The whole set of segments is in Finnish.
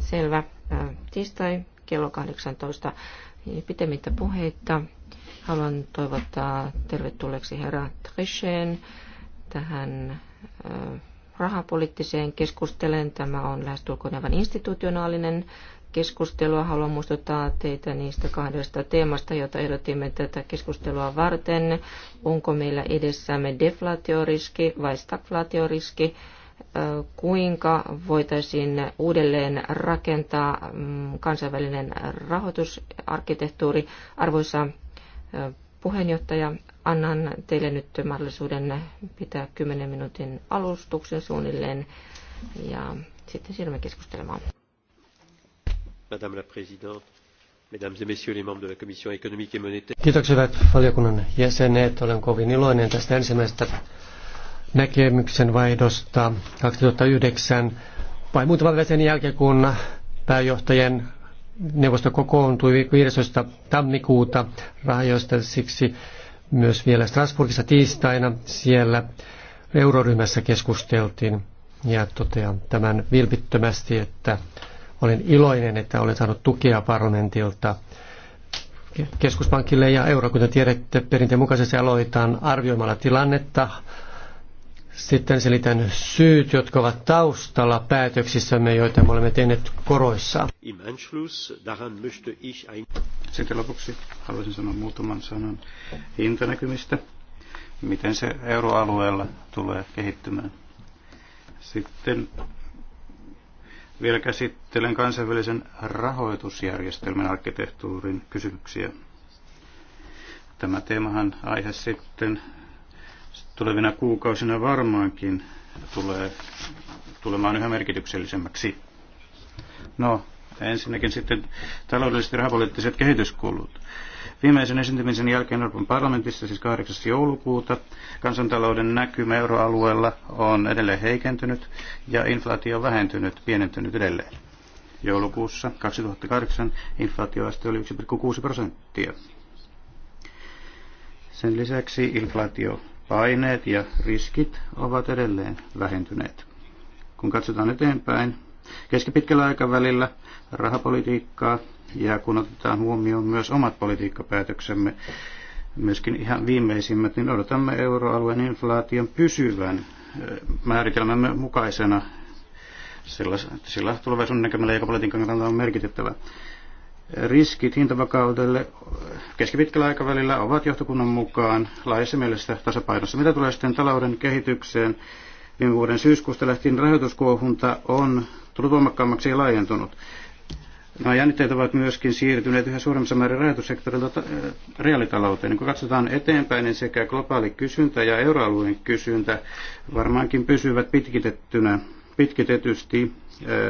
Selvä. Tiistai kello 18. Pitemmittä puheitta. Haluan toivottaa tervetulleeksi herra Trichén tähän rahapoliittiseen keskusteleen. Tämä on lähestulkoon aivan institutionaalinen keskustelu. Haluan muistuttaa teitä niistä kahdesta teemasta, joita ehdotimme tätä keskustelua varten. Onko meillä edessämme deflaatioriski vai stagflaatioriski? kuinka voitaisiin uudelleen rakentaa mm, kansainvälinen rahoitusarkkitehtuuri. Arvoisa puheenjohtaja, annan teille nyt mahdollisuuden pitää 10 minuutin alustuksen suunnilleen ja sitten siirrymme keskustelemaan. Madame la Présidente, Mesdames et Messieurs les membres de la Commission économique et monétaire. Kiitoksia valiokunnan jäsenet. Olen kovin iloinen tästä ensimmäisestä näkemyksen vaihdosta 2009 vain muutaman sen jälkeen, kun pääjohtajien neuvosto kokoontui 15. tammikuuta rahoista siksi myös vielä Strasbourgissa tiistaina siellä euroryhmässä keskusteltiin ja totean tämän vilpittömästi, että olen iloinen, että olen saanut tukea parlamentilta keskuspankille ja euro, kuten tiedätte, perinteen mukaisesti aloitetaan arvioimalla tilannetta, sitten selitän syyt, jotka ovat taustalla päätöksissämme, joita me olemme tehneet koroissa. Sitten lopuksi haluaisin sanoa muutaman sanan hintanäkymistä, miten se euroalueella tulee kehittymään. Sitten vielä käsittelen kansainvälisen rahoitusjärjestelmän arkkitehtuurin kysymyksiä. Tämä teemahan aihe sitten tulevina kuukausina varmaankin tulee tulemaan yhä merkityksellisemmäksi. No, ensinnäkin sitten taloudelliset ja rahapoliittiset kehityskulut. Viimeisen esiintymisen jälkeen Euroopan parlamentissa, siis 8. joulukuuta, kansantalouden näkymä euroalueella on edelleen heikentynyt ja inflaatio vähentynyt, pienentynyt edelleen. Joulukuussa 2008 inflaatioaste oli 1,6 prosenttia. Sen lisäksi inflaatio paineet ja riskit ovat edelleen vähentyneet. Kun katsotaan eteenpäin keskipitkällä aikavälillä rahapolitiikkaa ja kun otetaan huomioon myös omat politiikkapäätöksemme, myöskin ihan viimeisimmät, niin odotamme euroalueen inflaation pysyvän eh, määritelmämme mukaisena. Sillä, sillä tulevaisuuden näkemällä eikä politiikan kannalta on merkitettävä riskit hintavakaudelle keskipitkällä aikavälillä ovat johtokunnan mukaan laajassa mielessä tasapainossa. Mitä tulee sitten talouden kehitykseen, viime vuoden syyskuusta lähtien rahoituskuohunta on tullut voimakkaammaksi ja laajentunut. Nämä jännitteet ovat myöskin siirtyneet yhä suuremmassa määrin rahoitussektorilta äh, reaalitalouteen. kun katsotaan eteenpäin, niin sekä globaali kysyntä ja euroalueen kysyntä varmaankin pysyvät pitkitettynä, pitkitetysti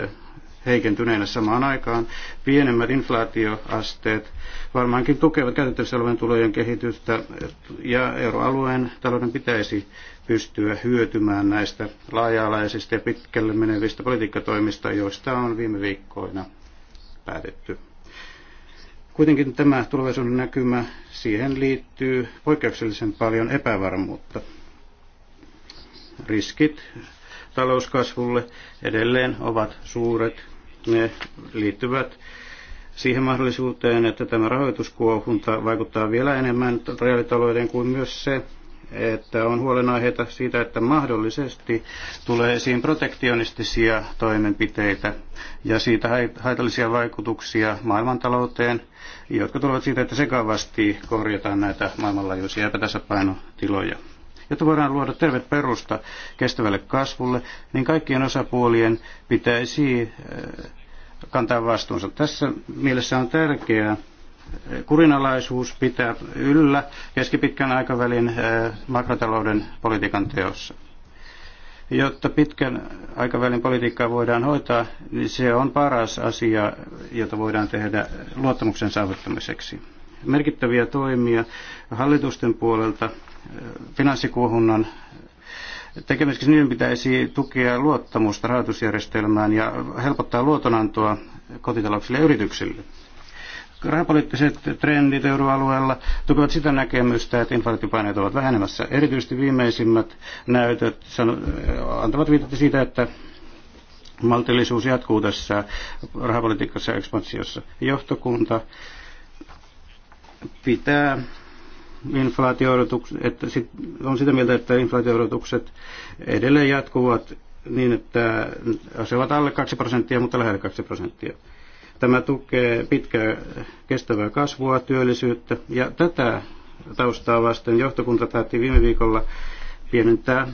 äh, heikentyneenä samaan aikaan. Pienemmät inflaatioasteet varmaankin tukevat käytettävissä olevan tulojen kehitystä ja euroalueen talouden pitäisi pystyä hyötymään näistä laaja-alaisista ja pitkälle menevistä politiikkatoimista, joista on viime viikkoina päätetty. Kuitenkin tämä tulevaisuuden näkymä, siihen liittyy poikkeuksellisen paljon epävarmuutta. Riskit talouskasvulle edelleen ovat suuret ne liittyvät siihen mahdollisuuteen, että tämä rahoituskuohunta vaikuttaa vielä enemmän reaalitalouden kuin myös se, että on huolenaiheita siitä, että mahdollisesti tulee esiin protektionistisia toimenpiteitä ja siitä haitallisia vaikutuksia maailmantalouteen, jotka tulevat siitä, että sekavasti korjataan näitä maailmanlaajuisia epätasapainotiloja. Jotta voidaan luoda terve perusta kestävälle kasvulle, niin kaikkien osapuolien pitäisi eh, kantaa vastuunsa. Tässä mielessä on tärkeää eh, kurinalaisuus pitää yllä keskipitkän aikavälin eh, makrotalouden politiikan teossa jotta pitkän aikavälin politiikkaa voidaan hoitaa, niin se on paras asia, jota voidaan tehdä luottamuksen saavuttamiseksi merkittäviä toimia hallitusten puolelta eh, finanssikuohunnan tekemiseksi niin pitäisi tukea luottamusta rahoitusjärjestelmään ja helpottaa luotonantoa kotitalouksille ja yrityksille. Rahapoliittiset trendit euroalueella tukevat sitä näkemystä, että inflaatiopaineet ovat vähenemässä. Erityisesti viimeisimmät näytöt eh, antavat viitettä siitä, että maltillisuus jatkuu tässä rahapolitiikassa ekspansiossa. Johtokunta pitää inflaatio että sit, on sitä mieltä, että inflaatio edelleen jatkuvat niin, että se ovat alle 2 prosenttia, mutta lähellä 2 prosenttia. Tämä tukee pitkää kestävää kasvua, työllisyyttä ja tätä taustaa vasten johtokunta päätti viime viikolla pienentää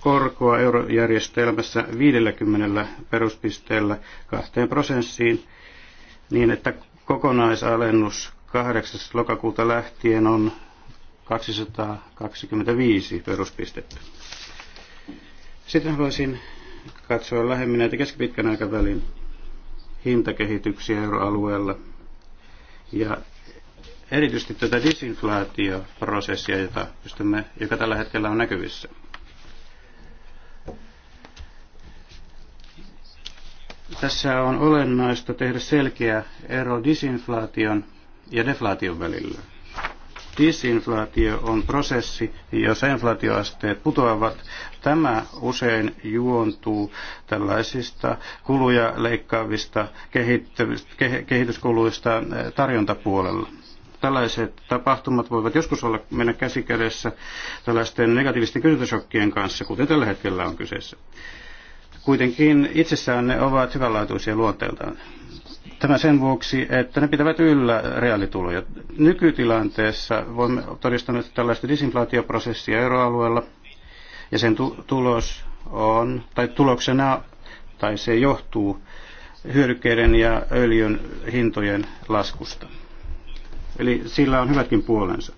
korkoa eurojärjestelmässä 50 peruspisteellä kahteen prosenttiin niin, että kokonaisalennus 8. lokakuuta lähtien on 225 peruspistettä. Sitten haluaisin katsoa lähemmin näitä keskipitkän aikavälin hintakehityksiä euroalueella ja erityisesti tätä disinflaatioprosessia, jota pystymme, joka tällä hetkellä on näkyvissä. Tässä on olennaista tehdä selkeä ero disinflaation ja deflaation välillä. Disinflaatio on prosessi, jossa inflaatioasteet putoavat. Tämä usein juontuu tällaisista kuluja leikkaavista kehityskuluista eh, tarjontapuolella tällaiset tapahtumat voivat joskus olla mennä käsikädessä tällaisten negatiivisten kysyntäshokkien kanssa, kuten tällä hetkellä on kyseessä. Kuitenkin itsessään ne ovat hyvänlaatuisia luonteeltaan. Tämä sen vuoksi, että ne pitävät yllä reaalituloja. Nykytilanteessa voimme todistaa tällaista disinflaatioprosessia euroalueella, ja sen tulos on, tai tuloksena, tai se johtuu hyödykkeiden ja öljyn hintojen laskusta. Eli sillä on hyvätkin puolensa.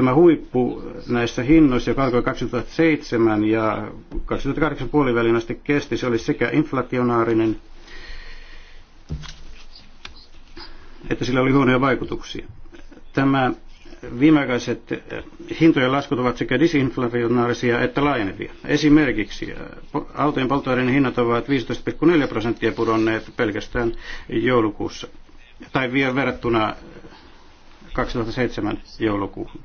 Tämä huippu näissä hinnoissa, joka alkoi 2007 ja 2008 puolivälin asti kesti, se oli sekä inflationaarinen että sillä oli huonoja vaikutuksia. Tämä viimeaikaiset hintojen laskut ovat sekä disinflationaarisia että laajenevia. Esimerkiksi äh, autojen polttoaineiden hinnat ovat 15,4 prosenttia pudonneet pelkästään joulukuussa, tai vielä verrattuna 2007 äh, joulukuuhun.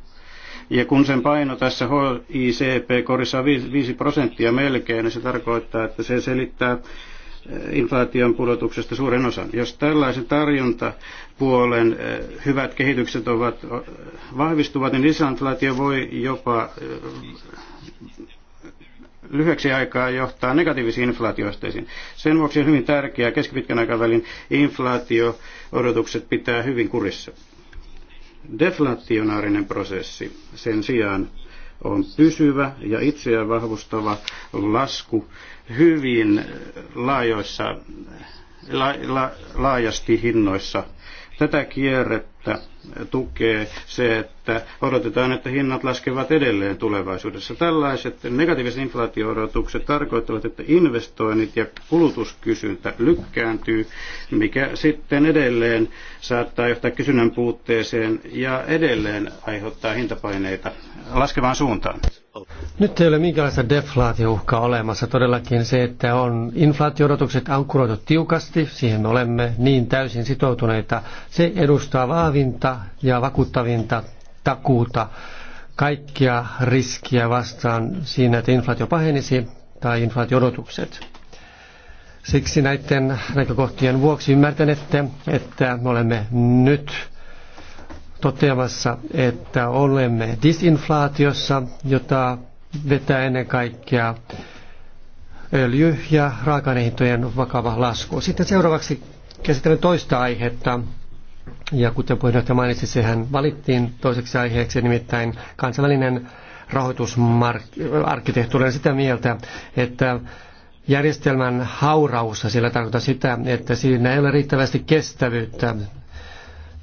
Ja kun sen paino tässä HICP-korissa on 5 prosenttia melkein, niin se tarkoittaa, että se selittää eh, inflaation pudotuksesta suuren osan. Jos tällaisen tarjontapuolen eh, hyvät kehitykset ovat, vahvistuvat, niin lisäinflaatio voi jopa eh, lyhyeksi aikaa johtaa negatiivisiin inflaatioasteisiin. Sen vuoksi on hyvin tärkeää keskipitkän aikavälin inflaatio-odotukset pitää hyvin kurissa. Deflationaarinen prosessi sen sijaan on pysyvä ja itseään vahvustava lasku hyvin laajoissa, la, la, laajasti hinnoissa Tätä kierrettä tukee se, että odotetaan, että hinnat laskevat edelleen tulevaisuudessa. Tällaiset negatiiviset inflaatio-odotukset tarkoittavat, että investoinnit ja kulutuskysyntä lykkääntyy, mikä sitten edelleen saattaa johtaa kysynnän puutteeseen ja edelleen aiheuttaa hintapaineita laskevaan suuntaan. Nyt ei ole minkäänlaista deflaatiouhkaa olemassa. Todellakin se, että on inflaatioodotukset ankkuroitu tiukasti, siihen me olemme niin täysin sitoutuneita. Se edustaa vaavinta ja vakuuttavinta takuuta kaikkia riskiä vastaan siinä, että inflaatio pahenisi tai inflaatioodotukset. Siksi näiden näkökohtien vuoksi ymmärtänette, että me olemme nyt toteamassa, että olemme disinflaatiossa, jota vetää ennen kaikkea öljy- ja raaka vakava lasku. Sitten seuraavaksi käsittelen toista aihetta. Ja kuten puheenjohtaja mainitsi, sehän valittiin toiseksi aiheeksi, nimittäin kansainvälinen rahoitusarkkitehtuuri. Olen sitä mieltä, että järjestelmän hauraus, sillä tarkoittaa sitä, että siinä ei ole riittävästi kestävyyttä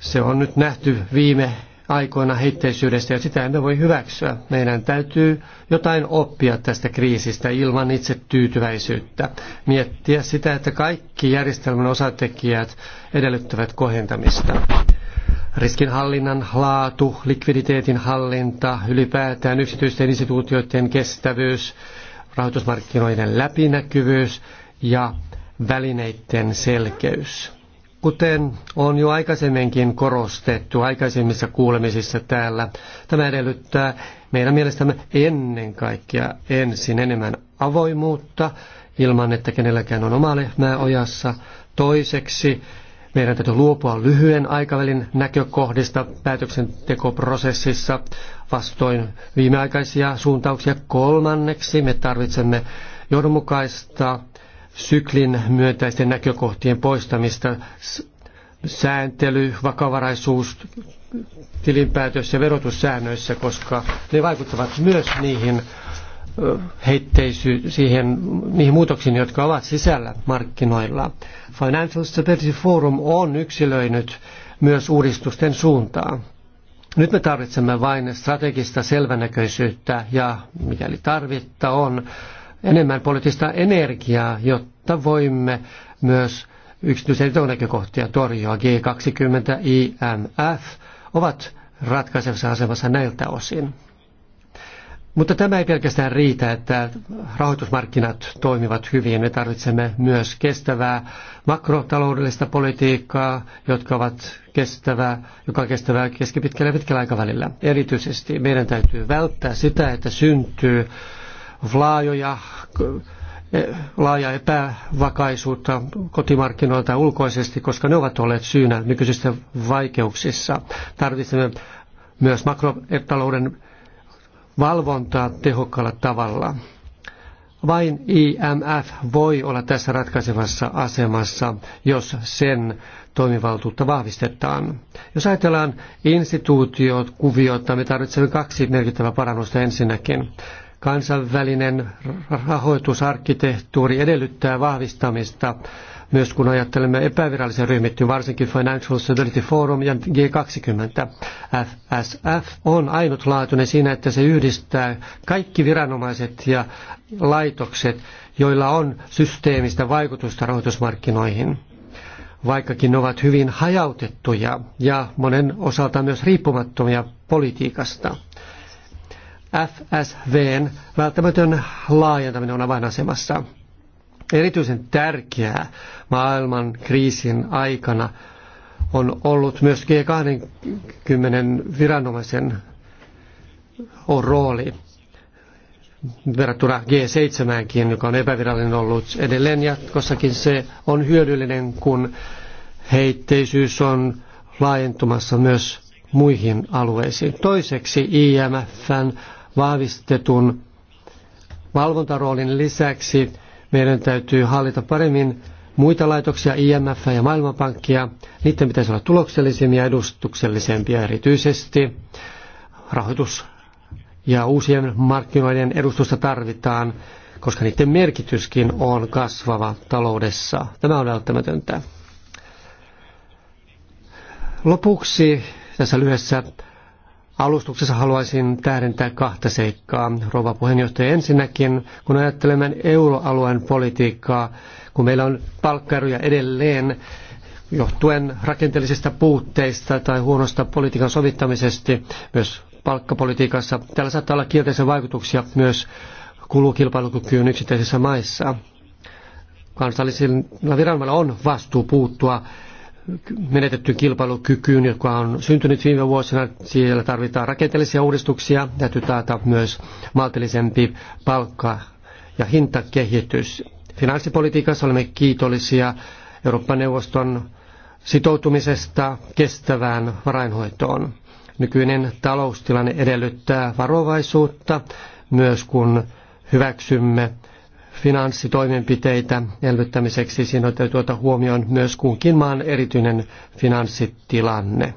se on nyt nähty viime aikoina heitteisyydestä ja sitä emme voi hyväksyä. Meidän täytyy jotain oppia tästä kriisistä ilman itse tyytyväisyyttä. Miettiä sitä, että kaikki järjestelmän osatekijät edellyttävät kohentamista. Riskinhallinnan laatu, likviditeetin hallinta, ylipäätään yksityisten instituutioiden kestävyys, rahoitusmarkkinoiden läpinäkyvyys ja välineiden selkeys. Kuten on jo aikaisemminkin korostettu aikaisemmissa kuulemisissa täällä, tämä edellyttää meidän mielestämme ennen kaikkea ensin enemmän avoimuutta ilman, että kenelläkään on oma lehmää ojassa. Toiseksi meidän täytyy luopua lyhyen aikavälin näkökohdista päätöksentekoprosessissa vastoin viimeaikaisia suuntauksia. Kolmanneksi me tarvitsemme johdonmukaista syklin myöntäisten näkökohtien poistamista, sääntely, vakavaraisuus, tilinpäätös- ja verotussäännöissä, koska ne vaikuttavat myös niihin heitteisy, siihen, niihin muutoksiin, jotka ovat sisällä markkinoilla. Financial Stability Forum on yksilöinyt myös uudistusten suuntaa. Nyt me tarvitsemme vain strategista selvänäköisyyttä ja, mikäli tarvitta on, enemmän poliittista energiaa, jotta voimme myös yksityisen näkökohtia torjua. G20, IMF ovat ratkaisevassa asemassa näiltä osin. Mutta tämä ei pelkästään riitä, että rahoitusmarkkinat toimivat hyvin. Me tarvitsemme myös kestävää makrotaloudellista politiikkaa, jotka ovat kestävää, joka on kestävää keskipitkällä ja pitkällä aikavälillä. Erityisesti meidän täytyy välttää sitä, että syntyy laajoja, e, laaja epävakaisuutta kotimarkkinoilta ulkoisesti, koska ne ovat olleet syynä nykyisissä vaikeuksissa. Tarvitsemme myös makrotalouden valvontaa tehokkaalla tavalla. Vain IMF voi olla tässä ratkaisevassa asemassa, jos sen toimivaltuutta vahvistetaan. Jos ajatellaan instituutiot, kuviota, me tarvitsemme kaksi merkittävää parannusta ensinnäkin. Kansainvälinen rahoitusarkkitehtuuri edellyttää vahvistamista myös kun ajattelemme epävirallisia ryhmittyjä, varsinkin Financial Stability Forum ja G20. FSF on ainutlaatuinen siinä, että se yhdistää kaikki viranomaiset ja laitokset, joilla on systeemistä vaikutusta rahoitusmarkkinoihin. Vaikkakin ne ovat hyvin hajautettuja ja monen osalta myös riippumattomia politiikasta. FSVn välttämätön laajentaminen on avainasemassa. Erityisen tärkeää maailman kriisin aikana on ollut myös G20 viranomaisen rooli verrattuna G7, joka on epävirallinen ollut edelleen jatkossakin. Se on hyödyllinen, kun heitteisyys on laajentumassa myös muihin alueisiin. Toiseksi IMFn vahvistetun valvontaroolin lisäksi meidän täytyy hallita paremmin muita laitoksia, IMF ja Maailmanpankkia. Niiden pitäisi olla tuloksellisimpia ja edustuksellisempia erityisesti. Rahoitus ja uusien markkinoiden edustusta tarvitaan, koska niiden merkityskin on kasvava taloudessa. Tämä on välttämätöntä. Lopuksi tässä lyhyessä Alustuksessa haluaisin tähdentää kahta seikkaa. Rova puheenjohtaja, ensinnäkin kun ajattelemme euroalueen politiikkaa, kun meillä on palkkaeroja edelleen johtuen rakenteellisista puutteista tai huonosta politiikan sovittamisesta myös palkkapolitiikassa, tällä saattaa olla kielteisiä vaikutuksia myös kulukilpailukykyyn yksittäisissä maissa. Kansallisilla viranomailla on vastuu puuttua menetettyyn kilpailukykyyn, joka on syntynyt viime vuosina. Siellä tarvitaan rakenteellisia uudistuksia. Täytyy taata myös maltillisempi palkka- ja hintakehitys. Finanssipolitiikassa olemme kiitollisia Euroopan neuvoston sitoutumisesta kestävään varainhoitoon. Nykyinen taloustilanne edellyttää varovaisuutta myös kun hyväksymme finanssitoimenpiteitä elvyttämiseksi. Siinä täytyy ottaa huomioon myös kunkin maan erityinen finanssitilanne.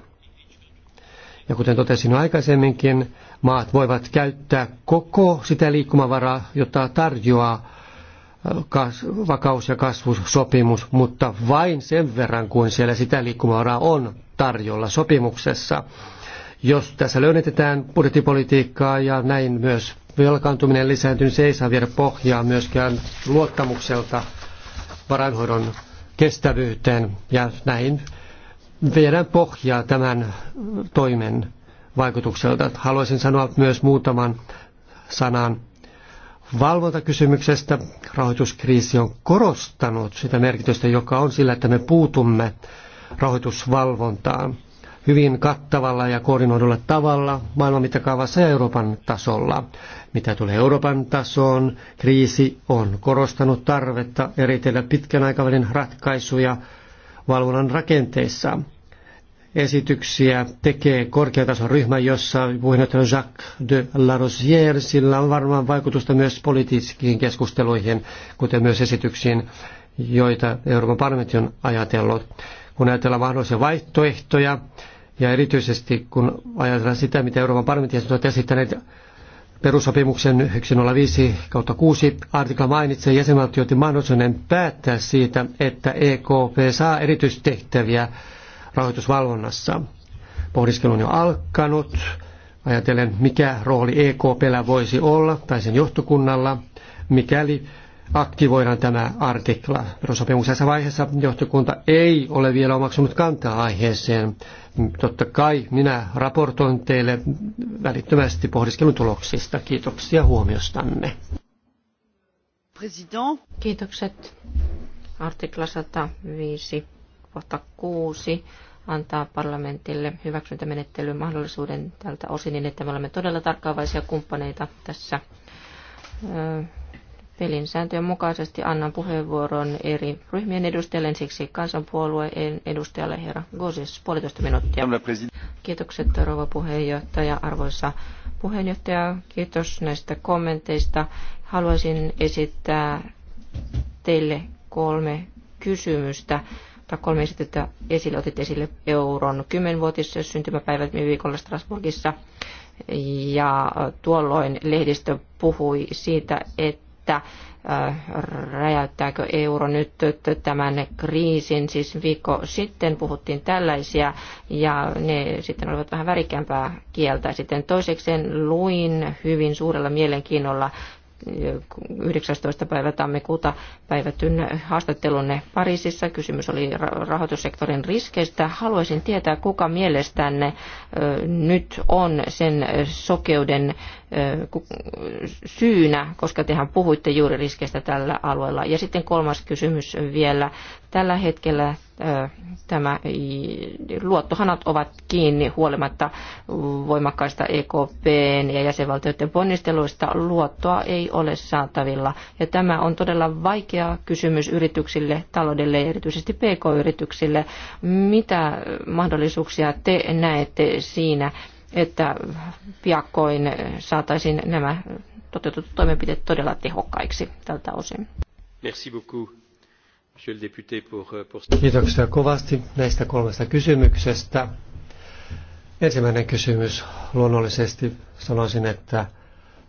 Ja kuten totesin jo aikaisemminkin, maat voivat käyttää koko sitä liikkumavaraa, jota tarjoaa äh, vakaus- ja kasvusopimus, mutta vain sen verran, kuin siellä sitä liikkumavaraa on tarjolla sopimuksessa. Jos tässä löydetään budjettipolitiikkaa ja näin myös velkaantuminen lisääntynyt, se ei saa viedä pohjaa myöskään luottamukselta varainhoidon kestävyyteen ja näin viedään pohjaa tämän toimen vaikutukselta. Haluaisin sanoa myös muutaman sanan valvontakysymyksestä. Rahoituskriisi on korostanut sitä merkitystä, joka on sillä, että me puutumme rahoitusvalvontaan hyvin kattavalla ja koordinoidulla tavalla maailman mittakaavassa ja Euroopan tasolla. Mitä tulee Euroopan tasoon, kriisi on korostanut tarvetta eritellä pitkän aikavälin ratkaisuja valvonnan rakenteissa. Esityksiä tekee korkeatason ryhmä, jossa puheenjohtaja Jacques de Larosière, sillä on varmaan vaikutusta myös poliittisiin keskusteluihin, kuten myös esityksiin, joita Euroopan parlamentti on ajatellut kun ajatellaan mahdollisia vaihtoehtoja, ja erityisesti kun ajatellaan sitä, mitä Euroopan parlamentti ovat esittäneet perussopimuksen 105 kautta 6 artikla mainitsee jäsenvaltioiden mahdollisuuden päättää siitä, että EKP saa erityistehtäviä rahoitusvalvonnassa. Pohdiskelu on jo alkanut. Ajatellen, mikä rooli EKPllä voisi olla tai sen johtokunnalla, mikäli aktivoidaan tämä artikla. Sopimus tässä vaiheessa johtokunta ei ole vielä omaksunut kantaa aiheeseen. Totta kai minä raportoin teille välittömästi pohdiskelun tuloksista. Kiitoksia huomiostanne. President. Kiitokset. Artikla 105, kohta 6 antaa parlamentille hyväksyntämenettelyn mahdollisuuden tältä osin niin, että me olemme todella tarkkaavaisia kumppaneita tässä pelin sääntöjen mukaisesti annan puheenvuoron eri ryhmien edustajille, ensiksi kansanpuolueen edustajalle herra Gozis, puolitoista minuuttia. Kiitokset rouva puheenjohtaja, arvoisa puheenjohtaja, kiitos näistä kommenteista. Haluaisin esittää teille kolme kysymystä tai kolme esitettä esille, otit esille euron kymmenvuotisessa syntymäpäivät viikolla Strasbourgissa. Ja tuolloin lehdistö puhui siitä, että että äh, räjäyttääkö euro nyt tämän kriisin. Siis viikko sitten puhuttiin tällaisia ja ne sitten olivat vähän värikämpää kieltä. Sitten toisekseen luin hyvin suurella mielenkiinnolla 19. Äh, päivä tammikuuta päivätyn haastattelunne Pariisissa. Kysymys oli rahoitussektorin riskeistä. Haluaisin tietää, kuka mielestänne äh, nyt on sen sokeuden syynä, koska tehän puhuitte juuri riskeistä tällä alueella. Ja sitten kolmas kysymys vielä. Tällä hetkellä tämä luottohanat ovat kiinni huolimatta voimakkaista EKPn ja jäsenvaltioiden ponnisteluista. Luottoa ei ole saatavilla. Ja tämä on todella vaikea kysymys yrityksille, taloudelle ja erityisesti PK-yrityksille. Mitä mahdollisuuksia te näette siinä, että piakkoin saataisiin nämä toteutetut toimenpiteet todella tehokkaiksi tältä osin. Merci beaucoup, pour, euh, pour... Kiitoksia kovasti näistä kolmesta kysymyksestä. Ensimmäinen kysymys luonnollisesti sanoisin, että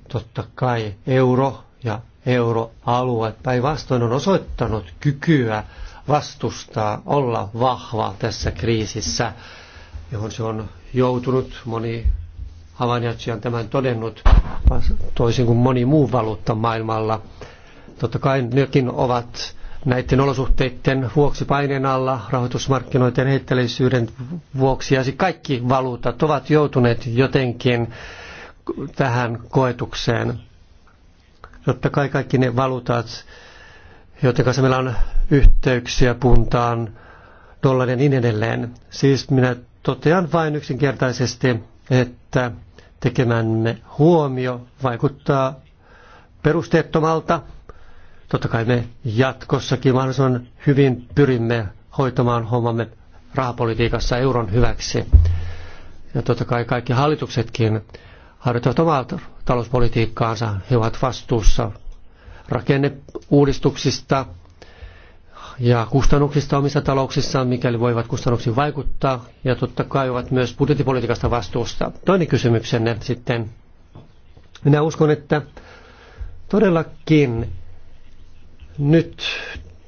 totta kai euro ja euroalue päinvastoin on osoittanut kykyä vastustaa, olla vahva tässä kriisissä, johon se on joutunut, moni Havaniatsi on tämän todennut, toisin kuin moni muu valuutta maailmalla. Totta kai nekin ovat näiden olosuhteiden vuoksi paineen alla, rahoitusmarkkinoiden heittelisyyden vuoksi, ja siis kaikki valuutat ovat joutuneet jotenkin tähän koetukseen. Totta kai kaikki ne valuutat, joiden kanssa meillä on yhteyksiä puntaan, dollaria ja niin edelleen. Siis minä totean vain yksinkertaisesti, että tekemämme huomio vaikuttaa perusteettomalta. Totta kai me jatkossakin mahdollisimman hyvin pyrimme hoitamaan hommamme rahapolitiikassa euron hyväksi. Ja totta kai kaikki hallituksetkin harjoittavat omaa talouspolitiikkaansa. He ovat vastuussa rakenneuudistuksista, ja kustannuksista omissa talouksissaan, mikäli voivat kustannuksiin vaikuttaa, ja totta kai ovat myös budjettipolitiikasta vastuusta. Toinen kysymyksenne sitten. Minä uskon, että todellakin nyt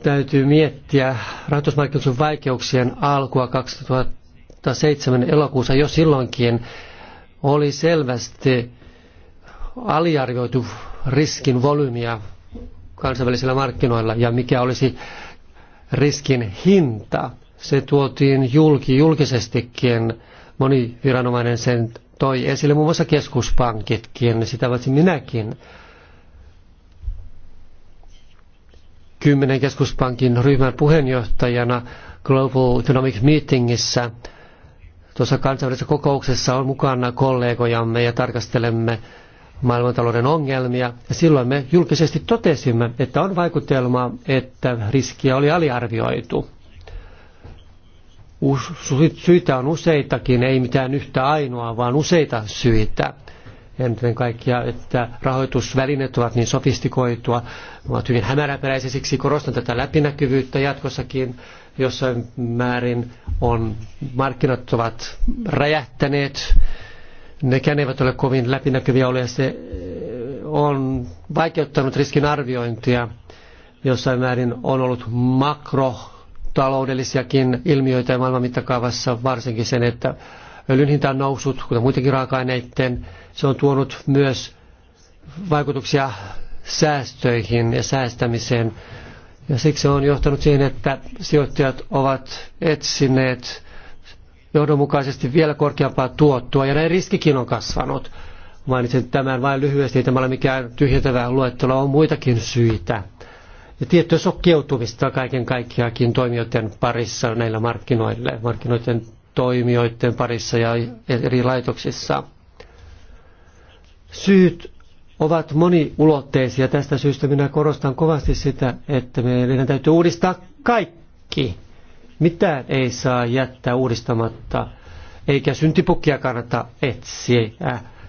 täytyy miettiä rahoitusmarkkinoiden vaikeuksien alkua 2007 elokuussa jo silloinkin oli selvästi aliarvioitu riskin volyymia kansainvälisillä markkinoilla ja mikä olisi riskin hinta. Se tuotiin julki julkisestikin. Moni viranomainen sen toi esille, muun muassa keskuspankitkin, sitä paitsi minäkin. Kymmenen keskuspankin ryhmän puheenjohtajana Global Economic Meetingissä tuossa kansainvälisessä kokouksessa on mukana kollegojamme ja tarkastelemme maailmantalouden ongelmia. Ja silloin me julkisesti totesimme, että on vaikutelma, että riskiä oli aliarvioitu. Syitä on useitakin, ei mitään yhtä ainoa, vaan useita syitä. Ennen kaikkea, että rahoitusvälineet ovat niin sofistikoitua, ovat hyvin hämäräperäisiä, siksi korostan tätä läpinäkyvyyttä jatkossakin. Jossain määrin on, markkinat ovat räjähtäneet, nekään eivät ole kovin läpinäkyviä ole. Se eh, on vaikeuttanut riskin arviointia. Jossain määrin on ollut makrotaloudellisiakin ilmiöitä maailman mittakaavassa, varsinkin sen, että öljyn hinta on noussut, kuten muidenkin raaka-aineiden. Se on tuonut myös vaikutuksia säästöihin ja säästämiseen. Ja siksi se on johtanut siihen, että sijoittajat ovat etsineet johdonmukaisesti vielä korkeampaa tuottoa ja näin riskikin on kasvanut. Mainitsen tämän vain lyhyesti, ei tämä ole mikään tyhjentävä luettelo, on muitakin syitä. Ja tiettyä sokkeutumista kaiken kaikkiaankin toimijoiden parissa näillä markkinoille, markkinoiden toimijoiden parissa ja eri laitoksissa. Syyt ovat moniulotteisia. Tästä syystä minä korostan kovasti sitä, että meidän täytyy uudistaa kaikki mitään ei saa jättää uudistamatta, eikä syntipukkia kannata etsiä,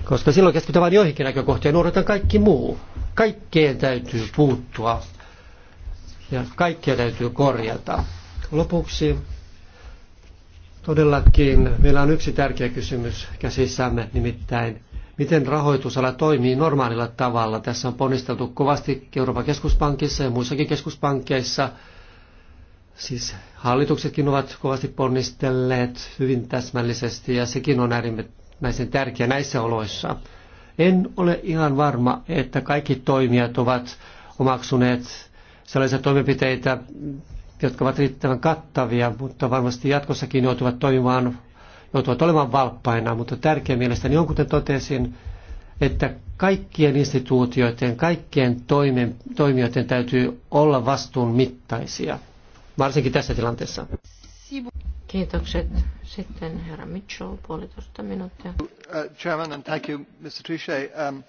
koska silloin keskitytään vain joihinkin näkökohtiin ja kaikki muu. Kaikkeen täytyy puuttua ja kaikkea täytyy korjata. Lopuksi todellakin meillä on yksi tärkeä kysymys käsissämme, nimittäin miten rahoitusala toimii normaalilla tavalla. Tässä on ponnisteltu kovasti Euroopan keskuspankissa ja muissakin keskuspankkeissa, siis Hallituksetkin ovat kovasti ponnistelleet hyvin täsmällisesti ja sekin on äärimmäisen tärkeä näissä oloissa. En ole ihan varma, että kaikki toimijat ovat omaksuneet sellaisia toimenpiteitä, jotka ovat riittävän kattavia, mutta varmasti jatkossakin joutuvat toimimaan, joutuvat olemaan valppaina. Mutta tärkeä mielestäni on, kuten totesin, että kaikkien instituutioiden, kaikkien toimen, toimijoiden täytyy olla vastuun mittaisia varsinkin tässä tilanteessa. Kiitokset. Sitten herra Mitchell, puolitoista minuuttia. Uh, um,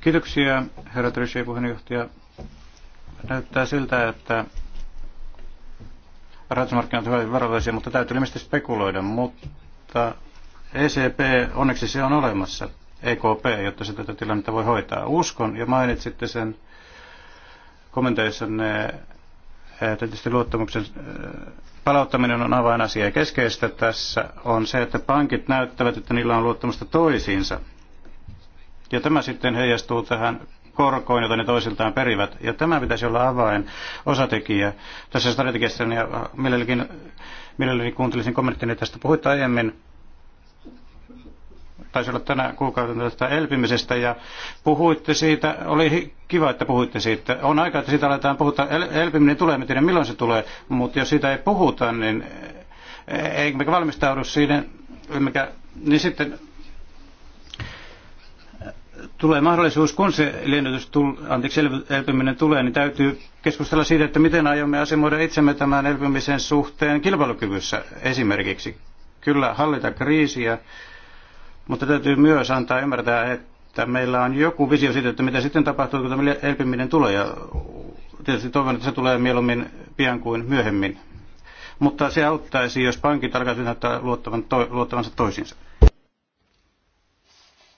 Kiitoksia, herra Trichet, puheenjohtaja. Näyttää siltä, että rahoitusmarkkinat ovat varovaisia, mutta täytyy ilmeisesti spekuloida. Mutta ECP, onneksi se on olemassa, EKP, jotta se tätä tilannetta voi hoitaa. Uskon, ja mainitsitte sen kommenteissanne Tietysti luottamuksen palauttaminen on avainasia ja keskeistä tässä on se, että pankit näyttävät, että niillä on luottamusta toisiinsa. Ja tämä sitten heijastuu tähän korkoon, jota ne toisiltaan perivät. Ja tämä pitäisi olla avain osatekijä tässä strategiassa. Ja mielelläni, mielelläni kuuntelisin kommenttini tästä. Puhuit aiemmin taisi olla tänä kuukautena tästä elpymisestä ja puhuitte siitä, oli kiva, että puhuitte siitä. On aika, että siitä aletaan puhuta. elpyminen tulee, me tiedä milloin se tulee, mutta jos siitä ei puhuta, niin eikä valmistaudu siihen, mikä, niin sitten tulee mahdollisuus, kun se liennytys, anteeksi, elpyminen tulee, niin täytyy keskustella siitä, että miten aiomme asemoida itsemme tämän elpymisen suhteen kilpailukyvyssä esimerkiksi. Kyllä hallita kriisiä mutta täytyy myös antaa ymmärtää, että meillä on joku visio siitä, että mitä sitten tapahtuu, kun tämä elpyminen tulee. Ja tietysti toivon, että se tulee mieluummin pian kuin myöhemmin. Mutta se auttaisi, jos pankit alkaisivat näyttää luottavan to, luottavansa toisiinsa.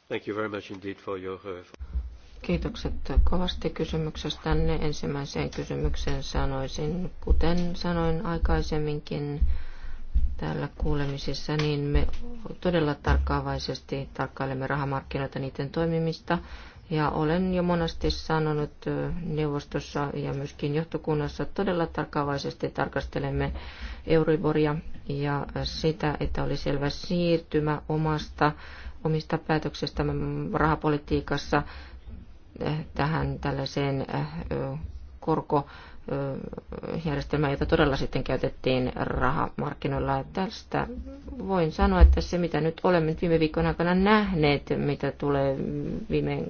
Thank you very much indeed for your... Uh, Kiitokset kovasti kysymyksestänne. Ensimmäiseen kysymykseen sanoisin, kuten sanoin aikaisemminkin, täällä kuulemisissa, niin me todella tarkkaavaisesti tarkkailemme rahamarkkinoita, niiden toimimista. Ja olen jo monesti sanonut neuvostossa ja myöskin johtokunnassa todella tarkkaavaisesti tarkastelemme Euriboria ja sitä, että oli selvä siirtymä omasta, omista päätöksestä rahapolitiikassa eh, tähän tällaiseen eh, korko järjestelmää, jota todella sitten käytettiin rahamarkkinoilla. Tästä voin sanoa, että se mitä nyt olemme viime viikon aikana nähneet, mitä tulee viime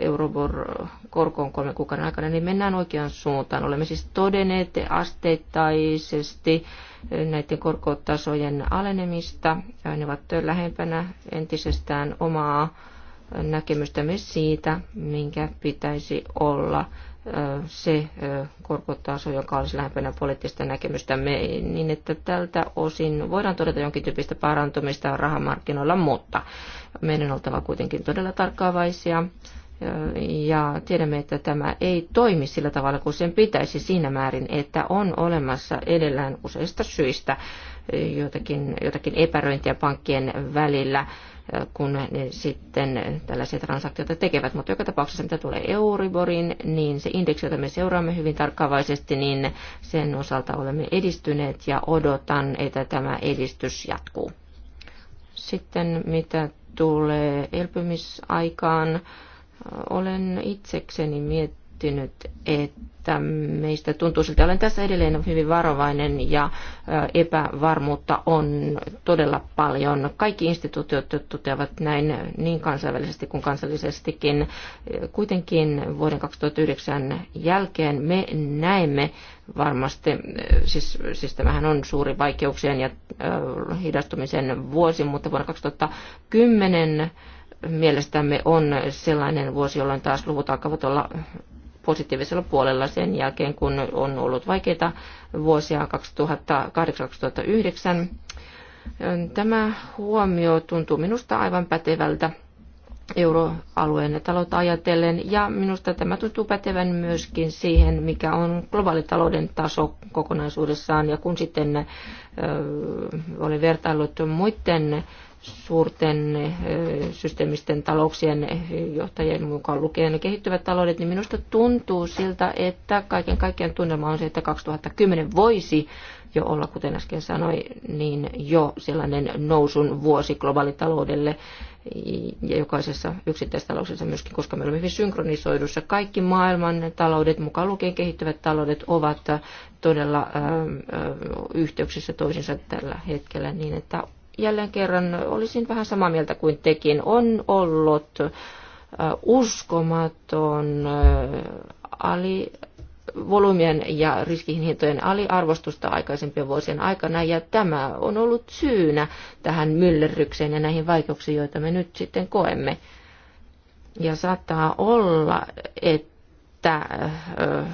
Eurobor-korkoon kolmen kuukauden aikana, niin mennään oikeaan suuntaan. Olemme siis todenneet asteittaisesti näiden korkotasojen alenemista. Ne ovat lähempänä entisestään omaa näkemystämme siitä, minkä pitäisi olla se korkotaso, joka olisi lähempänä poliittista näkemystä me, niin että tältä osin voidaan todeta jonkin tyyppistä parantumista rahamarkkinoilla, mutta meidän on oltava kuitenkin todella tarkkaavaisia. Ja tiedämme, että tämä ei toimi sillä tavalla kuin sen pitäisi siinä määrin, että on olemassa edellään useista syistä jotakin, jotakin epäröintiä pankkien välillä kun ne sitten tällaisia transaktioita tekevät. Mutta joka tapauksessa, mitä tulee Euriborin, niin se indeksi, jota me seuraamme hyvin tarkkaavaisesti, niin sen osalta olemme edistyneet ja odotan, että tämä edistys jatkuu. Sitten mitä tulee elpymisaikaan, olen itsekseni miettinyt, miettinyt, että meistä tuntuu siltä, olen tässä edelleen hyvin varovainen ja epävarmuutta on todella paljon. Kaikki instituutiot toteavat näin niin kansainvälisesti kuin kansallisestikin. Kuitenkin vuoden 2009 jälkeen me näemme varmasti, siis, siis tämähän on suuri vaikeuksien ja hidastumisen vuosi, mutta vuonna 2010 mielestämme on sellainen vuosi, jolloin taas luvut alkavat olla positiivisella puolella sen jälkeen, kun on ollut vaikeita vuosia 2008-2009. Tämä huomio tuntuu minusta aivan pätevältä euroalueen taloutta ajatellen, ja minusta tämä tuntuu pätevän myöskin siihen, mikä on globaalitalouden taso kokonaisuudessaan, ja kun sitten ö, olen vertaillut muiden suurten eh, systeemisten talouksien johtajien mukaan lukien kehittyvät taloudet, niin minusta tuntuu siltä, että kaiken kaikkiaan tunnelma on se, että 2010 voisi jo olla, kuten äsken sanoi, niin jo sellainen nousun vuosi globaalitaloudelle ja jokaisessa yksittäistalouksessa myöskin, koska me olemme hyvin synkronisoidussa. Kaikki maailman taloudet, mukaan lukien kehittyvät taloudet, ovat todella ö, eh, ö, eh, yhteyksissä toisinsa tällä hetkellä niin, että jälleen kerran olisin vähän samaa mieltä kuin tekin. On ollut uskomaton ali volyymien ja riskihintojen aliarvostusta aikaisempien vuosien aikana, ja tämä on ollut syynä tähän myllerrykseen ja näihin vaikeuksiin, joita me nyt sitten koemme. Ja saattaa olla, että että äh, äh,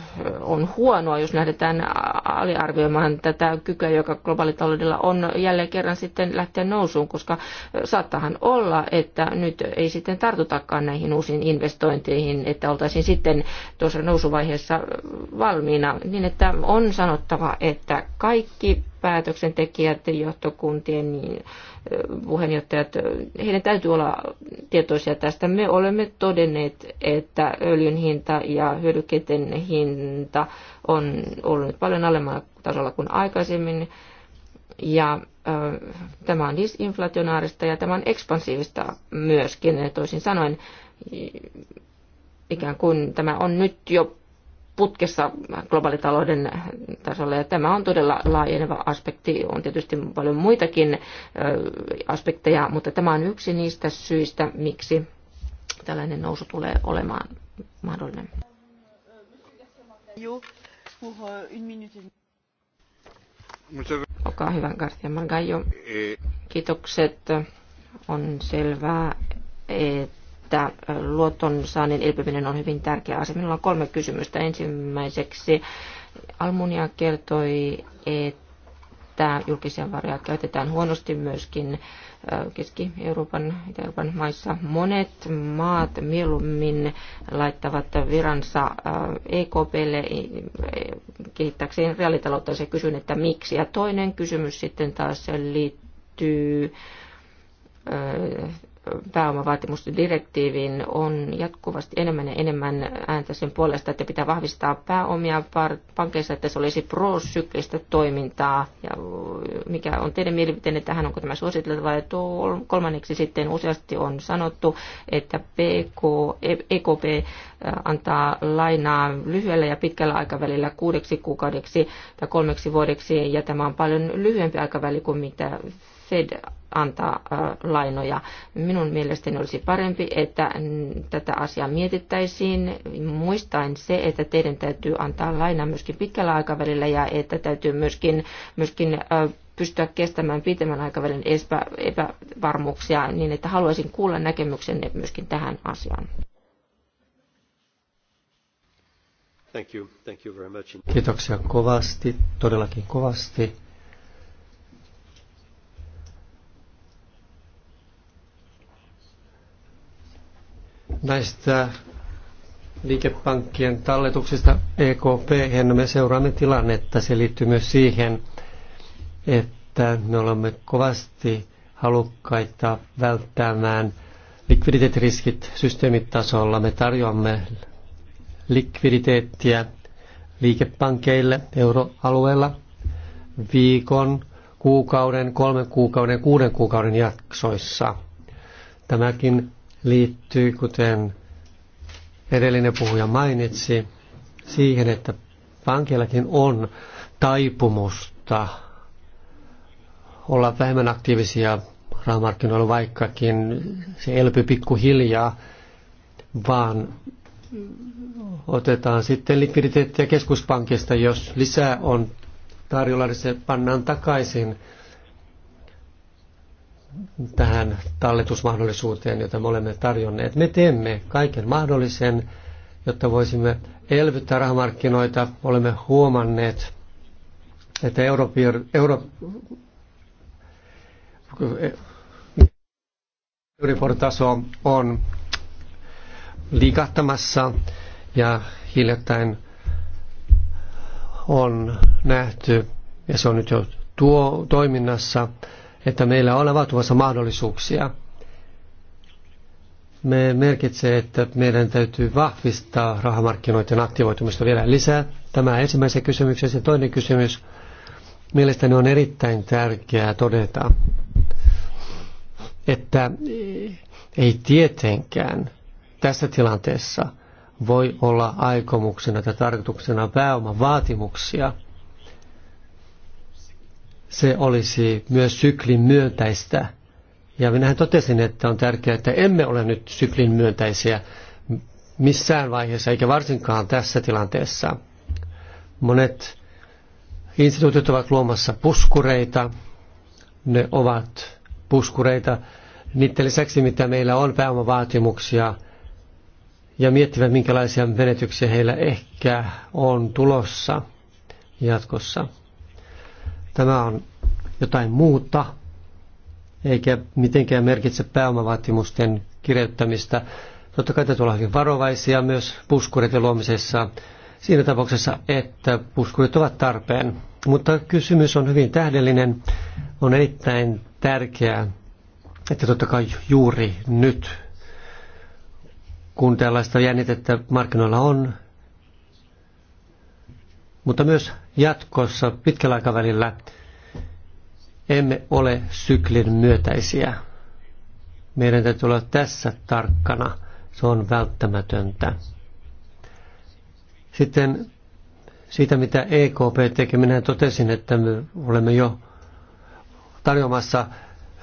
on huonoa, jos lähdetään aliarvioimaan tätä kykyä, joka globaalitaloudella on jälleen kerran sitten lähteä nousuun, koska äh, saattahan olla, että nyt ei sitten tartutakaan näihin uusiin investointeihin, että oltaisiin sitten tuossa nousuvaiheessa valmiina, niin että on sanottava, että kaikki päätöksentekijät, johtokuntien niin puheenjohtajat, heidän täytyy olla tietoisia tästä. Me olemme todenneet, että öljyn hinta ja hyödykkeiden hinta on ollut paljon alemmalla tasolla kuin aikaisemmin. Ja äh, tämä on disinflationaarista ja tämä on ekspansiivista myöskin. Toisin sanoen, ikään kuin tämä on nyt jo putkessa globaalitalouden tasolla. Ja tämä on todella laajeneva aspekti. On tietysti paljon muitakin aspekteja, mutta tämä on yksi niistä syistä, miksi tällainen nousu tulee olemaan mahdollinen. Euh, Olkaa hyvä, Garcia Margallo. Eh. Kiitokset. On selvää, että että saannin elpyminen on hyvin tärkeä asia. Minulla on kolme kysymystä. Ensimmäiseksi Almunia kertoi, että julkisia varoja käytetään huonosti myöskin Keski-Euroopan, Itä-Euroopan maissa. Monet maat mieluummin laittavat viransa EKPlle e, kehittääkseen reaalitaloutta. Se kysyn, että miksi. Ja toinen kysymys sitten taas liittyy pääomavaatimusdirektiiviin on jatkuvasti enemmän ja enemmän ääntä sen puolesta, että pitää vahvistaa pääomia pankeissa, että se olisi prosyklistä toimintaa. Ja mikä on teidän mielipiteenne tähän, onko tämä suositeltava? Ja kolmanneksi sitten useasti on sanottu, että PK, EKP e äh, antaa lainaa lyhyellä ja pitkällä aikavälillä kuudeksi kuukaudeksi tai kolmeksi vuodeksi, ja tämä on paljon lyhyempi aikaväli kuin mitä Fed antaa lainoja. Minun mielestäni olisi parempi, että tätä asiaa mietittäisiin muistaen se, että teidän täytyy antaa laina myöskin pitkällä aikavälillä ja että täytyy myöskin, myöskin pystyä kestämään pitemmän aikavälin epävarmuuksia, niin että haluaisin kuulla näkemyksenne myöskin tähän asiaan. Thank you. Thank you very much. Kiitoksia kovasti, todellakin kovasti näistä liikepankkien talletuksista EKP, me seuraamme tilannetta. Se liittyy myös siihen, että me olemme kovasti halukkaita välttämään likviditeettiriskit systeemitasolla. Me tarjoamme likviditeettiä liikepankkeille euroalueella viikon, kuukauden, kolmen kuukauden, kuuden kuukauden jaksoissa. Tämäkin liittyy, kuten edellinen puhuja mainitsi, siihen, että pankillakin on taipumusta olla vähemmän aktiivisia rahamarkkinoilla, vaikkakin se elpy pikkuhiljaa, vaan otetaan sitten likviditeettiä keskuspankista, jos lisää on tarjolla, niin se pannaan takaisin tähän talletusmahdollisuuteen, jota me olemme tarjonneet. Me teemme kaiken mahdollisen, jotta voisimme elvyttää rahamarkkinoita. Olemme huomanneet, että Euroopan... Euro, Euribor-taso on liikahtamassa ja hiljattain on nähty, ja se on nyt jo tuo, toiminnassa, että meillä on avautumassa mahdollisuuksia. Me merkitsee, että meidän täytyy vahvistaa rahamarkkinoiden aktivoitumista vielä lisää. Tämä ensimmäisen kysymyksen ja toinen kysymys. Mielestäni on erittäin tärkeää todeta, että ei tietenkään tässä tilanteessa voi olla aikomuksena tai tarkoituksena pääoman vaatimuksia – se olisi myös syklin myöntäistä. Ja minähän totesin, että on tärkeää, että emme ole nyt syklin myöntäisiä missään vaiheessa, eikä varsinkaan tässä tilanteessa. Monet instituutit ovat luomassa puskureita. Ne ovat puskureita niiden lisäksi, mitä meillä on pääomavaatimuksia ja miettivät, minkälaisia menetyksiä heillä ehkä on tulossa jatkossa. Tämä on jotain muuta, eikä mitenkään merkitse pääomavaatimusten kirjoittamista. Totta kai täytyy olla hyvin varovaisia myös puskureiden luomisessa siinä tapauksessa, että puskurit ovat tarpeen. Mutta kysymys on hyvin tähdellinen, on erittäin tärkeää, että totta kai juuri nyt, kun tällaista jännitettä markkinoilla on, mutta myös jatkossa pitkällä aikavälillä emme ole syklin myötäisiä. Meidän täytyy olla tässä tarkkana. Se on välttämätöntä. Sitten siitä, mitä EKP teki, minä totesin, että me olemme jo tarjoamassa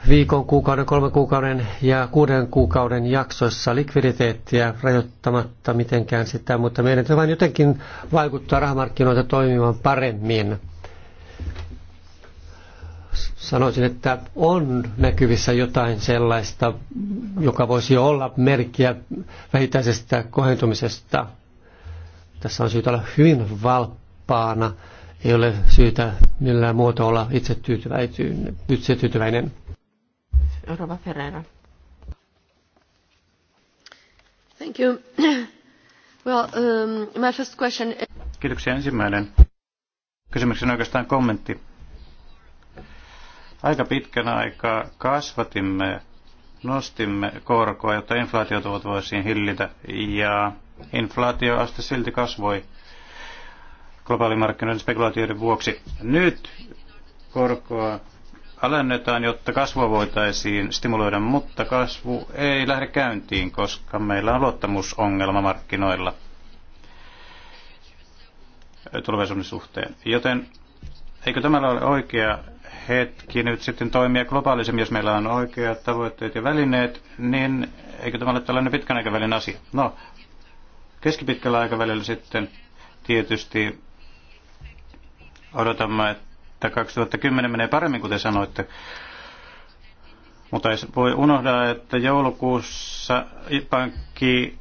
viikon, kuukauden, kolmen kuukauden ja kuuden kuukauden jaksoissa likviditeettiä rajoittamatta mitenkään sitä, mutta meidän vain jotenkin vaikuttaa rahamarkkinoita toimimaan paremmin. Sanoisin, että on näkyvissä jotain sellaista, joka voisi olla merkkiä vähittäisestä kohentumisesta. Tässä on syytä olla hyvin valppaana. Ei ole syytä millään muotoa olla itse tyytyväinen. Rova Ferreira. Thank you. Well, um, my first question... Kiitoksia ensimmäinen. Kysymyksen oikeastaan kommentti. Aika pitkän aikaa kasvatimme, nostimme korkoa, jotta inflaatiotuvot voisiin hillitä, ja inflaatioaste silti kasvoi globaalimarkkinoiden spekulaatioiden vuoksi. Nyt korkoa alennetaan, jotta kasvua voitaisiin stimuloida, mutta kasvu ei lähde käyntiin, koska meillä on luottamusongelma markkinoilla tulevaisuuden suhteen. Joten eikö tämä ole oikea hetki nyt sitten toimia globaalisemmin, jos meillä on oikeat tavoitteet ja välineet, niin eikö tämä ole tällainen pitkän aikavälin asia? No, keskipitkällä aikavälillä sitten tietysti odotamme, että että 2010 menee paremmin, kuten sanoitte. Mutta ei voi unohtaa, että joulukuussa pankki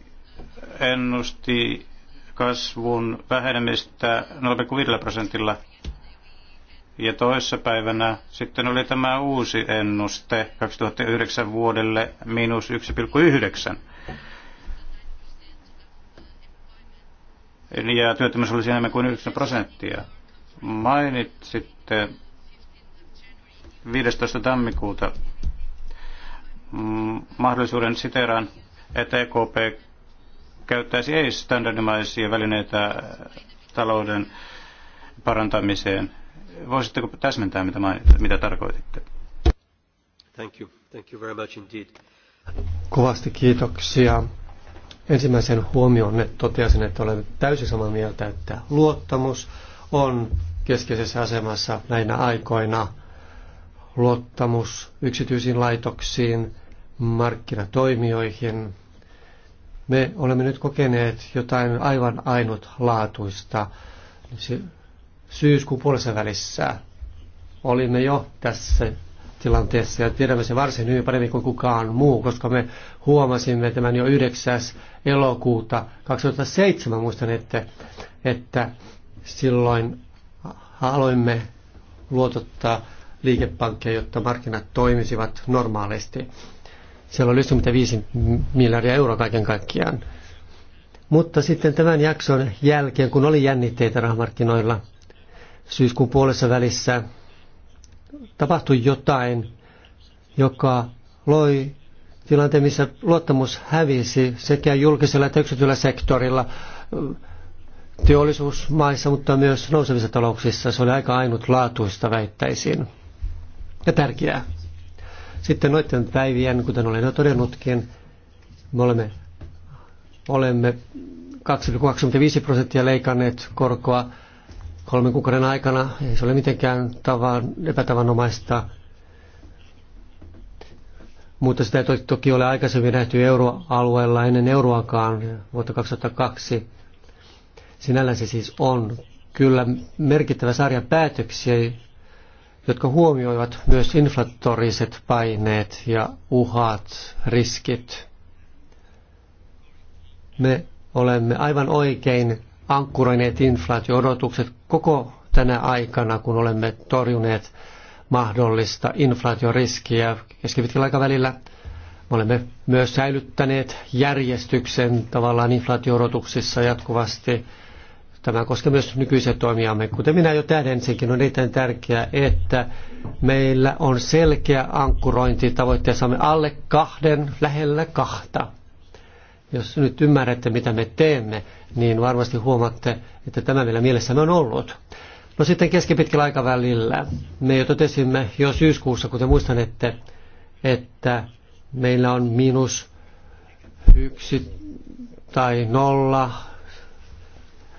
ennusti kasvun vähenemistä 0,5 prosentilla. Ja toissapäivänä sitten oli tämä uusi ennuste 2009 vuodelle miinus 1,9. Ja työttömyys oli enemmän kuin 9 prosenttia. Mainitsitte 15. tammikuuta mm, mahdollisuuden siteraan, että EKP käyttäisi ei-standardimaisia välineitä talouden parantamiseen. Voisitteko täsmentää, mitä, mainit, mitä tarkoititte? Thank you. Thank you very much indeed. Kovasti kiitoksia. Ensimmäisen huomioon toteasin, että olen täysin samaa mieltä, että luottamus on keskeisessä asemassa näinä aikoina. Luottamus yksityisiin laitoksiin, markkinatoimijoihin. Me olemme nyt kokeneet jotain aivan ainutlaatuista. Syyskuun puolessa välissä olimme jo tässä tilanteessa ja tiedämme sen varsin hyvin paremmin kuin kukaan muu, koska me huomasimme tämän jo 9. elokuuta 2007 muistan, että, että Silloin aloimme luotottaa liikepankkeja, jotta markkinat toimisivat normaalisti. Siellä oli 95 miljardia euroa kaiken kaikkiaan. Mutta sitten tämän jakson jälkeen, kun oli jännitteitä rahamarkkinoilla, syyskuun puolessa välissä tapahtui jotain, joka loi tilanteen, missä luottamus hävisi sekä julkisella että yksityisellä sektorilla teollisuusmaissa, mutta myös nousevissa talouksissa. Se oli aika ainutlaatuista, väittäisin, ja tärkeää. Sitten noiden päivien, kuten olen jo todennutkin, me olemme, olemme 2,25 prosenttia leikanneet korkoa kolmen kuukauden aikana. Ei se ole mitenkään tavan, epätavanomaista, mutta sitä ei toki ole aikaisemmin nähty euroalueella ennen euroakaan vuotta 2002 Sinällään se siis on kyllä merkittävä sarja päätöksiä, jotka huomioivat myös inflatoriset paineet ja uhat, riskit. Me olemme aivan oikein ankkuroineet inflaatio-odotukset koko tänä aikana, kun olemme torjuneet mahdollista inflaatioriskiä keskipitkällä aikavälillä. Me olemme myös säilyttäneet järjestyksen tavallaan inflaatiorotuksissa jatkuvasti Tämä koskee myös nykyisiä toimijamme. Kuten minä jo tähdensinkin, on erittäin tärkeää, että meillä on selkeä ankkurointi tavoitteessamme alle kahden, lähellä kahta. Jos nyt ymmärrätte, mitä me teemme, niin varmasti huomaatte, että tämä meillä mielessämme on ollut. No sitten keskipitkällä aikavälillä. Me jo totesimme jo syyskuussa, kuten muistanette, että meillä on miinus yksi tai nolla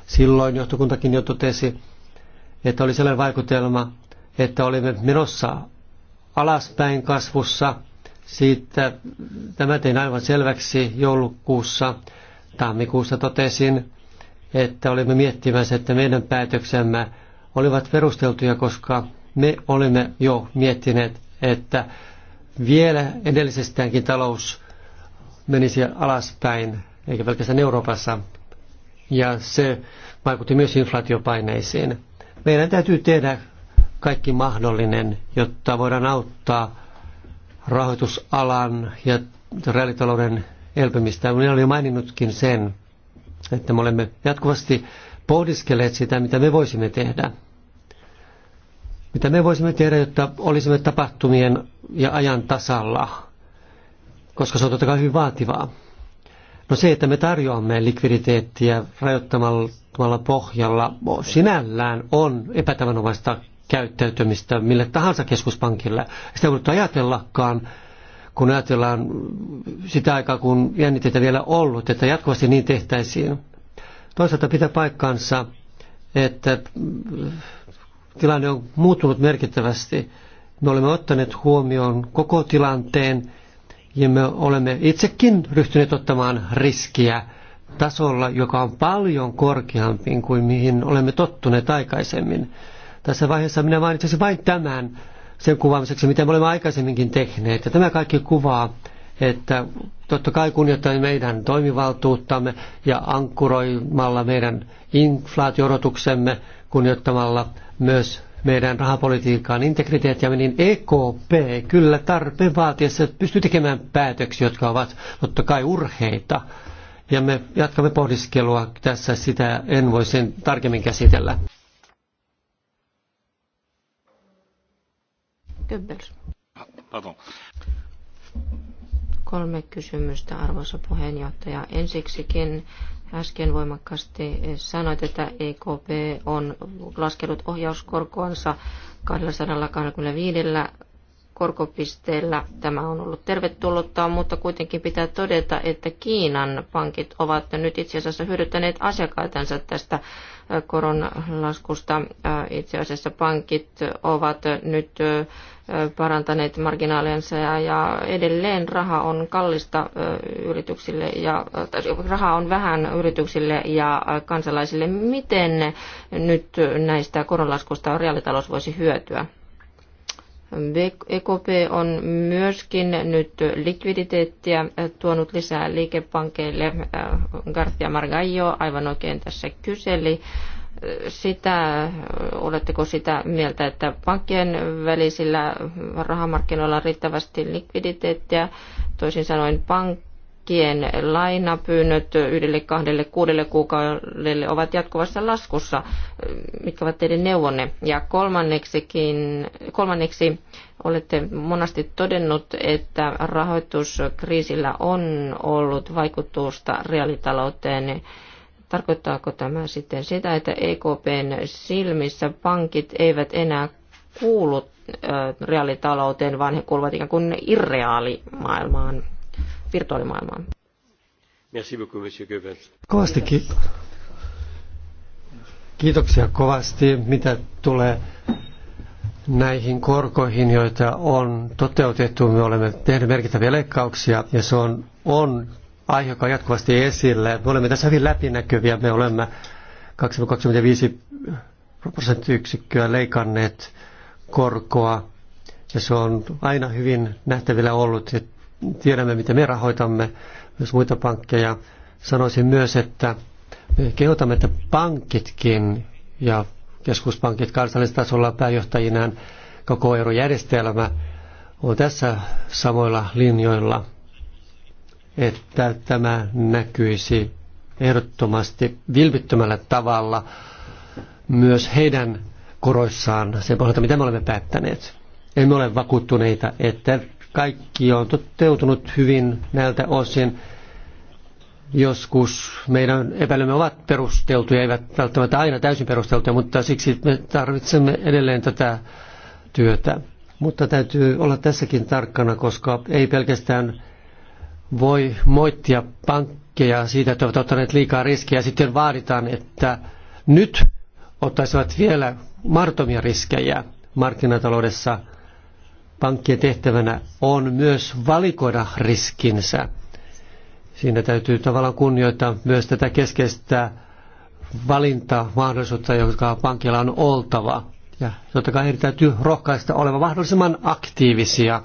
Silloin johtokuntakin jo totesi, että oli sellainen vaikutelma, että olimme menossa alaspäin kasvussa. Siitä tämä tein aivan selväksi joulukuussa. Tammikuussa totesin, että olimme miettimässä, että meidän päätöksemme olivat perusteltuja, koska me olimme jo miettineet, että vielä edellisestäänkin talous menisi alaspäin, eikä pelkästään Euroopassa, ja se vaikutti myös inflaatiopaineisiin. Meidän täytyy tehdä kaikki mahdollinen, jotta voidaan auttaa rahoitusalan ja reaalitalouden elpymistä. Minä olin jo maininnutkin sen, että me olemme jatkuvasti pohdiskelleet sitä, mitä me voisimme tehdä. Mitä me voisimme tehdä, jotta olisimme tapahtumien ja ajan tasalla, koska se on totta kai hyvin vaativaa. No se, että me tarjoamme likviditeettiä rajoittamalla pohjalla sinällään on epätavanomaista käyttäytymistä mille tahansa keskuspankille. Sitä voidaan ajatellakaan, kun ajatellaan sitä aikaa, kun jännitteitä vielä ollut, että jatkuvasti niin tehtäisiin. Toisaalta pitää paikkansa, että tilanne on muuttunut merkittävästi. Me olemme ottaneet huomioon koko tilanteen ja me olemme itsekin ryhtyneet ottamaan riskiä tasolla, joka on paljon korkeampi kuin mihin olemme tottuneet aikaisemmin. Tässä vaiheessa minä mainitsisin vain tämän sen kuvaamiseksi, mitä me olemme aikaisemminkin tehneet. Ja tämä kaikki kuvaa, että totta kai kunnioittain meidän toimivaltuuttamme ja ankkuroimalla meidän inflaatiorotuksemme, kunnioittamalla myös meidän rahapolitiikkaan ja niin EKP kyllä tarpeen vaatiessa pystyy tekemään päätöksiä, jotka ovat totta kai urheita. Ja me jatkamme pohdiskelua tässä, sitä en voi sen tarkemmin käsitellä. Goebbels. Pardon. Kolme kysymystä, arvoisa puheenjohtaja. Ensiksikin äsken voimakkaasti sanoit, että EKP on laskenut ohjauskorkoansa 225 korkopisteellä. Tämä on ollut tervetullutta, mutta kuitenkin pitää todeta, että Kiinan pankit ovat nyt itse asiassa hyödyttäneet asiakkaitansa tästä koronlaskusta. Itse asiassa pankit ovat nyt parantaneet marginaaliansa ja, ja edelleen raha on kallista yrityksille ja siis raha on vähän yrityksille ja kansalaisille. Miten nyt näistä koronlaskusta reaalitalous voisi hyötyä? EKP on myöskin nyt likviditeettiä tuonut lisää liikepankeille. Garcia Margallo aivan oikein tässä kyseli sitä, oletteko sitä mieltä, että pankkien välisillä rahamarkkinoilla on riittävästi likviditeettiä, toisin sanoen pankkien lainapyynnöt yhdelle, kahdelle, kuudelle kuukaudelle ovat jatkuvassa laskussa. Mitkä ovat teidän neuvonne? Ja kolmanneksikin, kolmanneksi olette monasti todennut, että rahoituskriisillä on ollut vaikutusta reaalitalouteen Tarkoittaako tämä sitten sitä, että EKPn silmissä pankit eivät enää kuulu reaalitalouteen, vaan he kuuluvat ikään kuin irreaalimaailmaan, virtuaalimaailmaan? Merci beaucoup, monsieur Goebbels. Kovasti ki- Kiitoksia kovasti, mitä tulee näihin korkoihin, joita on toteutettu. Me olemme tehneet merkittäviä leikkauksia ja se on, on aihe, joka on jatkuvasti esille. Me olemme tässä hyvin läpinäkyviä. Me olemme 225 prosenttiyksikköä leikanneet korkoa ja se on aina hyvin nähtävillä ollut. Ja tiedämme, mitä me rahoitamme myös muita pankkeja. Sanoisin myös, että me kehotamme, että pankitkin ja keskuspankit tasolla pääjohtajinaan koko eurojärjestelmä on tässä samoilla linjoilla – että tämä näkyisi ehdottomasti vilpittömällä tavalla myös heidän koroissaan sen pohjalta, mitä me olemme päättäneet. Emme ole vakuuttuneita, että kaikki on toteutunut hyvin näiltä osin. Joskus meidän epäilymme ovat perusteltuja, eivät välttämättä aina täysin perusteltuja, mutta siksi me tarvitsemme edelleen tätä työtä. Mutta täytyy olla tässäkin tarkkana, koska ei pelkästään voi moittia pankkeja siitä, että ovat ottaneet liikaa riskejä. Sitten vaaditaan, että nyt ottaisivat vielä martomia riskejä markkinataloudessa. Pankkien tehtävänä on myös valikoida riskinsä. Siinä täytyy tavallaan kunnioittaa myös tätä keskeistä valintamahdollisuutta, joka pankilla on oltava. Ja totta kai heidän täytyy rohkaista olemaan mahdollisimman aktiivisia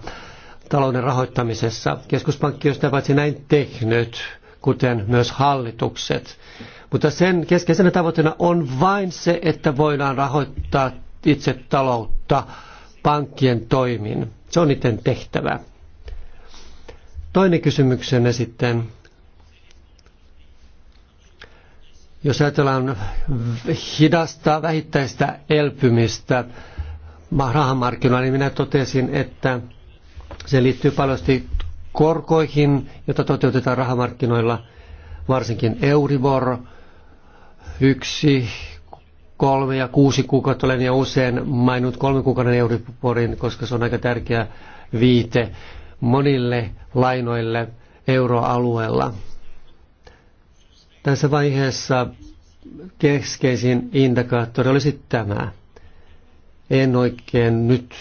talouden rahoittamisessa. Keskuspankki on sitä paitsi näin tehnyt, kuten myös hallitukset. Mutta sen keskeisenä tavoitteena on vain se, että voidaan rahoittaa itse taloutta pankkien toimin. Se on niiden tehtävä. Toinen kysymyksenne sitten. Jos ajatellaan hidasta vähittäistä elpymistä rahamarkkinoilla, niin minä totesin, että se liittyy paljon korkoihin, jota toteutetaan rahamarkkinoilla, varsinkin Euribor, yksi, kolme ja kuusi kuukautta. Olen ja usein mainut kolme kuukauden Euriborin, koska se on aika tärkeä viite monille lainoille euroalueella. Tässä vaiheessa keskeisin indikaattori olisi tämä. En oikein nyt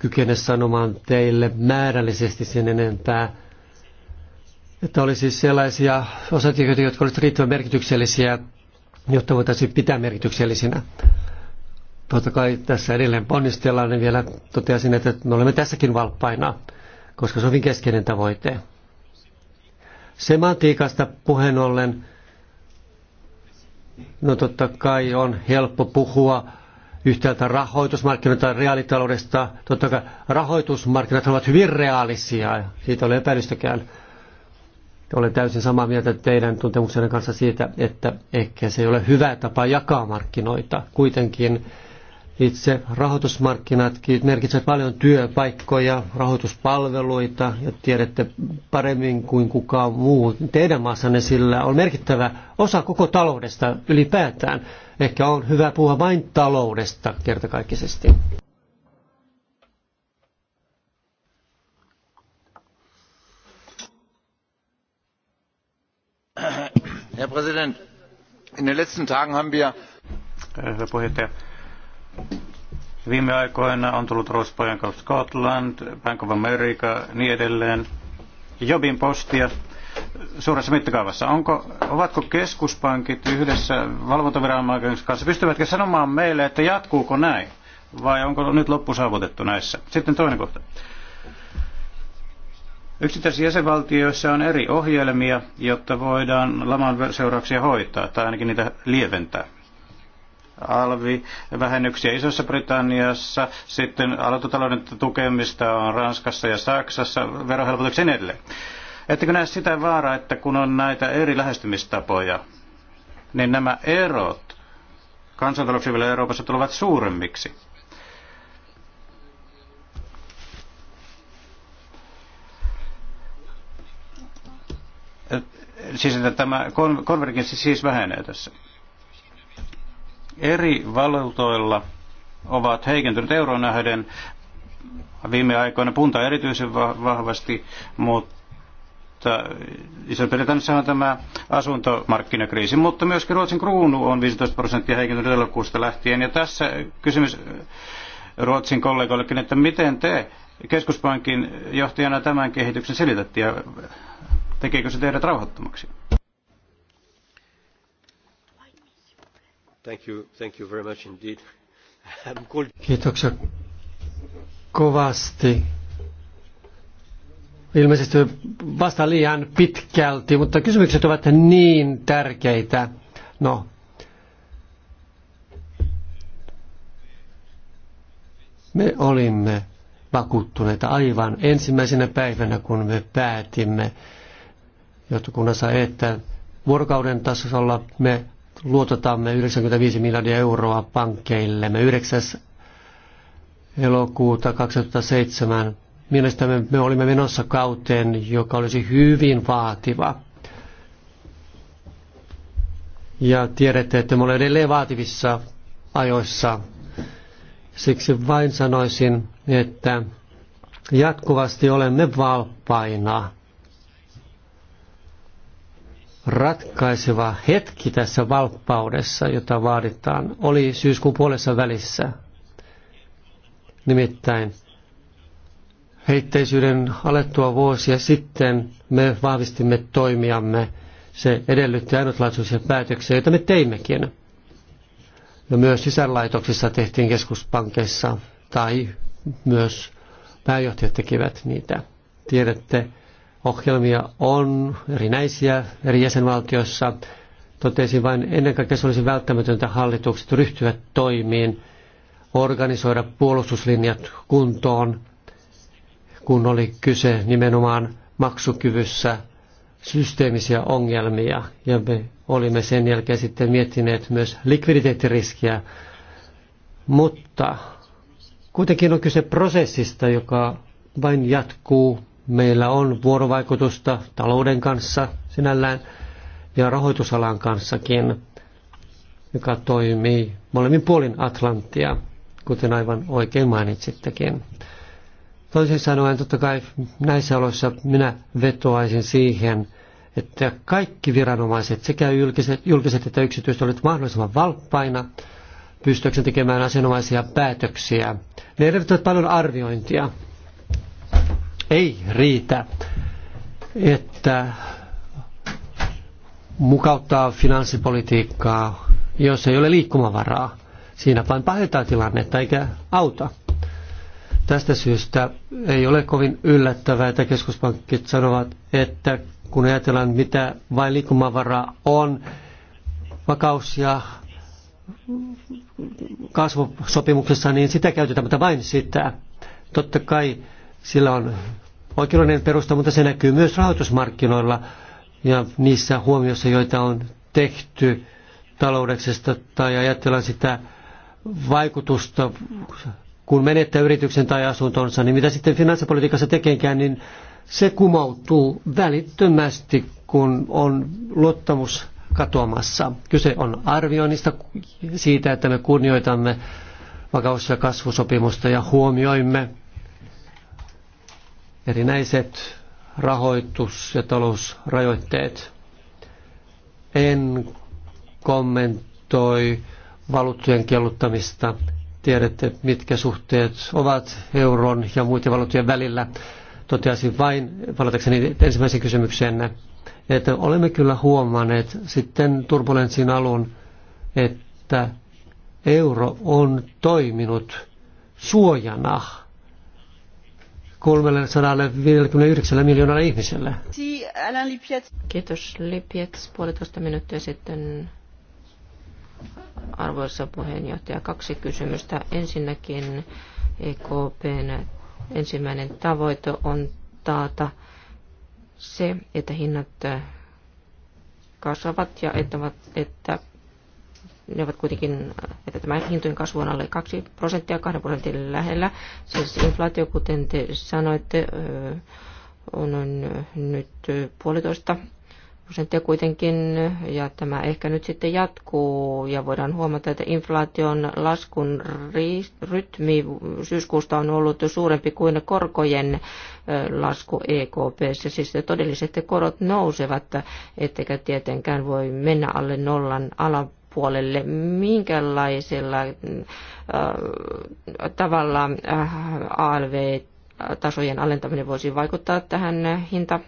kykene sanomaan teille määrällisesti sen enempää, että olisi sellaisia osatekijöitä, jotka olisivat riittävän merkityksellisiä, jotta voitaisiin pitää merkityksellisinä. Totta kai tässä edelleen ponnistellaan, niin vielä toteaisin, että me olemme tässäkin valppaina, koska se on hyvin keskeinen tavoite. Semantiikasta puheen ollen, no totta kai on helppo puhua yhtäältä rahoitusmarkkinoita reaalitaloudesta. Totta kai rahoitusmarkkinat ovat hyvin reaalisia, siitä ei ole epäilystäkään. Olen täysin samaa mieltä teidän tuntemuksenne kanssa siitä, että ehkä se ei ole hyvä tapa jakaa markkinoita. Kuitenkin itse rahoitusmarkkinatkin merkitsevät paljon työpaikkoja, rahoituspalveluita ja tiedätte paremmin kuin kukaan muu. Teidän maassanne sillä on merkittävä osa koko taloudesta ylipäätään. Ehkä on hyvä puhua vain taloudesta kertakaikkisesti. Herr Präsident, in den letzten Tagen haben wir Hyvä puheenjohtaja. Viime aikoina on tullut Royal Bank Scotland, Bank of America, niin edelleen. Jobin postia suuressa mittakaavassa. Onko, ovatko keskuspankit yhdessä valvontaviranomaisen kanssa, pystyvätkö sanomaan meille, että jatkuuko näin? Vai onko nyt loppu saavutettu näissä? Sitten toinen kohta. Yksittäisissä jäsenvaltioissa on eri ohjelmia, jotta voidaan laman seurauksia hoitaa tai ainakin niitä lieventää. Alvi, vähennyksiä Isossa Britanniassa, sitten aloitetalouden tukemista on Ranskassa ja Saksassa, verohelpotuksia niin edelleen. Ettekö näe sitä vaaraa, että kun on näitä eri lähestymistapoja, niin nämä erot kansantalouksien Euroopassa tulevat suuremmiksi? Siis että tämä konvergenssi siis vähenee tässä. Eri valuutoilla ovat heikentyneet euroon nähden viime aikoina punta erityisen vahvasti, mutta mutta iso britannissa on tämä asuntomarkkinakriisi, mutta myöskin Ruotsin kruunu on 15 prosenttia heikentynyt elokuusta lähtien. Ja tässä kysymys Ruotsin kollegoillekin, että miten te keskuspankin johtajana tämän kehityksen selitätte ja tekeekö se teidät rauhoittomaksi? Thank you, thank you very much indeed. Kiitoksia kovasti Ilmeisesti vasta liian pitkälti, mutta kysymykset ovat niin tärkeitä. No, me olimme vakuuttuneita aivan ensimmäisenä päivänä, kun me päätimme johtokunnassa, että vuorokauden tasolla me luototamme 95 miljardia euroa pankkeillemme. 9. elokuuta 2007 Mielestämme me olimme menossa kauteen, joka olisi hyvin vaativa. Ja tiedätte, että me olemme edelleen vaativissa ajoissa. Siksi vain sanoisin, että jatkuvasti olemme valppaina. Ratkaiseva hetki tässä valppaudessa, jota vaaditaan, oli syyskuun puolessa välissä. Nimittäin heitteisyyden alettua vuosia sitten me vahvistimme toimiamme. Se edellytti ainutlaatuisia päätöksiä, joita me teimmekin. Ja myös sisälaitoksissa tehtiin keskuspankeissa tai myös pääjohtajat tekivät niitä. Tiedätte, ohjelmia on erinäisiä eri jäsenvaltioissa. Totesin vain ennen kaikkea se olisi välttämätöntä hallitukset ryhtyvät toimiin, organisoida puolustuslinjat kuntoon, kun oli kyse nimenomaan maksukyvyssä systeemisiä ongelmia. Ja me olimme sen jälkeen sitten miettineet myös likviditeettiriskiä. Mutta kuitenkin on kyse prosessista, joka vain jatkuu. Meillä on vuorovaikutusta talouden kanssa sinällään ja rahoitusalan kanssakin, joka toimii molemmin puolin Atlanttia, kuten aivan oikein mainitsittekin. Toisin sanoen, totta kai näissä oloissa minä vetoaisin siihen, että kaikki viranomaiset, sekä julkiset, julkiset että yksityiset, olivat mahdollisimman valppaina pystyäkseen tekemään asianomaisia päätöksiä. Ne edellyttävät paljon arviointia. Ei riitä, että mukauttaa finanssipolitiikkaa, jos ei ole liikkumavaraa. Siinä vain pahentaa tilannetta eikä auta. Tästä syystä ei ole kovin yllättävää, että keskuspankit sanovat, että kun ajatellaan, mitä vain liikkumavaraa on, vakaus- ja kasvusopimuksessa, niin sitä käytetään, mutta vain sitä. Totta kai sillä on oikeudellinen perusta, mutta se näkyy myös rahoitusmarkkinoilla ja niissä huomioissa, joita on tehty taloudeksesta tai ajatellaan sitä vaikutusta kun menettää yrityksen tai asuntonsa, niin mitä sitten finanssipolitiikassa tekeekään, niin se kumoutuu välittömästi, kun on luottamus katoamassa. Kyse on arvioinnista siitä, että me kunnioitamme vakaus- ja kasvusopimusta ja huomioimme erinäiset rahoitus- ja talousrajoitteet. En kommentoi valuuttojen kelluttamista tiedätte, mitkä suhteet ovat euron ja muiden valuuttien välillä. Toteaisin vain, palatakseni ensimmäisen kysymykseen, että olemme kyllä huomanneet sitten turbulenssin alun, että euro on toiminut suojana 359 miljoonalle ihmiselle. Kiitos Lipiet. puolitoista minuuttia sitten arvoisa puheenjohtaja. Kaksi kysymystä. Ensinnäkin EKPn ensimmäinen tavoite on taata se, että hinnat kasvavat ja että, että ne ovat kuitenkin, että tämä hintojen kasvu on alle 2 prosenttia, 2 prosentin lähellä. Siis inflaatio, kuten te sanoitte, on nyt puolitoista prosenttia kuitenkin, ja tämä ehkä nyt sitten jatkuu, ja voidaan huomata, että inflaation laskun rytmi syyskuusta on ollut suurempi kuin korkojen lasku EKPssä, siis todelliset korot nousevat, ettekä tietenkään voi mennä alle nollan alapuolelle puolelle, minkälaisella äh, tavalla äh, ALV-tasojen alentaminen voisi vaikuttaa tähän hinta-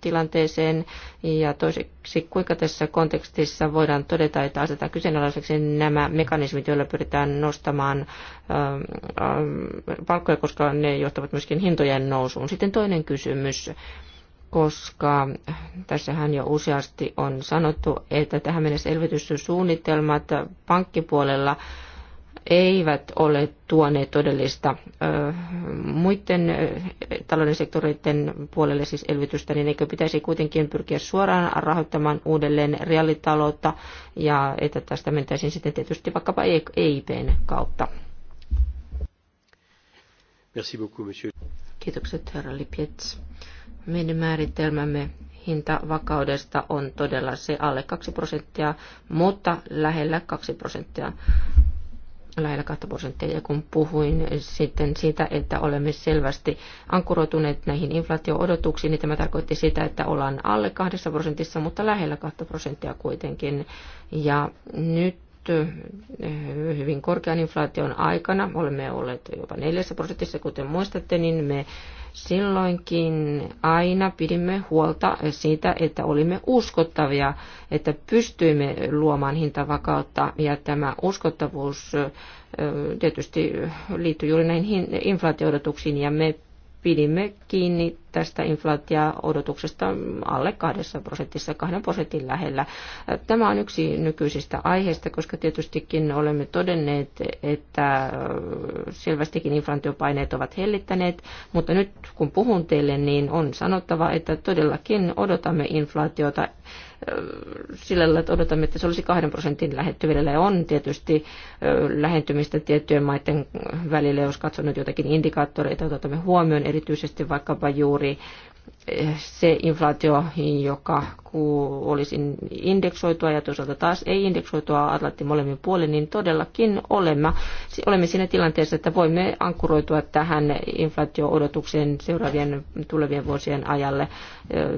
tilanteeseen ja toiseksi kuinka tässä kontekstissa voidaan todeta, että asetetaan kyseenalaiseksi nämä mekanismit, joilla pyritään nostamaan ähm, ähm, palkkoja, koska ne johtavat myöskin hintojen nousuun. Sitten toinen kysymys koska tässähän jo useasti on sanottu, että tähän mennessä elvytyssuunnitelmat pankkipuolella eivät ole tuoneet todellista muiden talouden sektoreiden puolelle siis elvytystä, niin eikö pitäisi kuitenkin pyrkiä suoraan rahoittamaan uudelleen reaalitaloutta ja että tästä mentäisiin sitten tietysti vaikkapa EIPn e kautta. Merci beaucoup, monsieur. Kiitokset, herra Lipiets. Meidän määritelmämme hintavakaudesta on todella se alle 2 prosenttia, mutta lähellä 2 prosenttia lähellä 2 prosenttia. Ja kun puhuin sitten siitä, että olemme selvästi ankuroituneet näihin inflaatio-odotuksiin, niin tämä tarkoitti sitä, että ollaan alle 2 prosentissa, mutta lähellä 2 prosenttia kuitenkin. Ja nyt Eh, hyvin korkean inflaation aikana, olemme olleet jopa 4 prosentissa, kuten muistatte, niin me silloinkin aina pidimme huolta siitä, että olimme uskottavia, että pystyimme luomaan hintavakautta ja tämä uskottavuus eh, tietysti liittyy juuri näihin inflaatioodotuksiin ja me pidimme kiinni tästä inflaatio-odotuksesta alle kahdessa prosentissa, kahden prosentin lähellä. Tämä on yksi nykyisistä aiheista, koska tietystikin olemme todenneet, että selvästikin inflaatiopaineet ovat hellittäneet, mutta nyt kun puhun teille, niin on sanottava, että todellakin odotamme inflaatiota sillä lailla, että odotamme, että se olisi kahden prosentin lähettyvillä. Ja on tietysti lähentymistä tiettyjen maiden välillä, jos katsonut jotakin indikaattoreita, otamme huomioon erityisesti vaikkapa juuri se inflaatio, joka olisi indeksoitua ja toisaalta taas ei indeksoitua Atlantin molemmin puolin, niin todellakin olemme, olemme siinä tilanteessa, että voimme ankkuroitua tähän inflaatio-odotukseen seuraavien tulevien vuosien ajalle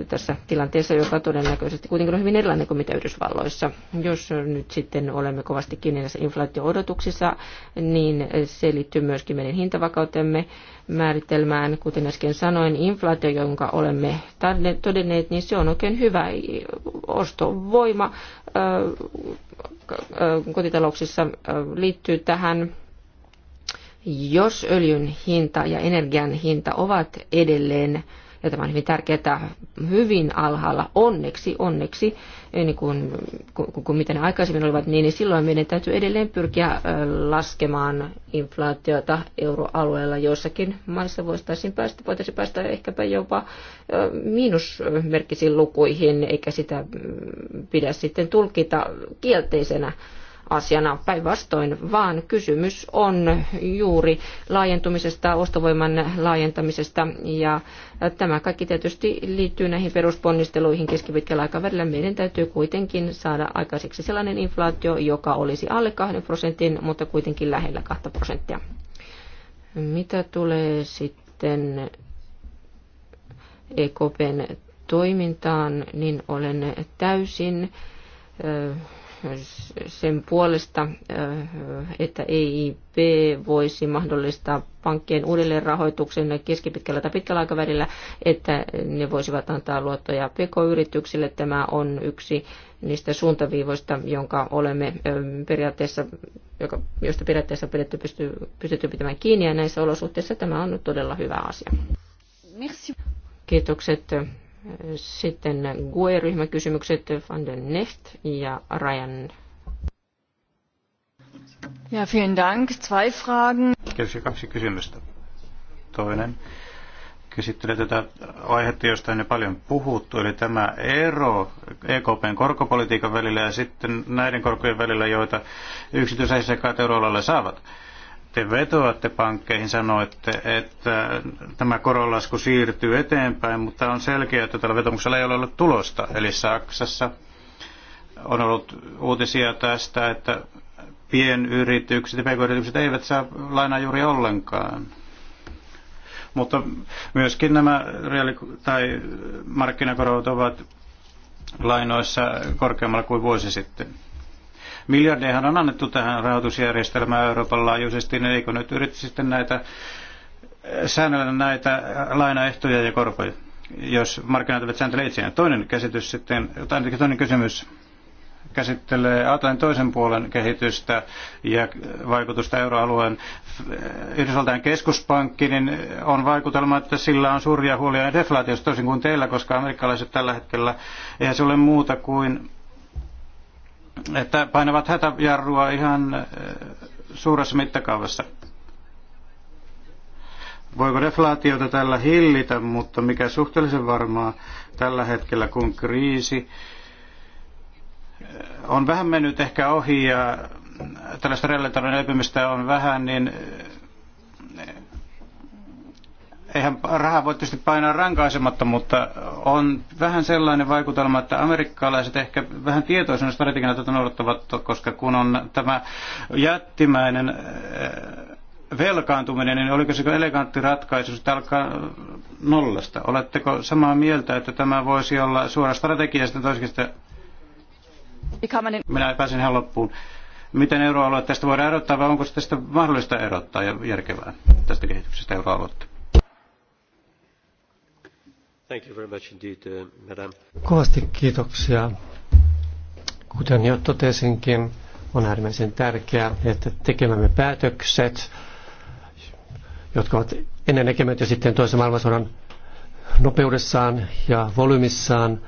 tässä tilanteessa, joka todennäköisesti kuitenkin on hyvin erilainen kuin mitä Yhdysvalloissa. Jos nyt sitten olemme kovasti kiinni näissä inflaatio-odotuksissa, niin se liittyy myöskin meidän hintavakautemme määritelmään. Kuten äsken sanoin, inflaatio, jonka olemme olemme todenneet, niin se on oikein hyvä ostovoima kotitalouksissa liittyy tähän jos öljyn hinta ja energian hinta ovat edelleen, ja tämä on hyvin tärkeää, hyvin alhaalla, onneksi, onneksi niin kuin, kuin, kuin mitä ne aikaisemmin olivat, niin, niin silloin meidän täytyy edelleen pyrkiä laskemaan inflaatiota euroalueella. Joissakin maissa voitaisiin päästä, voitaisiin päästä ehkäpä jopa miinusmerkkisiin lukuihin, eikä sitä mm, pidä sitten tulkita kielteisenä asiana päinvastoin, vaan kysymys on juuri laajentumisesta, ostovoiman laajentamisesta ja tämä kaikki tietysti liittyy näihin perusponnisteluihin keskipitkällä aikavälillä. Meidän täytyy kuitenkin saada aikaiseksi sellainen inflaatio, joka olisi alle 2 prosentin, mutta kuitenkin lähellä 2 prosenttia. Mitä tulee sitten EKPn toimintaan, niin olen täysin sen puolesta, äh, että EIP voisi mahdollistaa pankkien uudelleenrahoituksen keskipitkällä tai pitkällä aikavälillä, että ne voisivat antaa luottoja pk-yrityksille. Tämä on yksi niistä suuntaviivoista, jonka olemme periaatteessa, joka, josta periaatteessa pidetty, pystyy, pystytty pitämään kiinni, ja näissä olosuhteissa tämä on nyt todella hyvä asia. Merci. Kiitokset sitten GUE-ryhmäkysymykset Van den Necht ja Ryan. Ja, vielen Dank. Zwei Fragen. Kiitos kaksi kysymystä. Toinen käsittelee tätä aihetta, josta on paljon puhuttu, eli tämä ero EKPn korkopolitiikan välillä ja sitten näiden korkojen välillä, joita yksityisasiakkaat euroalueella saavat te vetoatte pankkeihin, sanoitte, että tämä koronlasku siirtyy eteenpäin, mutta on selkeää, että tällä vetomuksella ei ole ollut tulosta. Eli Saksassa on ollut uutisia tästä, että pienyritykset ja pk-yritykset eivät saa lainaa juuri ollenkaan. Mutta myöskin nämä reaali- tai markkinakorot ovat lainoissa korkeammalla kuin vuosi sitten. Miljardejahan on annettu tähän rahoitusjärjestelmään Euroopan laajuisesti, niin eikö nyt yritä sitten näitä säännellä näitä lainaehtoja ja korkoja, jos markkinat eivät sääntele itseään. Toinen käsitys sitten, tai toinen kysymys käsittelee Atlantin toisen puolen kehitystä ja vaikutusta euroalueen Yhdysvaltain keskuspankki, niin on vaikutelma, että sillä on suuria huolia deflaatiosta toisin kuin teillä, koska amerikkalaiset tällä hetkellä eihän se ole muuta kuin että painavat hätäjarrua ihan eh, suuressa mittakaavassa. Voiko deflaatiota tällä hillitä, mutta mikä suhteellisen varmaa tällä hetkellä, kun kriisi eh, on vähän mennyt ehkä ohi ja tällaista relatiivinen elpymistä on vähän, niin eh, eihän raha voi tietysti painaa rankaisematta, mutta on vähän sellainen vaikutelma, että amerikkalaiset ehkä vähän tietoisena strategiana tätä noudattavat, koska kun on tämä jättimäinen eh, velkaantuminen, niin oliko se elegantti ratkaisu, että alkaa nollasta? Oletteko samaa mieltä, että tämä voisi olla suora strategia sitten toisikista? Minä pääsin ihan loppuun. Miten euroalue tästä voidaan erottaa vai onko se tästä mahdollista erottaa ja järkevää tästä kehityksestä euroaluetta? Thank you very much indeed, uh, madam. Kovasti kiitoksia. Kuten jo totesinkin, on äärimmäisen tärkeää, että tekemämme päätökset, jotka ovat ennen näkemättä sitten toisen maailmansodan nopeudessaan ja volyymissaan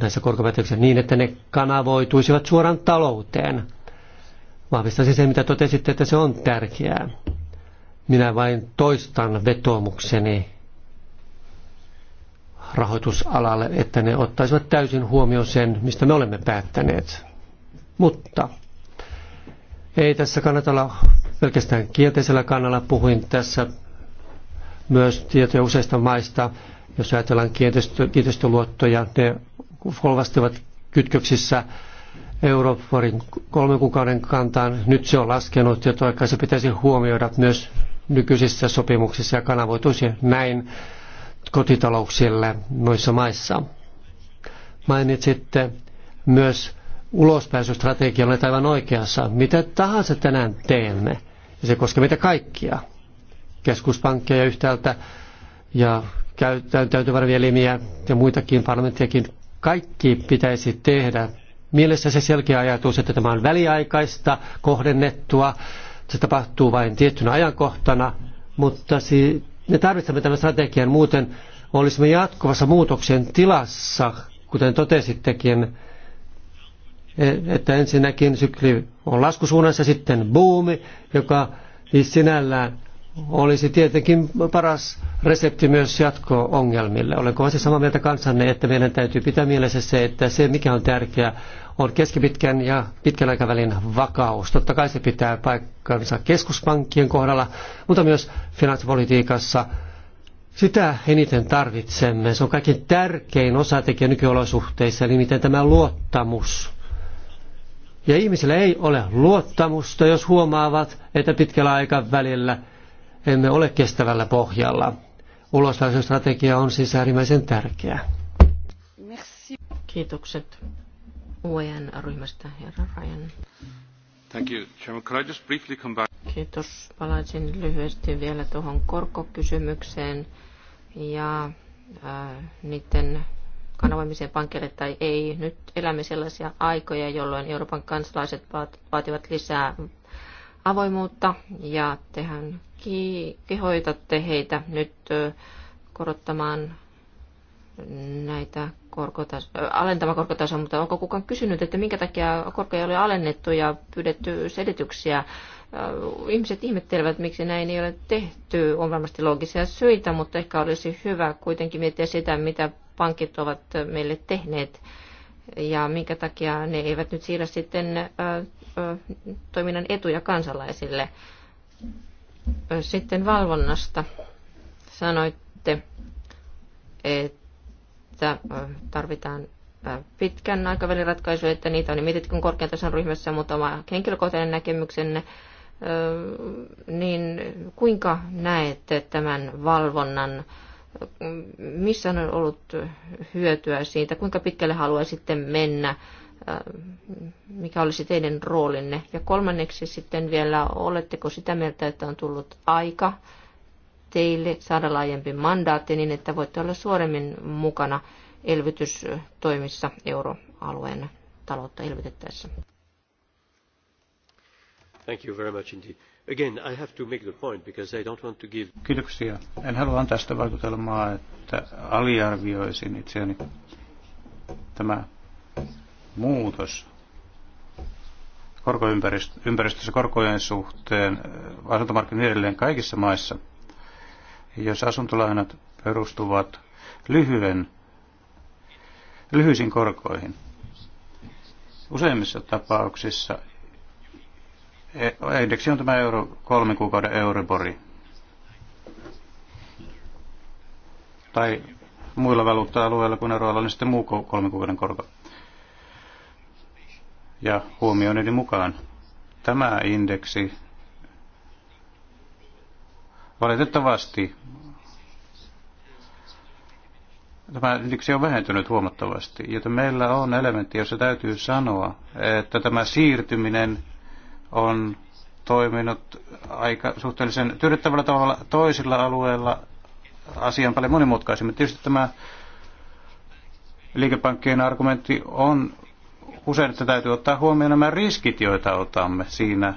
näissä korkopäätöksissä niin, että ne kanavoituisivat suoraan talouteen. Vahvistaisin sen, mitä totesitte, että se on tärkeää. Minä vain toistan vetoomukseni rahoitusalalle, että ne ottaisivat täysin huomioon sen, mistä me olemme päättäneet. Mutta ei tässä kannata olla pelkästään kielteisellä kannalla. Puhuin tässä myös tietoja useista maista. Jos ajatellaan kiinteistö, kiinteistöluottoja, ne kolvastivat kytköksissä Euroopan kolmen kuukauden kantaan. Nyt se on laskenut ja toivottavasti se pitäisi huomioida myös nykyisissä sopimuksissa ja kanavoituisi näin kotitalouksille noissa maissa. Mainitsitte myös ulospääsystrategia, olet aivan oikeassa. Mitä tahansa tänään teemme, ja se koskee meitä kaikkia, keskuspankkeja yhtäältä ja elimiä ja muitakin parlamenttiakin, kaikki pitäisi tehdä. Mielessä se selkeä ajatus, että tämä on väliaikaista, kohdennettua, se tapahtuu vain tiettynä ajankohtana, mutta si- me tarvitsemme tämän strategian, muuten olisimme jatkuvassa muutoksen tilassa, kuten totesittekin, e, että ensinnäkin sykli on laskusuunnassa, sitten buumi, joka sinällään olisi tietenkin paras resepti myös jatko-ongelmille. Olen kovasti samaa mieltä kanssanne, että meidän täytyy pitää mielessä se, että se mikä on tärkeää on keskipitkän ja pitkän aikavälin vakaus. Totta kai se pitää paikkaansa keskuspankkien kohdalla, mutta myös finanssipolitiikassa. Sitä eniten tarvitsemme. Se on kaikkein tärkein osatekijä nykyolosuhteissa, eli miten tämä luottamus. Ja ihmisillä ei ole luottamusta, jos huomaavat, että pitkällä aikavälillä emme ole kestävällä pohjalla. Ulospääsystrategia on siis äärimmäisen tärkeä. Kiitokset. UEN-ryhmästä, herra Ryan. Thank you, Chairman. Could I just briefly come back? Kiitos. Palaisin lyhyesti vielä tuohon korkokysymykseen ja äh, niiden kanavoimiseen pankille tai ei. Nyt elämme sellaisia aikoja, jolloin Euroopan kansalaiset vaativat lisää avoimuutta ja tehän kehoitatte heitä nyt äh, korottamaan näitä korkotaso, alentava korkotaso, mutta onko kukaan kysynyt, että minkä takia korkoja oli alennettu ja pyydetty selityksiä? Ihmiset ihmettelevät, miksi näin ei ole tehty. On varmasti loogisia syitä, mutta ehkä olisi hyvä kuitenkin miettiä sitä, mitä pankit ovat meille tehneet ja minkä takia ne eivät nyt siirrä sitten toiminnan etuja kansalaisille. Sitten valvonnasta sanoitte, että että tarvitaan pitkän aikavälin ratkaisuja, että niitä on nimitetty niin kuin korkean tason ryhmässä, mutta oma henkilökohtainen näkemyksenne, niin kuinka näette tämän valvonnan, missä on ollut hyötyä siitä, kuinka pitkälle haluaisitte mennä, mikä olisi teidän roolinne. Ja kolmanneksi sitten vielä, oletteko sitä mieltä, että on tullut aika teille saada laajempi mandaatti niin, että voitte olla suoremmin mukana elvytystoimissa euroalueen taloutta elvytettäessä. Thank you very much indeed. Again, I have to make the point because I don't want to give... Kiitoksia. En halua antaa sitä vaikutelmaa, että aliarvioisin itseäni. Tämä muutos korkoympäristössä korkojen suhteen, asuntomarkkinoiden edelleen kaikissa maissa – jos asuntolainat perustuvat lyhyen, lyhyisiin korkoihin. Useimmissa tapauksissa e- indeksi on tämä euro, kolmen kuukauden euribori. Tai muilla valuutta-alueilla kuin euroalueella on niin sitten muu kolmen kuukauden korko. Ja huomioiden mukaan tämä indeksi Valitettavasti tämä yksi on vähentynyt huomattavasti, joten meillä on elementti, jossa täytyy sanoa, että tämä siirtyminen on toiminut aika suhteellisen tyydyttävällä tavalla toisilla alueilla asian paljon monimutkaisemmin. Tietysti tämä liikepankkien argumentti on usein, että täytyy ottaa huomioon nämä riskit, joita otamme siinä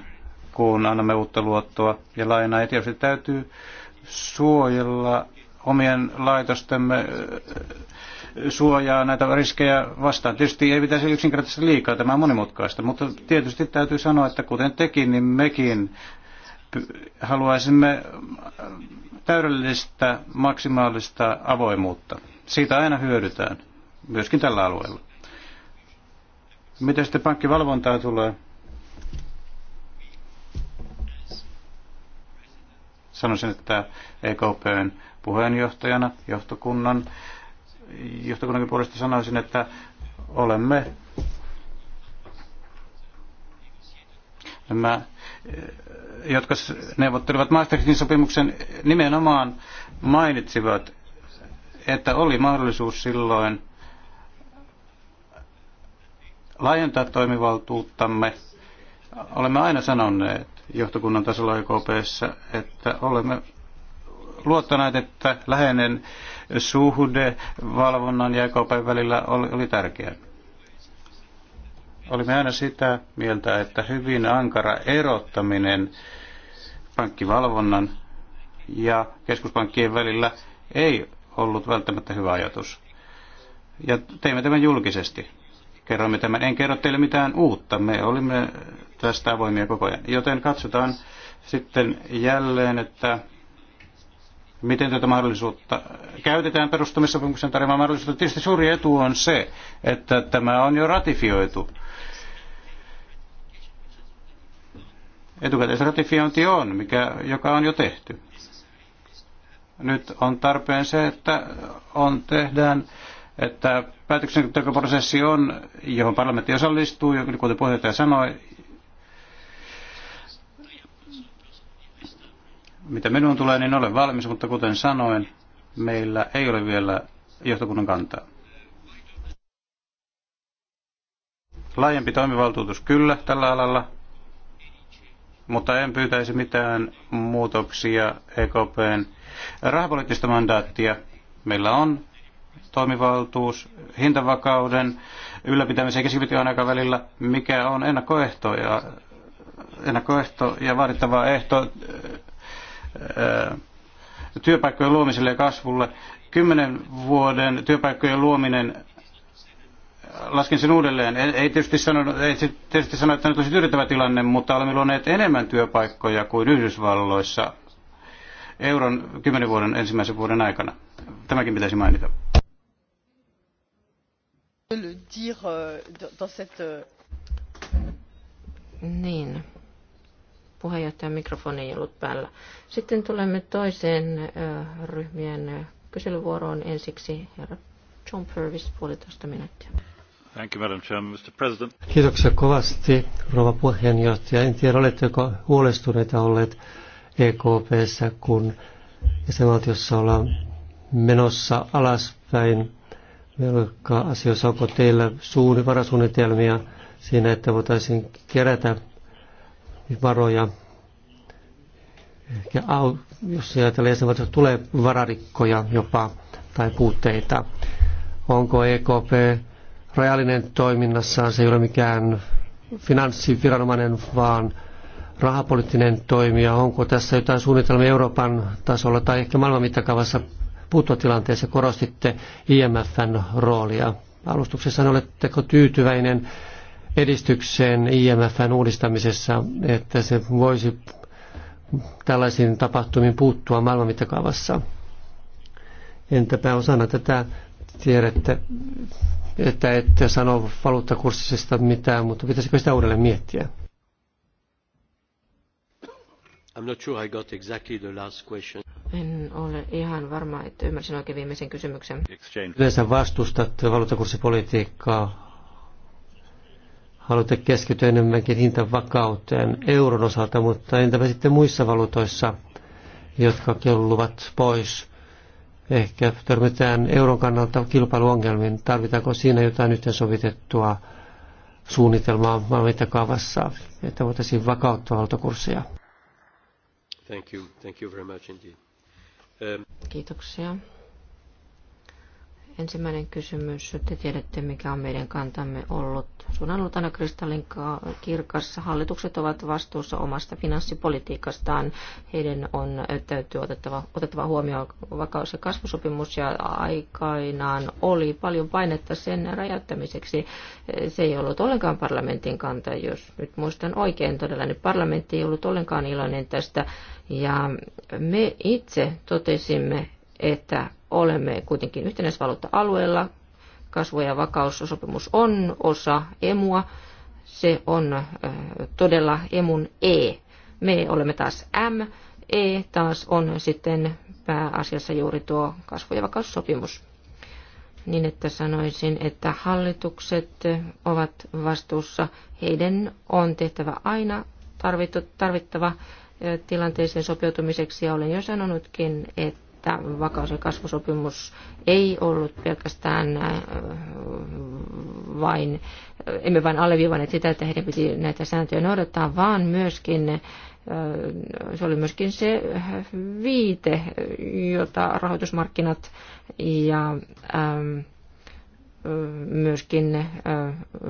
kun annamme uutta luottoa ja lainaa. Ja tietysti täytyy suojella omien laitostemme äh, suojaa näitä riskejä vastaan. Tietysti ei pitäisi yksinkertaisesti liikaa, tämä on monimutkaista, mutta tietysti täytyy sanoa, että kuten tekin, niin mekin haluaisimme täydellistä, maksimaalista avoimuutta. Siitä aina hyödytään, myöskin tällä alueella. Miten sitten pankkivalvontaa tulee? Sanoisin, että EKPn puheenjohtajana johtokunnan, johtokunnan puolesta sanoisin, että olemme nämä, jotka neuvottelivat Maastrichtin sopimuksen, nimenomaan mainitsivat, että oli mahdollisuus silloin laajentaa toimivaltuuttamme. Olemme aina sanoneet, johtokunnan tasolla EKPssä, että olemme luottaneet, että läheinen suhde valvonnan ja EKPn välillä oli, oli tärkeä. Olimme aina sitä mieltä, että hyvin ankara erottaminen pankkivalvonnan ja keskuspankkien välillä ei ollut välttämättä hyvä ajatus. Ja teimme tämän julkisesti kerroimme tämän. En kerro teille mitään uutta. Me olimme tästä avoimia koko ajan. Joten katsotaan sitten jälleen, että miten tätä mahdollisuutta käytetään perustamissopimuksen tarjoamaa mahdollisuutta. Tietysti suuri etu on se, että tämä on jo ratifioitu. Etukäteisratifiointi on, mikä, joka on jo tehty. Nyt on tarpeen se, että on, tehdään että päätöksentekoprosessi on, johon parlamentti osallistuu, niin kuten puheenjohtaja sanoi, mitä minun tulee, niin olen valmis, mutta kuten sanoin, meillä ei ole vielä johtokunnan kantaa. Laajempi toimivaltuutus kyllä tällä alalla, mutta en pyytäisi mitään muutoksia EKPn rahapoliittista mandaattia. Meillä on toimivaltuus hintavakauden ylläpitämiseen keskipitkän aikavälillä, mikä on ennakkoehto ja, ennakkoehto ja vaadittava ehto äh, työpaikkojen luomiselle ja kasvulle. Kymmenen vuoden työpaikkojen luominen laskin sen uudelleen. Ei tietysti sano, ei tietysti sano että nyt olisi tyydyttävä tilanne, mutta olemme luoneet enemmän työpaikkoja kuin Yhdysvalloissa euron kymmenen vuoden ensimmäisen vuoden aikana. Tämäkin pitäisi mainita le dire euh, dans cette... Euh, niin. Puheenjohtajan mikrofoni ei ollut päällä. Sitten tulemme toiseen ryhmien kyselyvuoroon ensiksi. Herra John Purvis, puolitoista minuuttia. Thank you, Madam Chairman, Mr. President. Kiitoksia kovasti, rouva puheenjohtaja. En tiedä, oletteko huolestuneita olleet EKPssä, kun jäsenvaltiossa ollaan menossa alaspäin velka-asioissa, onko teillä suuri varasuunnitelmia siinä, että voitaisiin kerätä varoja. Ehkä au, jos ajatellaan jäsenvaltioita, tulee vararikkoja jopa tai puutteita. Onko EKP rajallinen toiminnassaan, se ei ole mikään finanssiviranomainen, vaan rahapoliittinen toimija. Onko tässä jotain suunnitelmia Euroopan tasolla tai ehkä maailman mittakaavassa puuttua tilanteessa Korostitte IMFn roolia. Alustuksessa oletteko tyytyväinen edistykseen IMFn uudistamisessa, että se voisi tällaisiin tapahtumiin puuttua maailman mittakaavassa? Entäpä osana tätä tiedätte, että ette sano valuuttakurssista mitään, mutta pitäisikö sitä uudelleen miettiä? I'm not sure I got exactly the last question. En ole ihan varma, että ymmärsin oikein viimeisen kysymyksen. Yleensä vastustat valuuttakurssipolitiikkaa. Haluatte keskittyä enemmänkin hintavakauteen euron osalta, mutta entäpä sitten muissa valuutoissa, jotka kelluvat pois? Ehkä törmätään euron kannalta kilpailuongelmiin. Tarvitaanko siinä jotain yhteensovitettua suunnitelmaa maan että voitaisiin vakauttaa valtokurssia? Thank you. Thank you very much indeed. Kiitoksia. Ensimmäinen kysymys. Te tiedätte, mikä on meidän kantamme ollut. Se on ollut aina kristallin kirkassa. Hallitukset ovat vastuussa omasta finanssipolitiikastaan. Heidän on täytyy otettava, otettava huomioon vakaus- ja kasvusopimus ja aikainaan oli paljon painetta sen räjäyttämiseksi. Se ei ollut ollenkaan parlamentin kanta, jos nyt muistan oikein todella, niin parlamentti ei ollut ollenkaan iloinen tästä. Ja me itse totesimme, että olemme kuitenkin yhtenäisvaluutta-alueella. Kasvu- ja vakaussopimus on osa emua. Se on äh, todella emun E. Me olemme taas M. E taas on sitten pääasiassa juuri tuo kasvu- ja vakaussopimus. Niin että sanoisin, että hallitukset ovat vastuussa. Heidän on tehtävä aina tarvittava äh, tilanteeseen sopeutumiseksi. Ja olen jo sanonutkin, että että vakaus- ja kasvusopimus ei ollut pelkästään äh, vain, emme vain alleviivanneet sitä, että heidän piti näitä sääntöjä noudattaa, vaan myöskin äh, se oli myöskin se viite, jota rahoitusmarkkinat ja ähm, äh, myöskin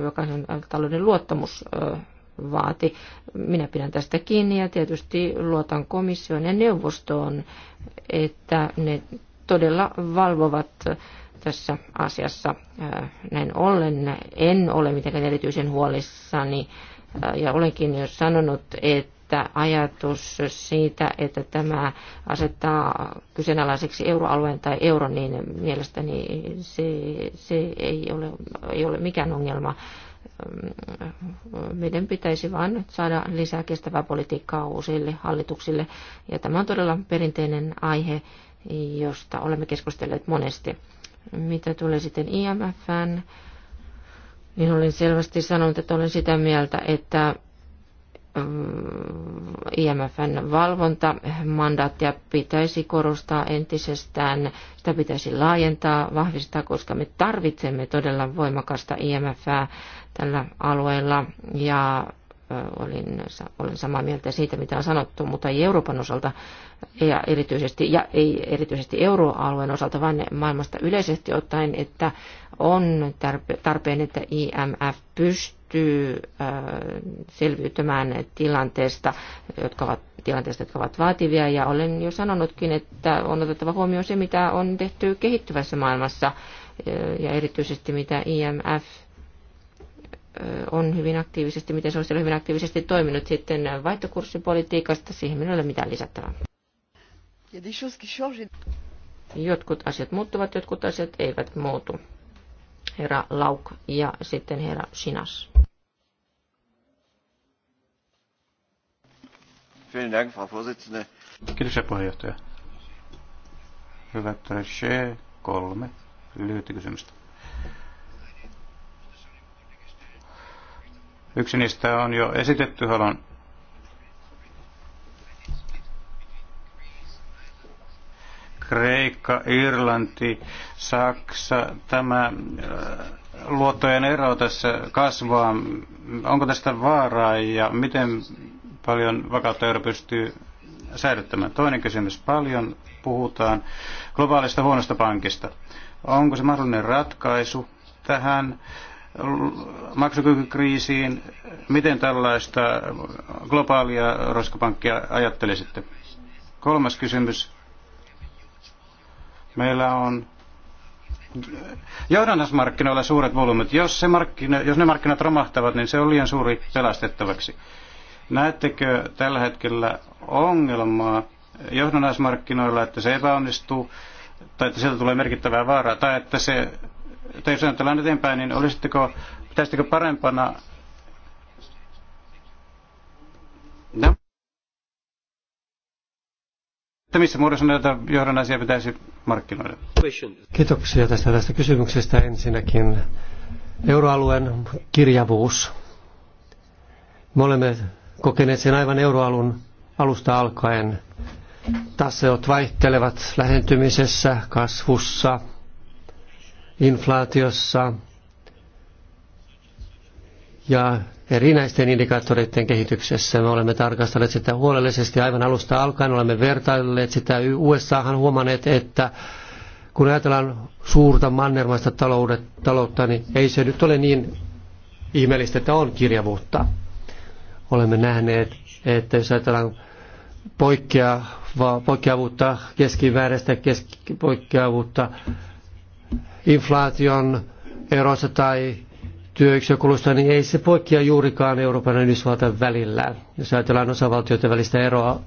jokaisen talouden luottamus vaati. Minä pidän tästä kiinni ja tietysti luotan komissioon ja neuvostoon, että ne todella valvovat tässä asiassa. Äh, näin ollen en ole mitenkään erityisen huolissani äh, ja olenkin jo sanonut, että että ajatus siitä, että tämä asettaa kyseenalaiseksi euroalueen tai euron, niin mielestäni se, se ei, ole, ei ole mikään ongelma meidän pitäisi vain saada lisää kestävää politiikkaa uusille hallituksille. Ja tämä on todella perinteinen aihe, josta olemme keskustelleet monesti. Mitä tulee sitten IMFn, niin olen selvästi sanonut, että olen sitä mieltä, että Äh, IMFn valvontamandaattia pitäisi korostaa entisestään, sitä pitäisi laajentaa, vahvistaa, koska me tarvitsemme todella voimakasta IMFää tällä alueella ja olin, olen samaa mieltä siitä, mitä on sanottu, mutta ei Euroopan osalta ja erityisesti, ja ei erityisesti euroalueen osalta, vaan maailmasta yleisesti ottaen, että on tarpeen, että IMF pystyy selviytymään tilanteesta, jotka ovat, tilanteesta, jotka ovat vaativia. Ja olen jo sanonutkin, että on otettava huomioon se, mitä on tehty kehittyvässä maailmassa ja erityisesti mitä IMF on hyvin aktiivisesti, miten se on siellä hyvin aktiivisesti toiminut sitten vaihtokurssipolitiikasta, siihen minulla ei ole mitään lisättävää. Jotkut asiat muuttuvat, jotkut asiat eivät muutu. Herra Lauk ja sitten herra Sinas. Kiitos, puheenjohtaja. Hyvä Trechet, kolme lyhyttä kysymystä. Yksi niistä on jo esitetty. Haluan Kreikka, Irlanti, Saksa, tämä äh, luottojen ero tässä kasvaa. Onko tästä vaaraa ja miten paljon vakautta euro pystyy säilyttämään? Toinen kysymys. Paljon puhutaan globaalista huonosta pankista. Onko se mahdollinen ratkaisu tähän? maksukykykriisiin. Miten tällaista globaalia roskapankkia ajattelisitte? Kolmas kysymys. Meillä on johdannasmarkkinoilla suuret volyymit. Jos, se jos ne markkinat romahtavat, niin se on liian suuri pelastettavaksi. Näettekö tällä hetkellä ongelmaa johdannasmarkkinoilla, että se epäonnistuu, tai että sieltä tulee merkittävää vaaraa, tai että se tai jos ajatellaan eteenpäin, niin olisitteko, pitäisittekö parempana että missä muodossa näitä johdannaisia pitäisi markkinoida? Kiitoksia tästä, tästä kysymyksestä ensinnäkin. Euroalueen kirjavuus. Me olemme kokeneet sen aivan euroalun alusta alkaen. Taseot vaihtelevat lähentymisessä, kasvussa, inflaatiossa ja erinäisten indikaattoreiden kehityksessä. Me olemme tarkastelleet sitä huolellisesti aivan alusta alkaen, olemme vertailleet sitä. USAhan huomanneet, että kun ajatellaan suurta mannermaista taloutta, niin ei se nyt ole niin ihmeellistä, että on kirjavuutta. Olemme nähneet, että jos ajatellaan poikkeavuutta, keskiväärästä, keski, poikkeavuutta inflaation erossa tai työyksikkökulusta, niin ei se poikkea juurikaan Euroopan ja Yhdysvaltain välillä, jos ajatellaan osavaltioiden välistä eroa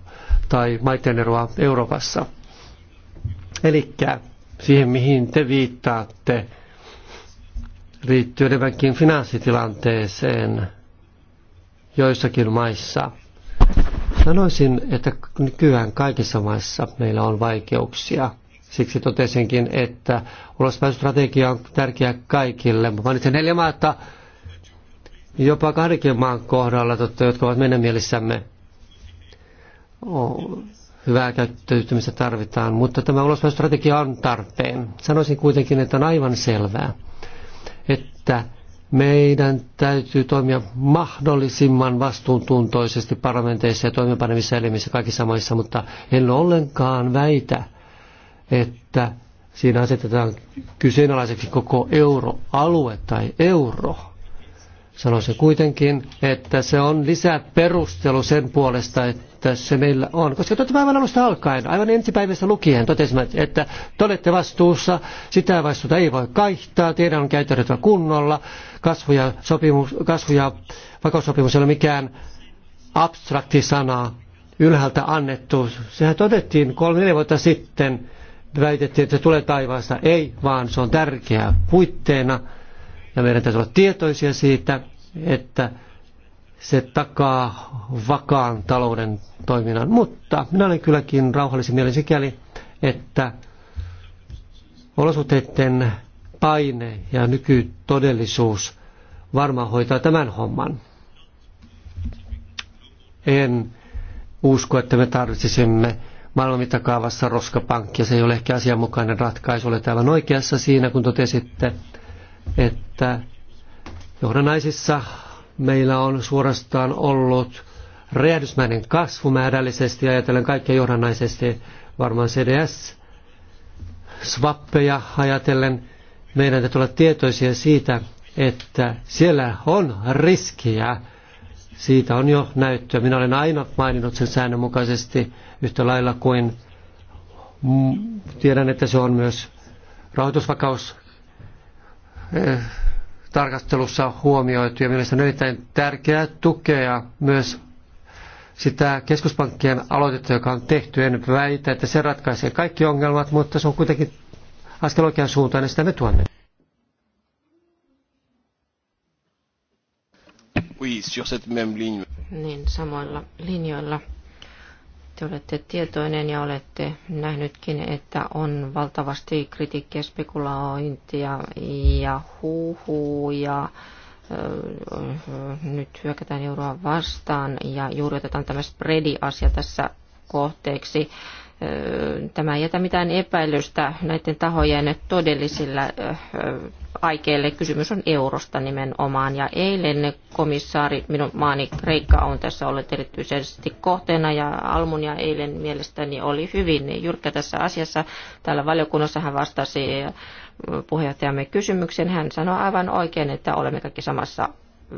tai maiden eroa Euroopassa. Eli siihen, mihin te viittaatte, liittyy enemmänkin finanssitilanteeseen joissakin maissa. Sanoisin, että nykyään kaikissa maissa meillä on vaikeuksia – Siksi totesinkin, että ulospääsystrategia on tärkeä kaikille. Mainitsen neljä maata, jopa kahdenkin maan kohdalla, totta, jotka ovat meidän mielissämme. Hyvää käyttäytymistä tarvitaan, mutta tämä ulospääsystrategia on tarpeen. Sanoisin kuitenkin, että on aivan selvää, että meidän täytyy toimia mahdollisimman vastuuntuntoisesti parlamenteissa ja toimipanemissa elimissä kaikissa maissa, mutta en ollenkaan väitä, että siinä asetetaan kyseenalaiseksi koko euroalue tai euro. Sanoisin kuitenkin, että se on lisäperustelu sen puolesta, että se meillä on. Koska totta päivän alusta alkaen, aivan ensipäivästä lukien totesimme, että te olette vastuussa, sitä vastuuta ei voi kaihtaa, teidän on käytettävä kunnolla, kasvu ja, sopimus, kasvu ja vakaussopimus ei ole mikään abstrakti sana, ylhäältä annettu. Sehän todettiin kolme neljä vuotta sitten, väitettiin, että se tulee taivaasta. Ei, vaan se on tärkeää puitteena. Ja meidän täytyy olla tietoisia siitä, että se takaa vakaan talouden toiminnan. Mutta minä olen kylläkin rauhallisin mielin sikäli, että olosuhteiden paine ja nykytodellisuus varmaan hoitaa tämän homman. En usko, että me tarvitsisimme maailman mittakaavassa roskapankki, ja se ei ole ehkä asianmukainen ratkaisu. Olet aivan oikeassa siinä, kun totesitte, että johdannaisissa meillä on suorastaan ollut räjähdysmäinen kasvu määrällisesti, ajatellen kaikkia johdannaisesti, varmaan CDS, swappeja ajatellen. Meidän täytyy olla tietoisia siitä, että siellä on riskiä, siitä on jo näyttöä. Minä olen aina maininnut sen säännönmukaisesti yhtä lailla kuin tiedän, että se on myös rahoitusvakaus eh, tarkastelussa huomioitu ja mielestäni erittäin tärkeää tukea myös sitä keskuspankkien aloitetta, joka on tehty. En väitä, että se ratkaisee kaikki ongelmat, mutta se on kuitenkin askel oikean suuntaan ja sitä me tuomme. Oui, sur cette même ligne. Niin, samoilla linjoilla. Te olette tietoinen ja olette nähnytkin, että on valtavasti kritiikkiä, spekulointia ja huhuja nyt hyökätään euroa vastaan ja juuri otetaan tämä spreadi-asia tässä kohteeksi. Tämä ei jätä mitään epäilystä näiden tahojen todellisilla aikeille. Kysymys on eurosta nimenomaan. Ja eilen komissaari, minun maani Kreikka on tässä ollut erityisesti kohteena ja Almunia eilen mielestäni oli hyvin jyrkkä tässä asiassa. Täällä valiokunnassa hän vastasi puheenjohtajamme kysymyksen. Hän sanoi aivan oikein, että olemme kaikki samassa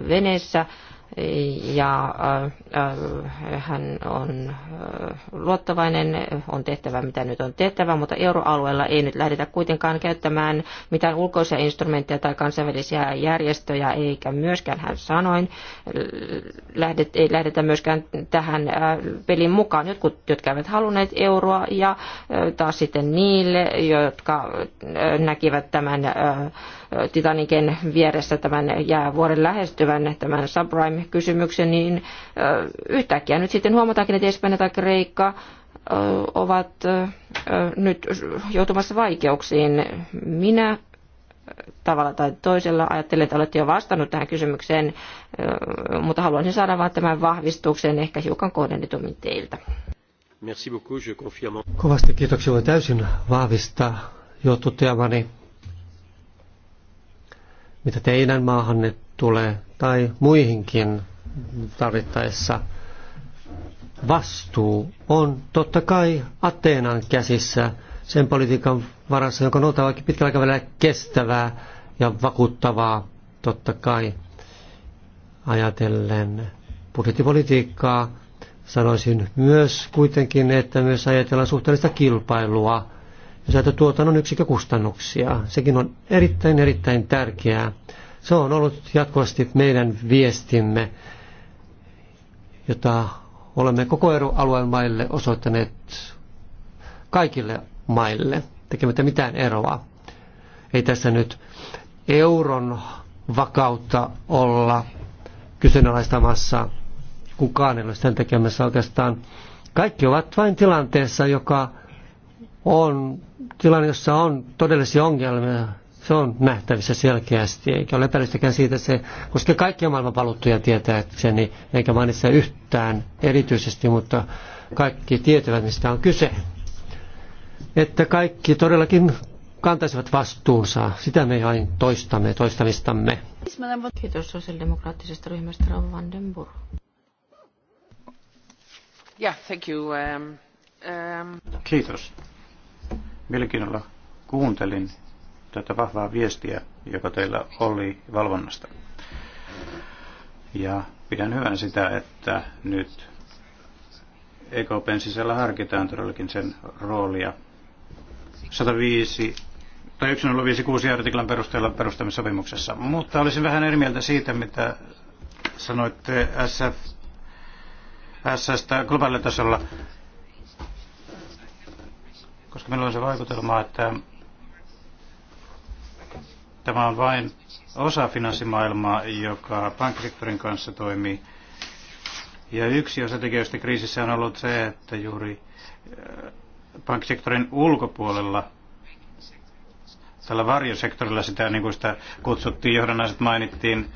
veneessä ja äh, äh, hän on äh, luottavainen, on tehtävä mitä nyt on tehtävä, mutta euroalueella ei nyt lähdetä kuitenkaan käyttämään mitään ulkoisia instrumentteja tai kansainvälisiä järjestöjä, eikä myöskään hän sanoin, lähdet, ei lähdetä myöskään tähän pelin mukaan. Jotkut, jotka eivät halunneet euroa ja taas sitten niille, jotka näkivät tämän Titaniken vieressä tämän jäävuoren lähestyvän tämän subprime-kysymyksen, niin yhtäkkiä nyt sitten huomataankin, että Espanja tai Kreikka ovat nyt joutumassa vaikeuksiin. Minä tavalla tai toisella. Ajattelen, että olette jo vastannut tähän kysymykseen, mutta haluaisin saada vain tämän vahvistuksen ehkä hiukan kohdennetummin teiltä. Merci beaucoup, je confirme. Kovasti kiitoksia. Voin täysin vahvistaa jo toteamani mitä teidän maahanne tulee, tai muihinkin tarvittaessa. Vastuu on totta kai Ateenan käsissä sen politiikan varassa, jonka on oltava pitkällä aikavälillä kestävää ja vakuuttavaa, totta kai ajatellen budjettipolitiikkaa. Sanoisin myös kuitenkin, että myös ajatellaan suhteellista kilpailua – sieltä tuotannon yksikkökustannuksia. Sekin on erittäin, erittäin tärkeää. Se on ollut jatkuvasti meidän viestimme, jota olemme koko euroalueen maille osoittaneet kaikille maille, tekemättä mitään eroa. Ei tässä nyt euron vakautta olla kyseenalaistamassa. Kukaan ei ole sitä tekemässä oikeastaan. Kaikki ovat vain tilanteessa, joka on tilanne, jossa on todellisia ongelmia. Se on nähtävissä selkeästi, eikä ole epäilystäkään siitä se, koska kaikki maailman valuttuja tietääkseni, eikä mainitse yhtään erityisesti, mutta kaikki tietävät, mistä on kyse. Että kaikki todellakin kantaisivat vastuunsa. Sitä me aina toistamme, toistamistamme. Kiitos sosiaalidemokraattisesta ryhmästä Rauha Vandenburg. Yeah, thank you. Um, um... Kiitos. Mielenkiinnolla kuuntelin tätä vahvaa viestiä, joka teillä oli valvonnasta. Ja pidän hyvän sitä, että nyt EKPn sisällä harkitaan todellakin sen roolia 105 tai 1056 artiklan perusteella perustamissopimuksessa. Mutta olisin vähän eri mieltä siitä, mitä sanoitte SF, SS globaalilla tasolla koska minulla on se vaikutelma, että tämä on vain osa finanssimaailmaa, joka pankkisektorin kanssa toimii. Ja yksi osa tekijöistä kriisissä on ollut se, että juuri äh, pankkisektorin ulkopuolella, tällä varjosektorilla sitä, niin kuin sitä kutsuttiin, johdannaiset mainittiin,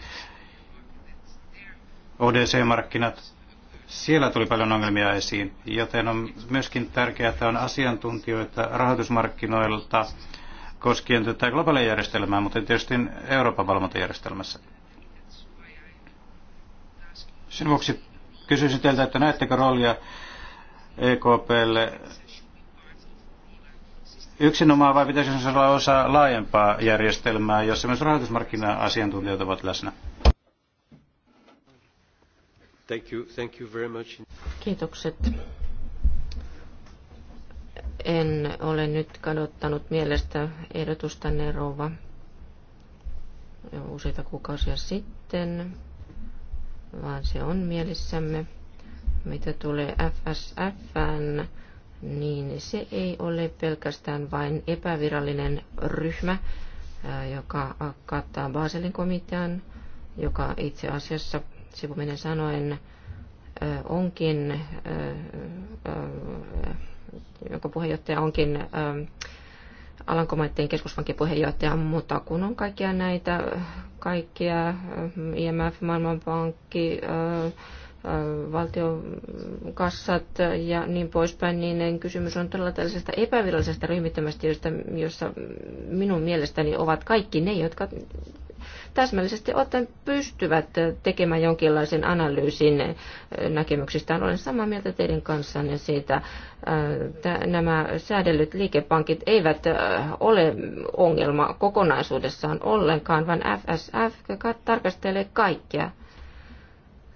ODC-markkinat, siellä tuli paljon ongelmia esiin, joten on myöskin tärkeää, että on asiantuntijoita rahoitusmarkkinoilta koskien tätä globaalia järjestelmää, mutta tietysti Euroopan valvontajärjestelmässä. Sen vuoksi kysyisin teiltä, että näettekö roolia EKPlle yksinomaan vai pitäisikö se olla osa laajempaa järjestelmää, jossa myös rahoitusmarkkina-asiantuntijat ovat läsnä? Thank you, thank you very much. Kiitokset. En ole nyt kadottanut mielestä ehdotustanne, rouva, jo useita kuukausia sitten, vaan se on mielessämme. Mitä tulee FSF, niin se ei ole pelkästään vain epävirallinen ryhmä, joka kattaa Baselin komitean, joka itse asiassa sivuminen sanoen onkin, jonka puheenjohtaja onkin Alankomaiden keskuspankin puheenjohtaja, mutta kun on kaikkia näitä, kaikkia IMF, Maailmanpankki, valtiokassat ja niin poispäin, niin kysymys on todella tällaisesta epävirallisesta ryhmittymästä, josta, jossa minun mielestäni ovat kaikki ne, jotka täsmällisesti ottaen pystyvät tekemään jonkinlaisen analyysin eh, näkemyksistään. Olen samaa mieltä teidän kanssanne siitä. Eh, nämä säädellyt liikepankit eivät eh, ole ongelma kokonaisuudessaan ollenkaan, vaan FSF tarkastelee kaikkea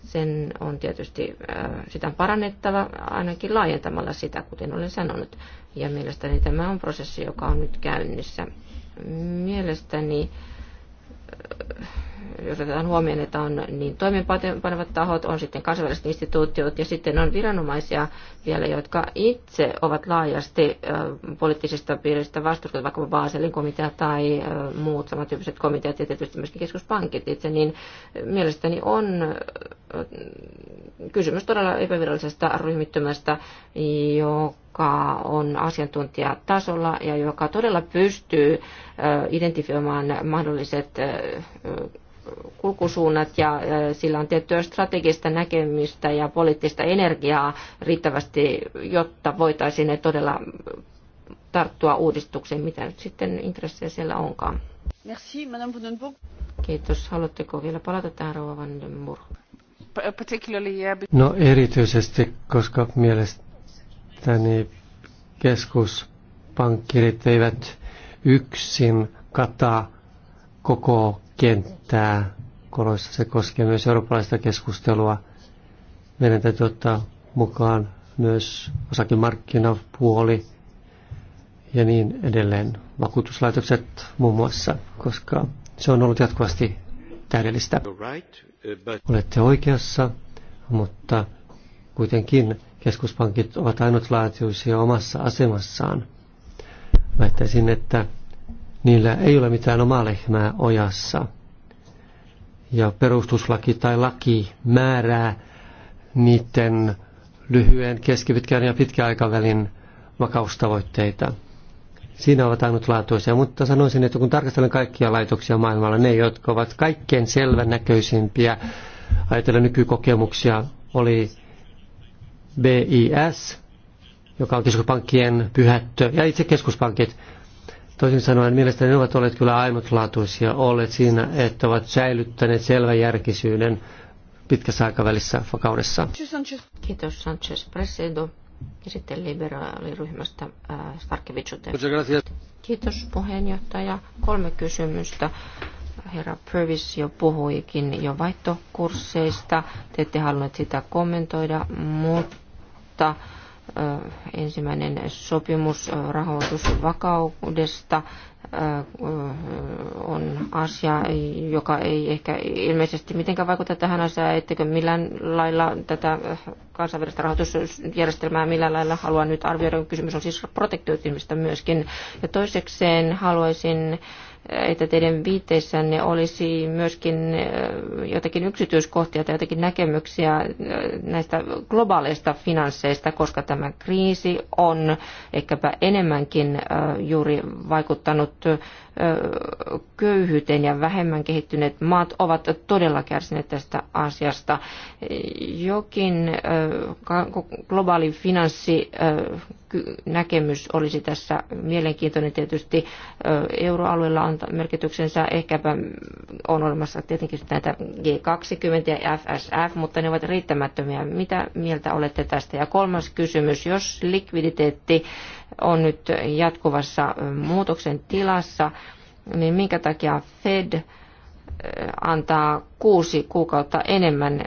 sen on tietysti sitä on parannettava ainakin laajentamalla sitä, kuten olen sanonut. Ja mielestäni tämä on prosessi, joka on nyt käynnissä. Mielestäni äh, jos otetaan huomioon, että on niin toimeenpanevat tahot, on sitten kansainväliset instituutiot ja sitten on viranomaisia vielä, jotka itse ovat laajasti poliittisista piiristä vastustavat, vaikka Baselin komitea tai muut samantyyppiset komiteat ja tietysti myöskin keskuspankit itse, niin mielestäni on kysymys todella epävirallisesta ryhmittymästä, joka joka on asiantuntijatasolla ja joka todella pystyy identifioimaan mahdolliset kulkusuunnat ja sillä on tiettyä strategista näkemystä ja poliittista energiaa riittävästi, jotta voitaisiin ne todella tarttua uudistukseen, mitä nyt sitten intressejä siellä onkaan. Merci, Madame Kiitos. Haluatteko vielä palata tähän, Rouva Vandenburg? Uh, no erityisesti, koska mielestäni niin keskuspankkirit eivät yksin kata koko kenttää koloissa. Se koskee myös eurooppalaista keskustelua. Meidän täytyy ottaa mukaan myös osakemarkkinapuoli ja niin edelleen. Vakuutuslaitokset muun muassa, koska se on ollut jatkuvasti täydellistä. Olette oikeassa, mutta kuitenkin keskuspankit ovat ainutlaatuisia omassa asemassaan. Väittäisin, että niillä ei ole mitään omaa lehmää ojassa. Ja perustuslaki tai laki määrää niiden lyhyen, keskipitkän ja pitkän aikavälin vakaustavoitteita. Siinä ovat ainutlaatuisia, mutta sanoisin, että kun tarkastelen kaikkia laitoksia maailmalla, ne, jotka ovat kaikkein selvänäköisimpiä, ajatellen nykykokemuksia, oli BIS, joka on keskuspankkien pyhättö, ja itse keskuspankit, toisin sanoen mielestäni ne ovat olleet kyllä ainutlaatuisia olleet siinä, että ovat säilyttäneet järkisyyden pitkässä aikavälissä vakaudessa. Kiitos Sanchez Presedo. Ja sitten liberaaliryhmästä äh, Starkevitsute. Kiitos puheenjohtaja. Kolme kysymystä herra Purvis jo puhuikin jo vaihtokursseista. Te ette halunneet sitä kommentoida, mutta ensimmäinen sopimus rahoitusvakaudesta on asia, joka ei ehkä ilmeisesti mitenkään vaikuta tähän asiaan, ettekö millään lailla tätä kansainvälistä rahoitusjärjestelmää millään lailla haluan nyt arvioida. Kysymys on siis protektionismista myöskin. Ja toisekseen haluaisin että teidän viitteissänne olisi myöskin äh, jotakin yksityiskohtia tai jotakin näkemyksiä äh, näistä globaaleista finansseista, koska tämä kriisi on ehkäpä enemmänkin äh, juuri vaikuttanut köyhyyteen ja vähemmän kehittyneet maat ovat todella kärsineet tästä asiasta. Jokin globaali finanssinäkemys olisi tässä mielenkiintoinen. Tietysti euroalueella on merkityksensä. Ehkäpä on olemassa tietenkin näitä G20 ja FSF, mutta ne ovat riittämättömiä. Mitä mieltä olette tästä? Ja kolmas kysymys, jos likviditeetti on nyt jatkuvassa muutoksen tilassa, niin minkä takia Fed antaa kuusi kuukautta enemmän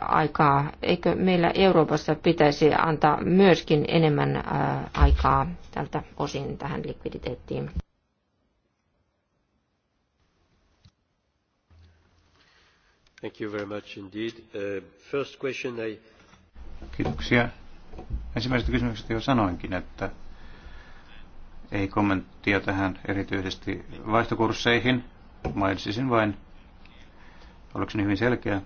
aikaa. Eikö meillä Euroopassa pitäisi antaa myöskin enemmän aikaa tältä osin tähän likviditeettiin? Thank you very much indeed. Uh, first question I... Kiitoksia. Ensimmäisestä kysymyksestä jo sanoinkin, että ei kommenttia tähän erityisesti vaihtokursseihin. Mainitsisin vain, oliko hyvin selkeä,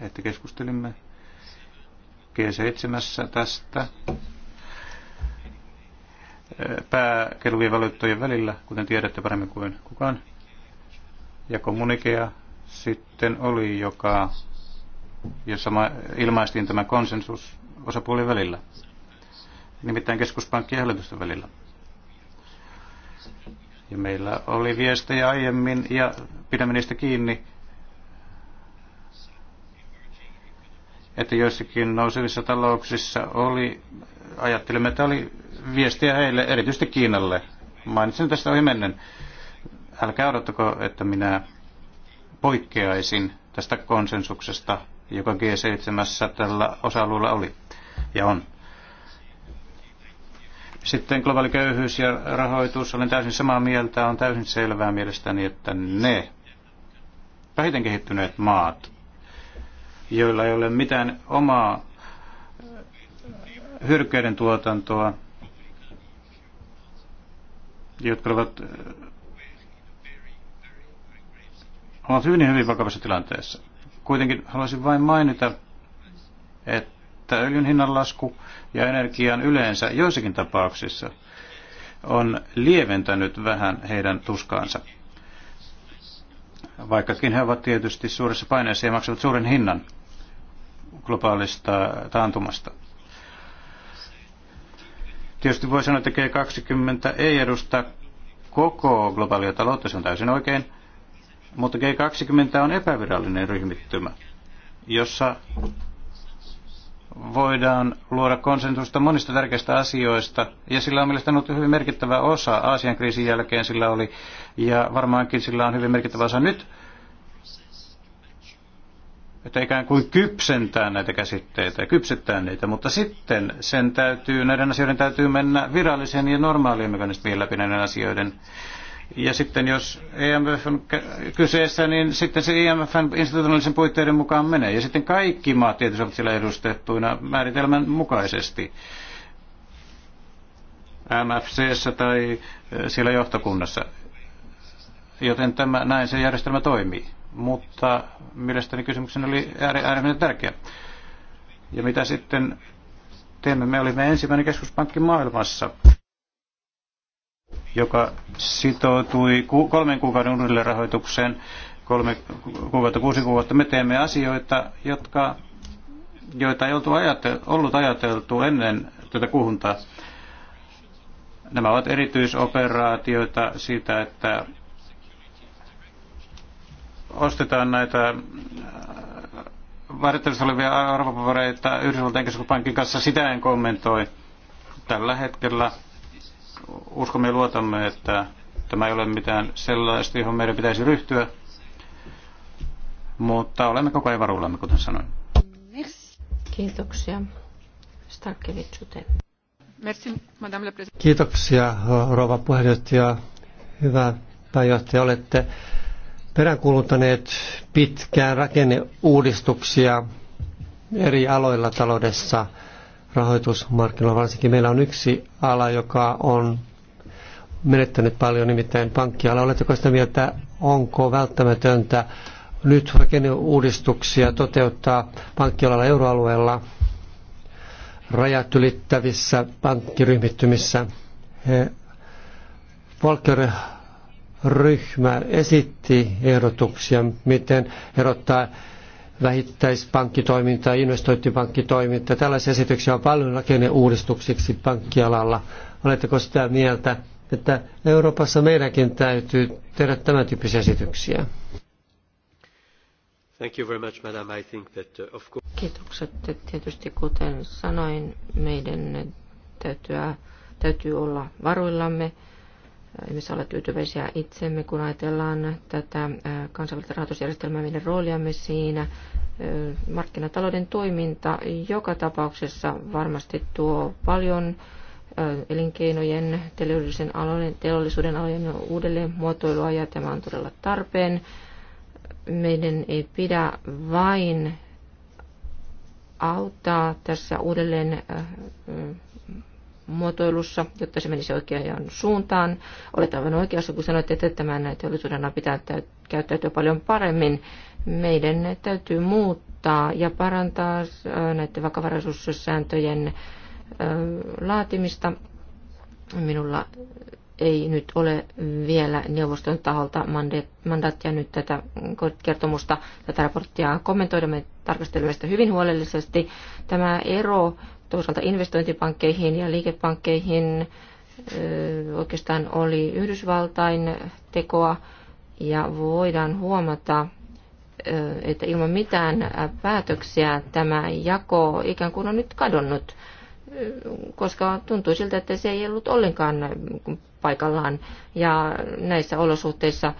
että keskustelimme G7 tästä pääkeluvien valuuttojen välillä, kuten tiedätte paremmin kuin kukaan. Ja kommunikea sitten oli, joka, jossa ilmaistiin tämä konsensus osapuolien välillä. Nimittäin keskuspankkien hallitusten välillä. Ja meillä oli viestejä aiemmin ja pidämme niistä kiinni, että joissakin nousevissa talouksissa oli, ajattelimme, että oli viestiä heille, erityisesti Kiinalle. Mainitsin tästä mennen. Älkää odottako, että minä poikkeaisin tästä konsensuksesta, joka G7 tällä osa-alueella oli ja on. Sitten globaali köyhyys ja rahoitus, olen täysin samaa mieltä, on täysin selvää mielestäni, että ne vähiten kehittyneet maat, joilla ei ole mitään omaa eh, hyrkkeiden tuotantoa, jotka ovat, eh, ovat hyvin, hyvin vakavassa tilanteessa. Kuitenkin haluaisin vain mainita, että että öljyn hinnanlasku ja energian yleensä joissakin tapauksissa on lieventänyt vähän heidän tuskaansa. Vaikkakin he ovat tietysti suuressa paineessa ja maksavat suuren hinnan globaalista taantumasta. Tietysti voi sanoa, että G20 ei edusta koko globaalia taloutta, se on täysin oikein, mutta G20 on epävirallinen ryhmittymä, jossa voidaan luoda konsensusta monista tärkeistä asioista, ja sillä on mielestäni ollut hyvin merkittävä osa Aasian kriisin jälkeen sillä oli, ja varmaankin sillä on hyvin merkittävä osa nyt, että ikään kuin kypsentää näitä käsitteitä ja kypsettää niitä, mutta sitten sen täytyy, näiden asioiden täytyy mennä virallisen ja normaalien mekanismien läpi näiden asioiden ja sitten jos EMF on kyseessä, niin sitten se IMFn e institutionaalisen puitteiden mukaan menee. Ja sitten kaikki maat tietysti ovat siellä edustettuina määritelmän mukaisesti. MFCssä tai eh, siellä johtokunnassa. Joten tämä, näin se järjestelmä toimii. Mutta mielestäni kysymyksen oli äärimmäisen tärkeä. Ja mitä sitten teemme? Me olimme ensimmäinen keskuspankki maailmassa, joka sitoutui kolmen kuukauden uudelleenrahoitukseen kolme kuukautta, kuusi kuukautta. Me teemme asioita, jotka, joita ei oltu ajate, ollut ajateltu ennen tätä kuhuntaa. Nämä ovat erityisoperaatioita siitä, että ostetaan näitä äh, varjettavissa olevia arvopapereita Yhdysvaltain keskuspankin kanssa. Sitä en kommentoi tällä hetkellä uskomme ja luotamme, että tämä ei ole mitään sellaista, johon meidän pitäisi ryhtyä, mutta olemme koko ajan varuillamme, kuten sanoin. Kiitoksia. Kiitoksia, rouva puheenjohtaja. Hyvä pääjohtaja, olette peräänkuuluttaneet pitkään rakenneuudistuksia eri aloilla taloudessa – rahoitusmarkkinoilla. Varsinkin meillä on yksi ala, joka on menettänyt paljon, nimittäin pankkiala. Oletteko sitä mieltä, onko välttämätöntä nyt rakenneuudistuksia toteuttaa pankkialalla euroalueella rajat ylittävissä pankkiryhmittymissä? Volker ryhmä esitti ehdotuksia, miten erottaa vähittäispankkitoimintaa, investointipankkitoiminta. Tällaisia esityksiä on paljon rakenneuudistuksiksi pankkialalla. Oletteko sitä mieltä, että Euroopassa meidänkin täytyy tehdä tämän tyyppisiä esityksiä? Thank you very much, madam. I think that, uh, of course... Kiitokset. Tietysti kuten sanoin, meidän täytyy, täytyy olla varuillamme me saa olla tyytyväisiä itsemme, kun ajatellaan tätä kansainvälistä rahoitusjärjestelmää, meidän rooliamme siinä. Markkinatalouden toiminta joka tapauksessa varmasti tuo paljon elinkeinojen, teollisuuden alojen, teollisuuden alojen uudelleen muotoilua ja tämä on todella tarpeen. Meidän ei pidä vain auttaa tässä uudelleen muotoilussa, jotta se menisi oikeaan suuntaan. Olet aivan oikeassa, kun sanoit, että tämän teollisuudena pitää käyttäytyä paljon paremmin. Meidän täytyy muuttaa ja parantaa äh, näiden vakavaraisuussääntöjen äh, laatimista. Minulla ei nyt ole vielä neuvoston taholta mandaattia nyt tätä kertomusta, tätä raporttia kommentoida. Me tarkastelemme sitä hyvin huolellisesti. Tämä ero toisaalta investointipankkeihin ja liikepankkeihin oikeastaan oli Yhdysvaltain tekoa ja voidaan huomata, että ilman mitään päätöksiä tämä jako ikään kuin on nyt kadonnut, koska tuntuu siltä, että se ei ollut ollenkaan paikallaan. Ja näissä olosuhteissa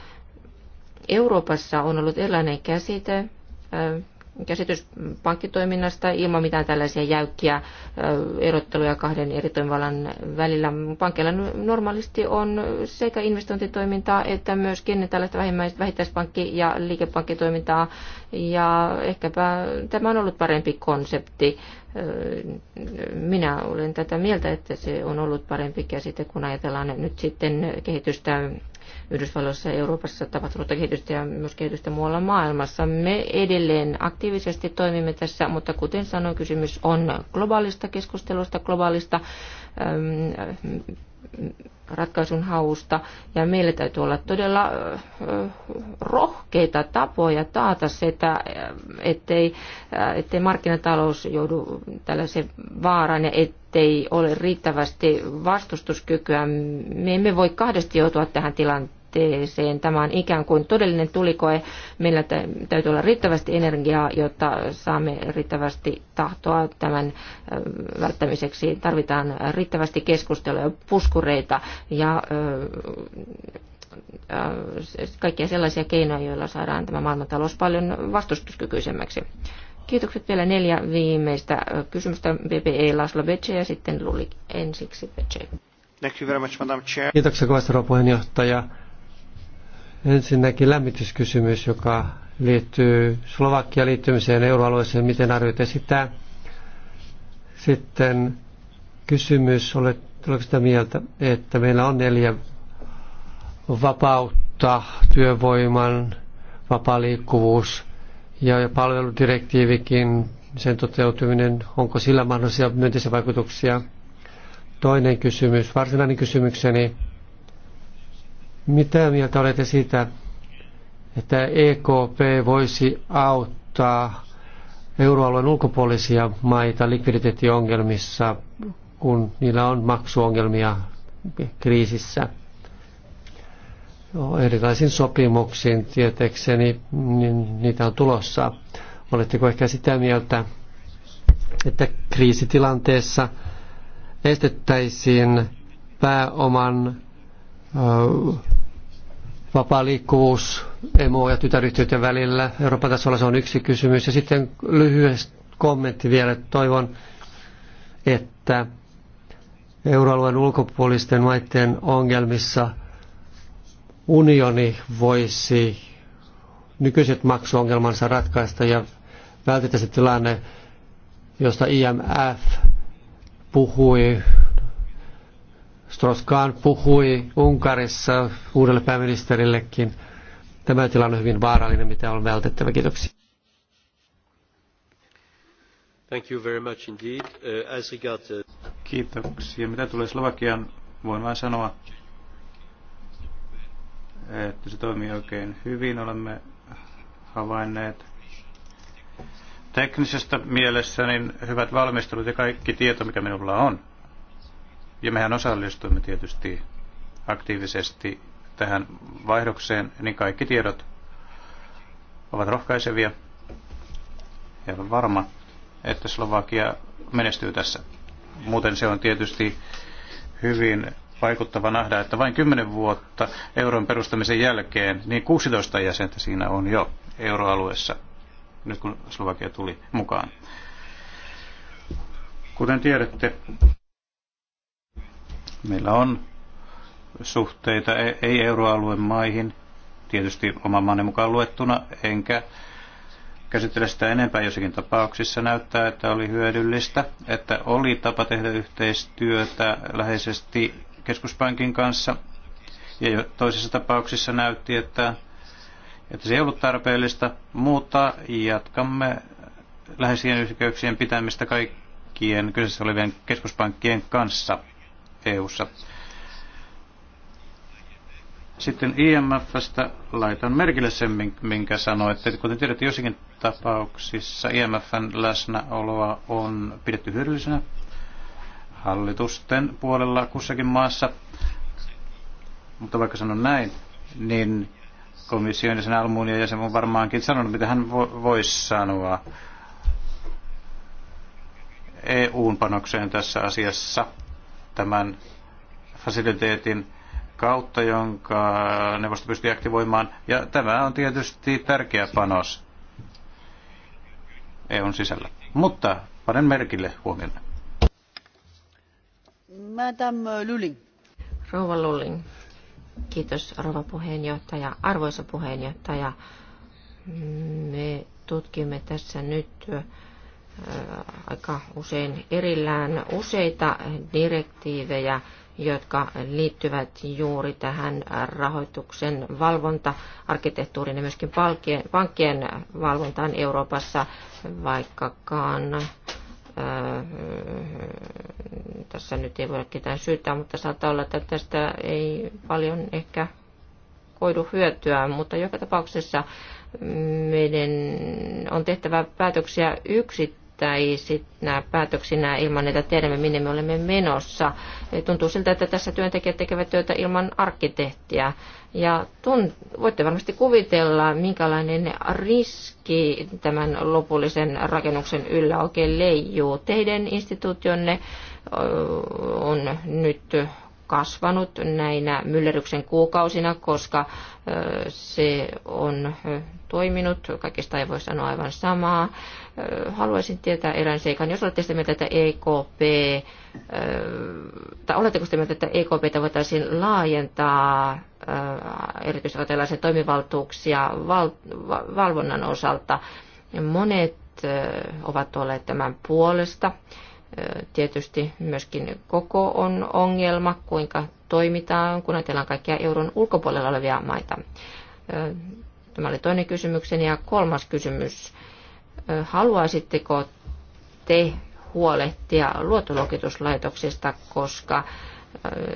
Euroopassa on ollut erilainen käsite käsitys pankkitoiminnasta ilman mitään tällaisia jäykkiä erotteluja kahden eri toimivallan välillä. Pankilla normaalisti on sekä investointitoimintaa että myöskin tällaista vähittäispankki- ja liikepankkitoimintaa. Ja ehkäpä tämä on ollut parempi konsepti. Minä olen tätä mieltä, että se on ollut parempi käsite, kun ajatellaan nyt sitten kehitystä Yhdysvalloissa ja Euroopassa tapahtunutta kehitystä ja myös kehitystä muualla maailmassa. Me edelleen aktiivisesti toimimme tässä, mutta kuten sanoin, kysymys on globaalista keskustelusta, globaalista ähm, ratkaisun hausta ja meillä täytyy olla todella äh, roh, rohkeita tapoja taata se, että, ettei, ettei markkinatalous joudu tällaisen vaaraan ja ettei ole riittävästi vastustuskykyä. Me emme voi kahdesti joutua tähän tilanteeseen Tämä on ikään kuin todellinen tulikoe. Meillä täytyy olla riittävästi energiaa, jotta saamme riittävästi tahtoa tämän välttämiseksi. Tarvitaan riittävästi keskustelua ja puskureita ja Äh, kaikkia sellaisia keinoja, joilla saadaan tämä maailmantalous paljon vastustuskykyisemmäksi. Kiitokset vielä neljä viimeistä äh, kysymystä BPE Laslo Becce ja sitten Luli ensiksi Becce. Kiitoksia kovasti rouva puheenjohtaja. Ensinnäkin lämmityskysymys, joka liittyy Slovakia liittymiseen euroalueeseen, miten arvioitte sitä. Sitten kysymys, olet, oletko sitä mieltä, että meillä on neljä vapautta, työvoiman vapaliikkuvuus ja palveludirektiivikin, sen toteutuminen, onko sillä mahdollisia myönteisiä vaikutuksia? Toinen kysymys, varsinainen kysymykseni, mitä mieltä olette siitä, että EKP voisi auttaa euroalueen ulkopuolisia maita likviditeettiongelmissa, kun niillä on maksuongelmia kriisissä? erilaisiin sopimuksiin tietekseni, niin niitä on tulossa. Oletteko ehkä sitä mieltä, että kriisitilanteessa estettäisiin pääoman vapaa liikkuvuus emo- ja tytäryhtiöiden välillä. Euroopan tasolla se on yksi kysymys. Ja sitten lyhyesti kommentti vielä. Toivon, että euroalueen ulkopuolisten maiden ongelmissa – unioni voisi nykyiset maksuongelmansa ratkaista ja vältetä se tilanne, josta IMF puhui, Stroskan puhui Unkarissa uudelle pääministerillekin. Tämä tilanne on hyvin vaarallinen, mitä on vältettävä. Kiitoksia. Thank you very much indeed. Uh, as regard... Kiitoksia. Mitä tulee Slovakian, voin vain sanoa, että se toimii oikein hyvin. Olemme havainneet teknisestä mielessä niin hyvät valmistelut ja kaikki tieto, mikä minulla on. Ja mehän osallistuimme tietysti aktiivisesti tähän vaihdokseen, niin kaikki tiedot ovat rohkaisevia. Ja olen varma, että Slovakia menestyy tässä. Muuten se on tietysti hyvin vaikuttava nähdä, että vain 10 vuotta euron perustamisen jälkeen, niin 16 jäsentä siinä on jo euroalueessa, nyt kun Slovakia tuli mukaan. Kuten tiedätte, meillä on suhteita e- ei-euroalueen maihin, tietysti oman maanne mukaan luettuna, enkä käsittele sitä enempää jossakin tapauksissa. Näyttää, että oli hyödyllistä, että oli tapa tehdä yhteistyötä läheisesti keskuspankin kanssa. Ja toisissa tapauksissa näytti, että, että se ei ollut tarpeellista, mutta jatkamme läheisien yhteyksien pitämistä kaikkien kyseessä olevien keskuspankkien kanssa EU:ssa. Sitten IMFstä laitan merkille sen, minkä että Kuten tiedätte, jossakin tapauksissa IMFn läsnäoloa on pidetty hyödyllisenä hallitusten puolella kussakin maassa. Mutta vaikka sanon näin, niin komission jäsen Almunia ja sen on varmaankin sanonut, mitä hän vo- voisi sanoa EUn panokseen tässä asiassa tämän fasiliteetin kautta, jonka neuvosto pystyy aktivoimaan. Ja tämä on tietysti tärkeä panos EUn sisällä. Mutta panen merkille huomioon. Madame Lulling, Rouva Kiitos rouva puheenjohtaja. Arvoisa puheenjohtaja, me tutkimme tässä nyt aika usein erillään useita direktiivejä, jotka liittyvät juuri tähän rahoituksen valvonta, arkkitehtuurin ja myöskin pankkien valvontaan Euroopassa, vaikkakaan Äh, äh, tässä nyt ei voida ketään syyttää, mutta saattaa olla, että tästä ei paljon ehkä koidu hyötyä, mutta joka tapauksessa meidän on tehtävä päätöksiä yksit tehtäisi nämä päätöksinä ilman, että tiedämme, minne me olemme menossa. Tuntuu siltä, että tässä työntekijät tekevät työtä ilman arkkitehtiä. Ja tun, voitte varmasti kuvitella, minkälainen riski tämän lopullisen rakennuksen yllä oikein leijuu. Teidän instituutionne on nyt kasvanut näinä myllerryksen kuukausina, koska se on toiminut. Kaikista ei voi sanoa aivan samaa. Haluaisin tietää erään seikan. Jos olette sitä mieltä, että EKP, tai oletteko sitä mieltä, että EKPtä voitaisiin laajentaa erityisesti toimivaltuuksia val, valvonnan osalta. Monet ovat olleet tämän puolesta. Tietysti myöskin koko on ongelma, kuinka toimitaan, kun ajatellaan kaikkia euron ulkopuolella olevia maita. Tämä oli toinen kysymykseni. Ja kolmas kysymys. Haluaisitteko te huolehtia luottoluokituslaitoksesta, koska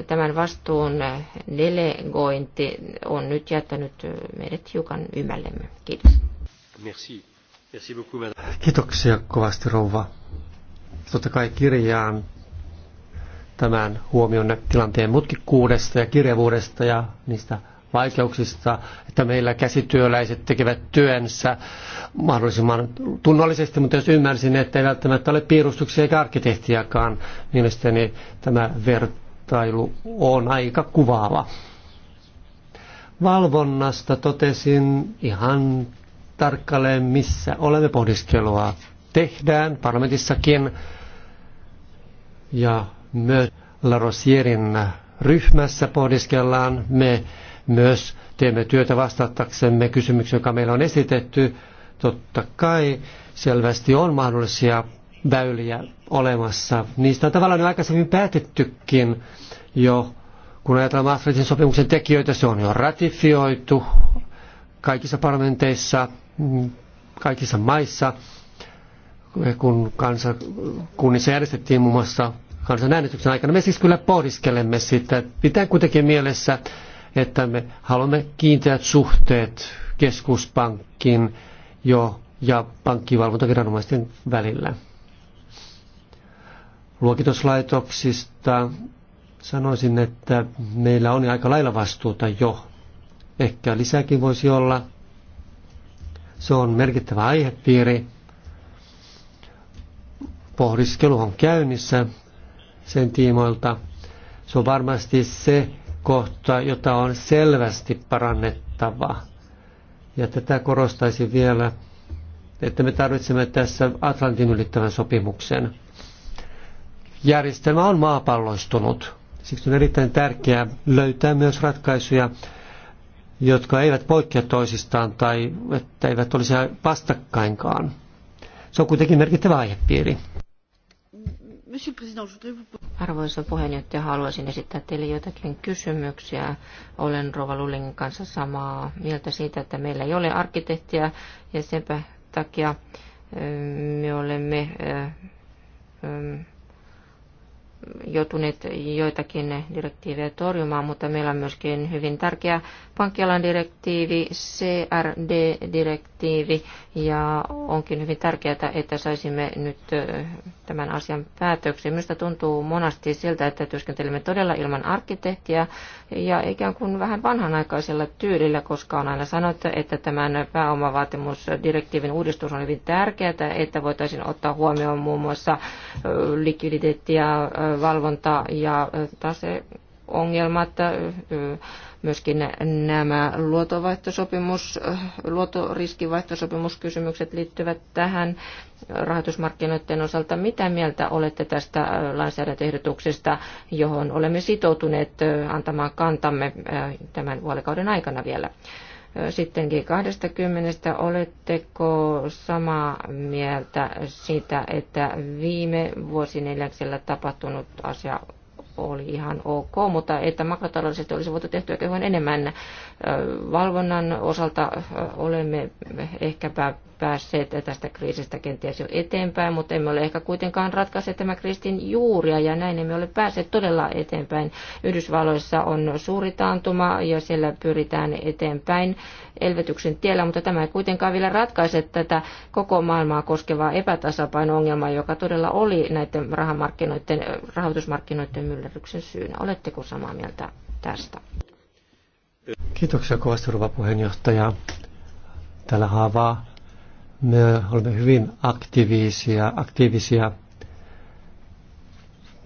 tämän vastuun delegointi on nyt jättänyt meidät hiukan ymmällemme. Kiitos. Merci. Merci beaucoup, Kiitoksia kovasti rouva totta kai kirjaan tämän huomion tilanteen mutkikkuudesta ja kirjavuudesta ja niistä vaikeuksista, että meillä käsityöläiset tekevät työnsä mahdollisimman tunnollisesti, mutta jos ymmärsin, että ei välttämättä ole piirustuksia eikä arkkitehtiakaan, mielestäni tämä vertailu on aika kuvaava. Valvonnasta totesin ihan tarkalleen, missä olemme pohdiskelua tehdään parlamentissakin ja myös Larosierin ryhmässä pohdiskellaan. Me myös teemme työtä vastattaksemme kysymyksiä, joka meillä on esitetty. Totta kai selvästi on mahdollisia väyliä olemassa. Niistä on tavallaan jo aikaisemmin päätettykin jo, kun ajatellaan Maastrichtin sopimuksen tekijöitä, se on jo ratifioitu kaikissa parlamenteissa, kaikissa maissa kun kansa, kunnissa järjestettiin muun muassa kansanäänestyksen aikana. Me siis kyllä pohdiskelemme sitä. Pitää kuitenkin mielessä, että me haluamme kiinteät suhteet keskuspankin jo ja pankkivalvontaviranomaisten välillä. Luokituslaitoksista sanoisin, että meillä on aika lailla vastuuta jo. Ehkä lisääkin voisi olla. Se on merkittävä aihepiiri pohdiskelu on käynnissä sen tiimoilta. Se on varmasti se kohta, jota on selvästi parannettava. Ja tätä korostaisin vielä, että me tarvitsemme tässä Atlantin ylittävän sopimuksen. Järjestelmä on maapalloistunut. Siksi on erittäin tärkeää löytää myös ratkaisuja, jotka eivät poikkea toisistaan tai että eivät olisi vastakkainkaan. Se on kuitenkin merkittävä aihepiiri. Arvoisa puheenjohtaja, haluaisin esittää teille jotakin kysymyksiä. Olen Rova Lullingin kanssa samaa mieltä siitä, että meillä ei ole arkkitehtiä ja senpä takia me olemme joutuneet joitakin direktiivejä torjumaan, mutta meillä on myöskin hyvin tärkeä pankkialan direktiivi, CRD-direktiivi, ja onkin hyvin tärkeää, että saisimme nyt tämän asian päätöksen. Minusta tuntuu monasti siltä, että työskentelemme todella ilman arkkitehtiä ja ikään kuin vähän vanhanaikaisella tyylillä, koska on aina sanottu, että tämän pääomavaatimusdirektiivin uudistus on hyvin tärkeää, että voitaisiin ottaa huomioon muun muassa likviditeettiä ja valvonta ja taseongelmat, myöskin nämä luotovaihtosopimus, luotoriskivaihtosopimuskysymykset liittyvät tähän rahoitusmarkkinoiden osalta. Mitä mieltä olette tästä lainsäädäntöehdotuksesta, johon olemme sitoutuneet antamaan kantamme äh, tämän vuolikauden aikana vielä? Sittenkin 20 oletteko samaa mieltä siitä, että viime vuosineljäksellä tapahtunut asia oli ihan ok, mutta että makrotaloudellisesti olisi voitu tehtyä kehoin enemmän. Valvonnan osalta olemme ehkäpä päässeet tästä kriisistä kenties jo eteenpäin, mutta emme ole ehkä kuitenkaan ratkaisseet tämän kriisin juuria ja näin emme ole päässeet todella eteenpäin. Yhdysvalloissa on suuri taantuma ja siellä pyritään eteenpäin elvytyksen tiellä, mutta tämä ei kuitenkaan vielä ratkaise tätä koko maailmaa koskevaa epätasapaino-ongelmaa, joka todella oli näiden rahamarkkinoiden, rahoitusmarkkinoiden myllyssä myllerryksen syynä. Oletteko samaa mieltä tästä? Kiitoksia kovasti, rouva puheenjohtaja. Tällä haavaa me olemme hyvin aktiivisia, aktiivisia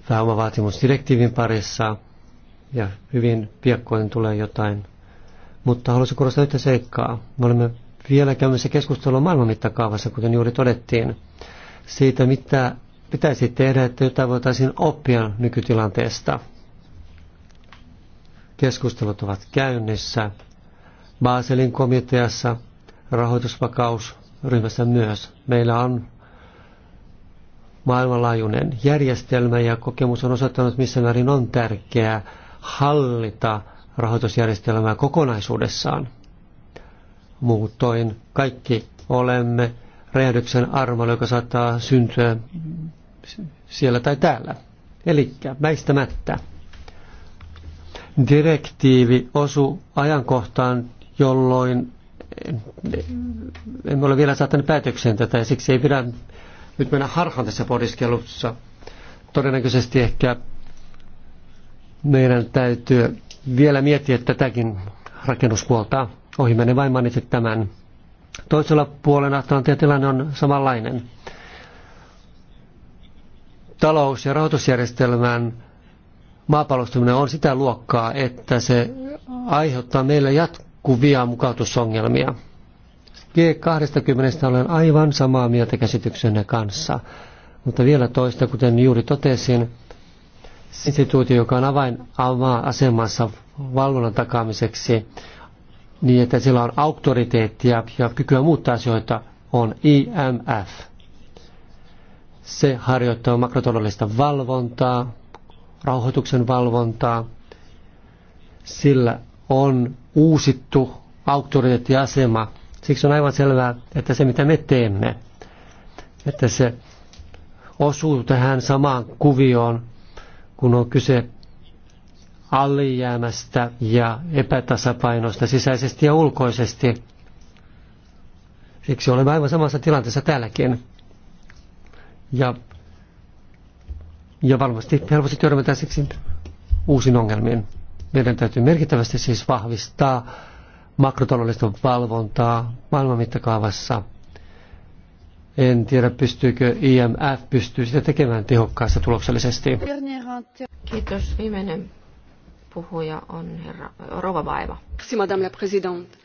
pääomavaatimusdirektiivin parissa ja hyvin piakkoin tulee jotain. Mutta haluaisin korostaa yhtä seikkaa. Me olemme vielä käymässä keskustelua maailman mittakaavassa, kuten juuri todettiin, siitä mitä pitäisi tehdä, että jotain voitaisiin oppia nykytilanteesta. Keskustelut ovat käynnissä. Baselin komiteassa rahoitusvakausryhmässä myös. Meillä on maailmanlaajuinen järjestelmä ja kokemus on osoittanut, missä määrin on tärkeää hallita rahoitusjärjestelmää kokonaisuudessaan. Muutoin kaikki olemme räjähdyksen armoilla, joka saattaa syntyä siellä tai täällä. Eli väistämättä direktiivi osu ajankohtaan, jolloin emme ole vielä saattaneet päätökseen tätä ja siksi ei pidä nyt mennä harhaan tässä pohdiskelussa. Todennäköisesti ehkä meidän täytyy vielä miettiä tätäkin rakennuspuolta. Ohi menen vain mainitsin tämän. Toisella puolella tilanne on samanlainen talous- ja rahoitusjärjestelmän maapallostuminen on sitä luokkaa, että se aiheuttaa meille jatkuvia mukautusongelmia. G20 olen aivan samaa mieltä käsityksenne kanssa. Mutta vielä toista, kuten juuri totesin, instituutio, joka on avain avaa asemassa valvonnan takaamiseksi, niin että sillä on auktoriteettia ja kykyä muuttaa asioita, on IMF. Se harjoittaa makrotaloudellista valvontaa, rauhoituksen valvontaa. Sillä on uusittu auktoriteettiasema. Siksi on aivan selvää, että se mitä me teemme, että se osuu tähän samaan kuvioon, kun on kyse alijäämästä ja epätasapainosta sisäisesti ja ulkoisesti. Siksi olemme aivan samassa tilanteessa täälläkin. Ja, ja varmasti helposti törmätään siksi uusiin ongelmiin. Meidän täytyy merkittävästi siis vahvistaa makrotaloudellista valvontaa maailman mittakaavassa. En tiedä, pystyykö IMF pystyy sitä tekemään tehokkaasti tuloksellisesti. Kiitos. Viimeinen puhuja on herra Rova Vaiva. Madame la Présidente.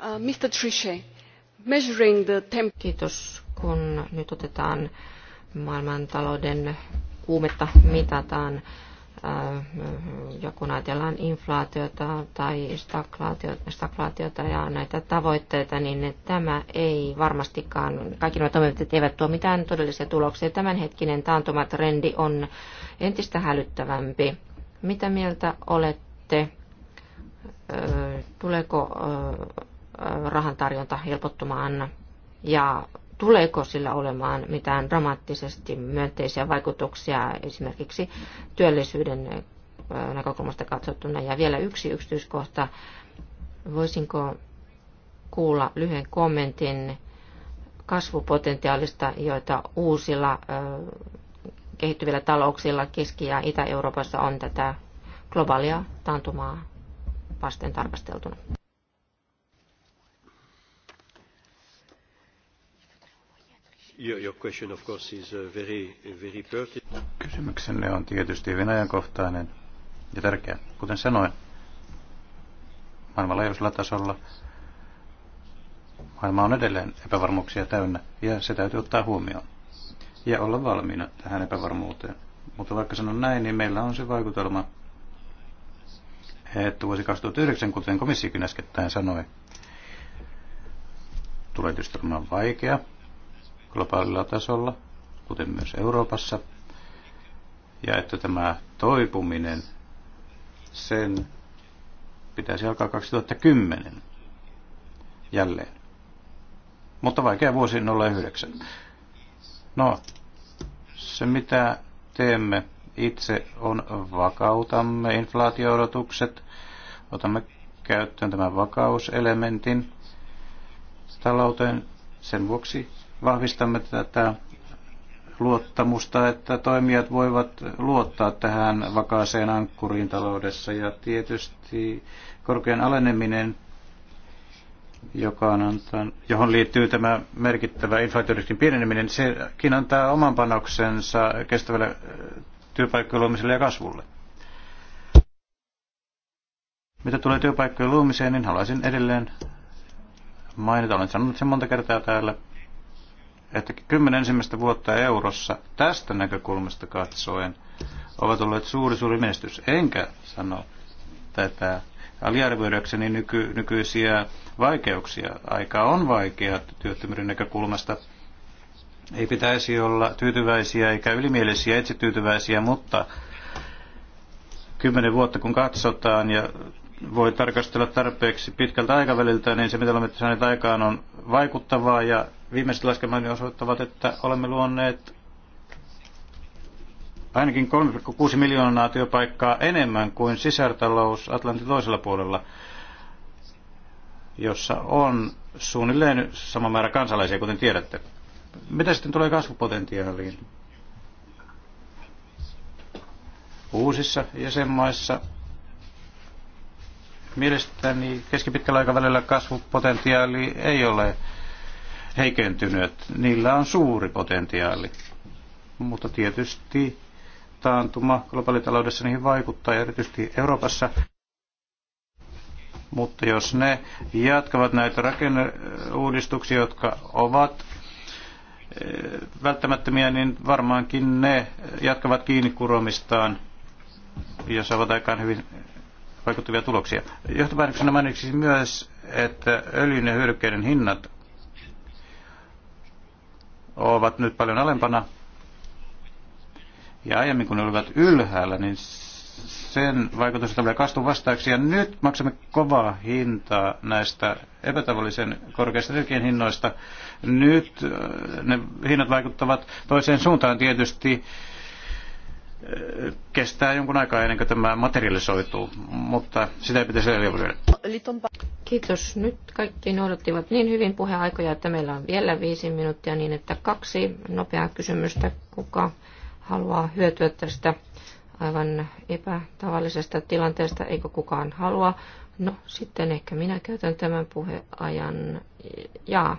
Uh, Mr. Trichet, measuring the temp- Kiitos, kun nyt otetaan maailmantalouden kuumetta mitataan äh, ja kun ajatellaan inflaatiota tai stagflaatiota, ja näitä tavoitteita, niin tämä ei varmastikaan, kaikki nämä toimenpiteet eivät tuo mitään todellisia tuloksia. Tämänhetkinen taantumatrendi on entistä hälyttävämpi. Mitä mieltä olette? Äh, tuleeko äh, rahan tarjonta helpottumaan ja tuleeko sillä olemaan mitään dramaattisesti myönteisiä vaikutuksia esimerkiksi työllisyyden näkökulmasta katsottuna. Ja vielä yksi yksityiskohta. Voisinko kuulla lyhyen kommentin kasvupotentiaalista, joita uusilla kehittyvillä talouksilla Keski- ja Itä-Euroopassa on tätä globaalia taantumaa vasten tarkasteltuna? Your question, of course, is uh, very, very pertinent. Kysymyksenne on tietysti hyvin ajankohtainen ja tärkeä. Kuten sanoin, maailmanlaajuisella tasolla maailma on edelleen epävarmuuksia täynnä ja se täytyy ottaa huomioon ja olla valmiina tähän epävarmuuteen. Mutta vaikka sanon näin, niin meillä on se vaikutelma, että vuosi 2009, kuten komissiokin äskettäin sanoi, tulee tietysti olemaan vaikea, globaalilla tasolla, kuten myös Euroopassa, ja että tämä toipuminen, sen pitäisi alkaa 2010 jälleen. Mutta vaikea vuosi 09. No, se mitä teemme itse on vakautamme inflaatioodotukset, otamme käyttöön tämän vakauselementin talouteen sen vuoksi, vahvistamme tätä luottamusta, että toimijat voivat luottaa tähän vakaaseen ankkuriin taloudessa. Ja tietysti korkean aleneminen, joka on antan, johon liittyy tämä merkittävä inflaatioriskin pieneneminen, sekin antaa oman panoksensa kestävälle äh, työpaikkojen luomiselle ja kasvulle. Mitä tulee työpaikkojen luomiseen, niin haluaisin edelleen mainita, olen sanonut sen monta kertaa täällä, että kymmenen ensimmäistä vuotta eurossa tästä näkökulmasta katsoen ovat olleet suuri suuri menestys. Enkä sano tätä aliarvioidakseni nyky, nykyisiä vaikeuksia. Aika on vaikea työttömyyden näkökulmasta. Ei pitäisi olla tyytyväisiä eikä ylimielisiä, itse tyytyväisiä, mutta kymmenen vuotta kun katsotaan ja voi tarkastella tarpeeksi pitkältä aikaväliltä, niin se mitä olemme saaneet aikaan on vaikuttavaa ja viimeiset laskelmat osoittavat, että olemme luonneet ainakin 3,6 miljoonaa työpaikkaa enemmän kuin sisärtalous Atlantin toisella puolella, jossa on suunnilleen sama määrä kansalaisia, kuten tiedätte. Mitä sitten tulee kasvupotentiaaliin? Uusissa jäsenmaissa Mielestäni keskipitkällä aikavälillä kasvupotentiaali ei ole heikentynyt. Niillä on suuri potentiaali. Mutta tietysti taantuma globaalitaloudessa niihin vaikuttaa, ja erityisesti Euroopassa. Mutta jos ne jatkavat näitä rakenneuudistuksia, jotka ovat eh, välttämättömiä, niin varmaankin ne jatkavat kiinni kuromistaan ja saavat aikaan hyvin vaikuttavia tuloksia. Johtopäätöksenä mainitsisin myös, että öljyn ja hyödykkeiden hinnat ovat nyt paljon alempana. Ja aiemmin kun ne olivat ylhäällä, niin sen vaikutus tulee kasvun vastaaksi. Ja nyt maksamme kovaa hintaa näistä epätavallisen korkeista energian hinnoista. Nyt äh, ne hinnat vaikuttavat toiseen suuntaan tietysti kestää jonkun aikaa ennen kuin tämä materialisoituu, mutta sitä ei pitäisi aliarvioida. Kiitos. Nyt kaikki noudattivat niin hyvin puheaikoja, että meillä on vielä viisi minuuttia niin, että kaksi nopeaa kysymystä, kuka haluaa hyötyä tästä aivan epätavallisesta tilanteesta, eikö kukaan halua. No sitten ehkä minä käytän tämän puheajan. Jaa.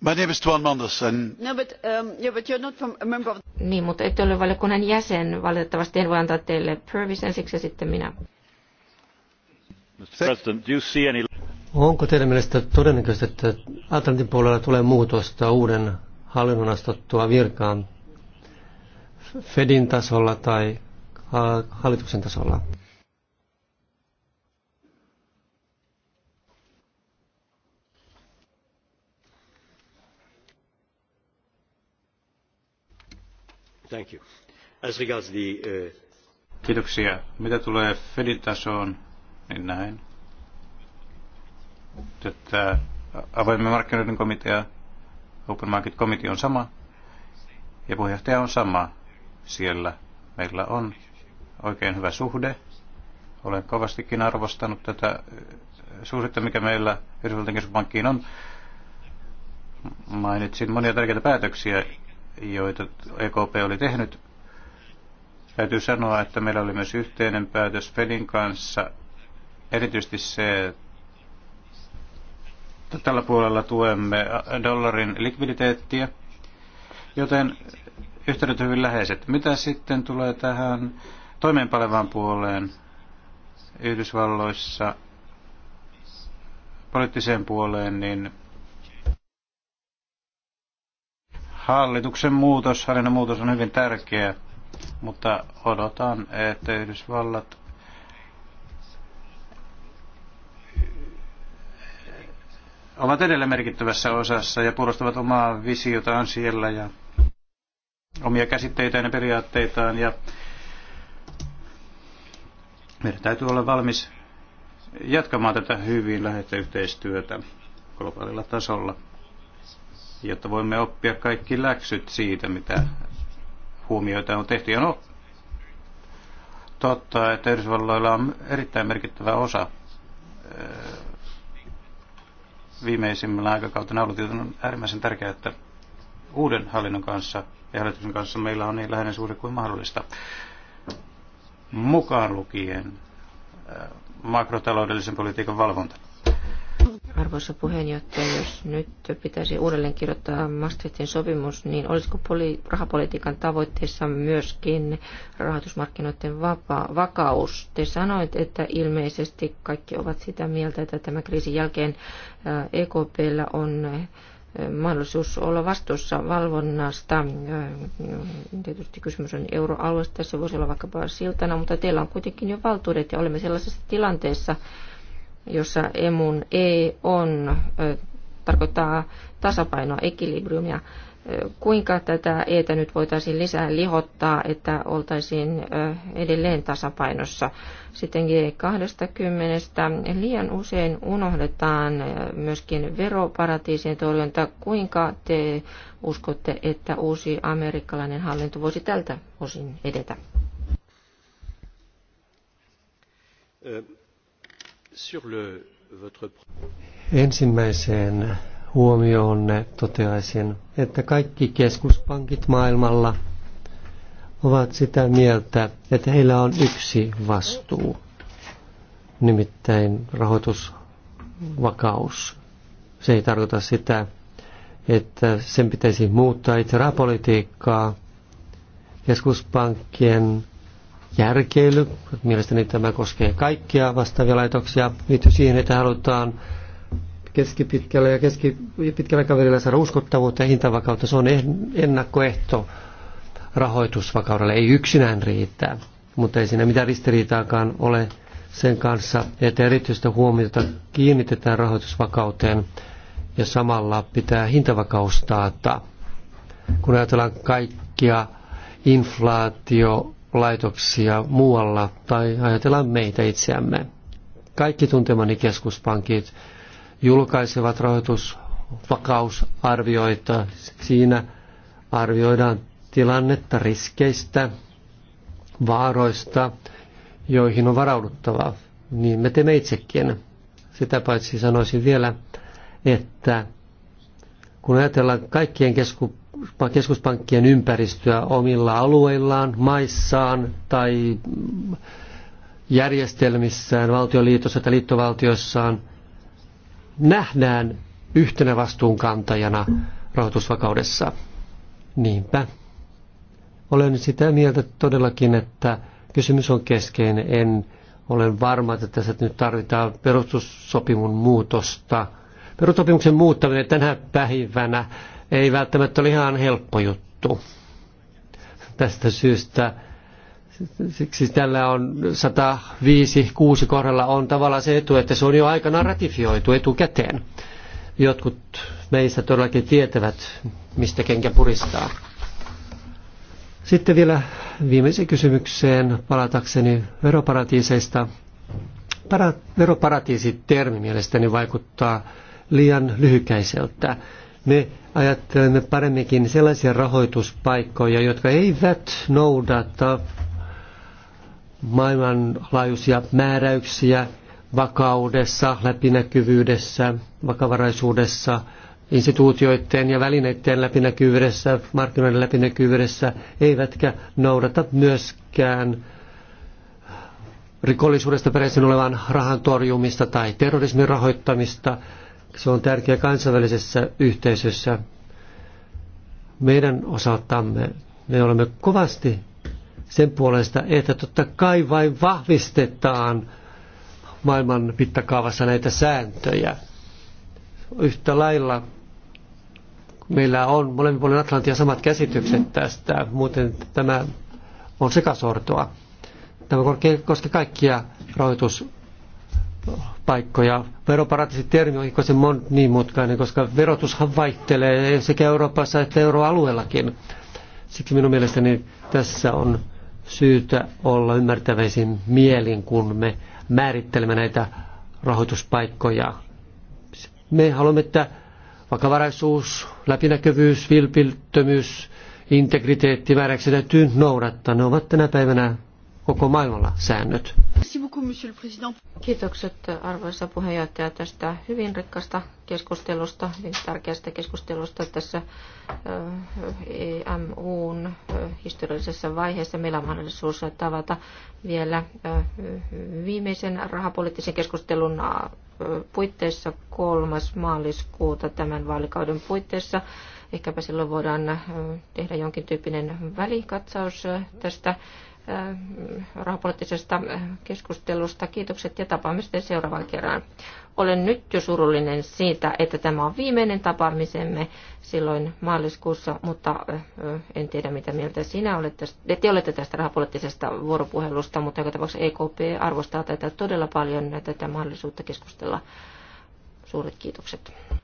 No, um, niin, mutta ette ole valiokunnan jäsen. Valitettavasti en voi antaa teille Purvis ensiksi ja sitten minä. Mr. President, do you see any... Onko teidän mielestä todennäköistä, että Atlantin puolella tulee muutosta uuden hallinnon astuttua virkaan Fedin tasolla tai hallituksen tasolla? Thank you. As regards the, uh... Kiitoksia. Mitä tulee Fedin tasoon, niin näin. Että avoimen markkinoiden komitea, Open Market Committee on sama ja puheenjohtaja on sama siellä. Meillä on oikein hyvä suhde. Olen kovastikin arvostanut tätä äh, suhdetta, mikä meillä Yhdysvaltain keskuspankkiin on. Mainitsin monia tärkeitä päätöksiä, joita EKP oli tehnyt. Täytyy sanoa, että meillä oli myös yhteinen päätös Fedin kanssa, erityisesti se, että tällä puolella tuemme dollarin likviditeettiä, joten yhteydet hyvin läheiset. Mitä sitten tulee tähän toimeenpalevaan puoleen Yhdysvalloissa poliittiseen puoleen, niin Hallituksen muutos, hallinnon muutos on hyvin tärkeä, mutta odotan, että Yhdysvallat ovat edelleen merkittävässä osassa ja puolustavat omaa visiotaan siellä ja omia käsitteitään ja periaatteitaan. Ja meidän täytyy olla valmis jatkamaan tätä hyvin läheistä yhteistyötä globaalilla tasolla jotta voimme oppia kaikki läksyt siitä, mitä huomioita on tehty. Ja no, totta, että Yhdysvalloilla on erittäin merkittävä osa eh, viimeisimmällä aikakautena ollut, joten on äärimmäisen tärkeää, että uuden hallinnon kanssa ja hallituksen kanssa meillä on niin läheinen suuri kuin mahdollista. Mukaan lukien eh, makrotaloudellisen politiikan valvonta. Arvoisa puheenjohtaja, jos nyt pitäisi uudelleen kirjoittaa Maastrichtin sopimus, niin olisiko poli- rahapolitiikan tavoitteissa myöskin rahoitusmarkkinoiden vapa- vakaus? Te sanoit, että ilmeisesti kaikki ovat sitä mieltä, että tämän kriisin jälkeen äh, EKPllä on äh, mahdollisuus olla vastuussa valvonnasta. Äh, tietysti kysymys on euroalueesta, se voisi olla vaikkapa siltana, mutta teillä on kuitenkin jo valtuudet ja olemme sellaisessa tilanteessa, jossa emun E on, tarkoittaa tasapainoa, ekilibriumia. Kuinka tätä etä nyt voitaisiin lisää lihottaa, että oltaisiin edelleen tasapainossa? Sitten G20. Liian usein unohdetaan myöskin veroparatiisien torjunta. Kuinka te uskotte, että uusi amerikkalainen hallinto voisi tältä osin edetä? Ensimmäiseen huomioon toteaisin, että kaikki keskuspankit maailmalla ovat sitä mieltä, että heillä on yksi vastuu, nimittäin rahoitusvakaus. Se ei tarkoita sitä, että sen pitäisi muuttaa itse rahapolitiikkaa. Keskuspankkien järkeily. Mielestäni tämä koskee kaikkia vastaavia laitoksia. Liittyy siihen, että halutaan keskipitkällä ja keskipitkällä kaverilla saada uskottavuutta ja hintavakautta. Se on ennakkoehto rahoitusvakaudelle. Ei yksinään riitä, mutta ei siinä mitään ristiriitaakaan ole sen kanssa, että erityistä huomiota kiinnitetään rahoitusvakauteen ja samalla pitää hintavakaus taata. Kun ajatellaan kaikkia inflaatio laitoksia muualla tai ajatellaan meitä itseämme. Kaikki tuntemani keskuspankit julkaisevat rahoitusvakausarvioita. Siinä arvioidaan tilannetta riskeistä, vaaroista, joihin on varauduttava. Niin me teemme itsekin. Sitä paitsi sanoisin vielä, että kun ajatellaan kaikkien keskuspankkien keskuspankkien ympäristöä omilla alueillaan, maissaan tai järjestelmissään, valtioliitossa tai liittovaltiossaan, nähdään yhtenä vastuunkantajana rahoitusvakaudessa. Niinpä. Olen sitä mieltä todellakin, että kysymys on keskeinen. En ole varma, että tässä nyt tarvitaan perustussopimun muutosta. Perussopimuksen muuttaminen tänä päivänä ei välttämättä ole ihan helppo juttu. Tästä syystä siksi tällä on 105-6 kohdalla on tavallaan se etu, että se on jo aikanaan ratifioitu etukäteen. Jotkut meistä todellakin tietävät, mistä kenkä puristaa. Sitten vielä viimeiseen kysymykseen palatakseni veroparatiiseista. Para, termi mielestäni vaikuttaa liian lyhykäiseltä. Me ajattelemme paremminkin sellaisia rahoituspaikkoja, jotka eivät noudata maailmanlaajuisia määräyksiä vakaudessa, läpinäkyvyydessä, vakavaraisuudessa, instituutioiden ja välineiden läpinäkyvyydessä, markkinoiden läpinäkyvyydessä, eivätkä noudata myöskään rikollisuudesta peräisin olevan rahan torjumista tai terrorismin rahoittamista – se on tärkeä kansainvälisessä yhteisössä. Meidän osaltamme me olemme kovasti sen puolesta, että totta kai vain vahvistetaan maailman mittakaavassa näitä sääntöjä. Yhtä lailla meillä on molemmin puolen Atlantia samat käsitykset tästä, muuten tämä on sekasortoa. Tämä koskee kaikkia rahoitus paikkoja. Veroparatiisitermi on niin monimutkainen, koska verotushan vaihtelee sekä Euroopassa että euroalueellakin. Siksi minun mielestäni tässä on syytä olla ymmärtäväisin mielin, kun me määrittelemme näitä rahoituspaikkoja. Me haluamme, että vakavaraisuus, läpinäkyvyys, vilpiltömyys, integriteetti määräksi täytyy noudattaa. Ne ovat tänä päivänä koko maailmalla säännöt. Kiitokset arvoisa puheenjohtaja tästä hyvin rikkaasta keskustelusta, hyvin tärkeästä keskustelusta tässä äh, EMUn äh, historiallisessa vaiheessa. Meillä on mahdollisuus tavata vielä äh, viimeisen rahapoliittisen keskustelun puitteissa kolmas maaliskuuta tämän vaalikauden puitteissa. Ehkäpä silloin voidaan tehdä jonkin tyyppinen välikatsaus tästä Äh, rahapoliittisesta äh, keskustelusta. Kiitokset ja tapaamme sitten seuraavan kerran. Olen nyt jo surullinen siitä, että tämä on viimeinen tapaamisemme silloin maaliskuussa, mutta äh, en tiedä mitä mieltä sinä olet tästä, te olette tästä rahapoliittisesta vuoropuhelusta, mutta joka tapauksessa EKP arvostaa tätä todella paljon, tätä mahdollisuutta keskustella. Suuret kiitokset.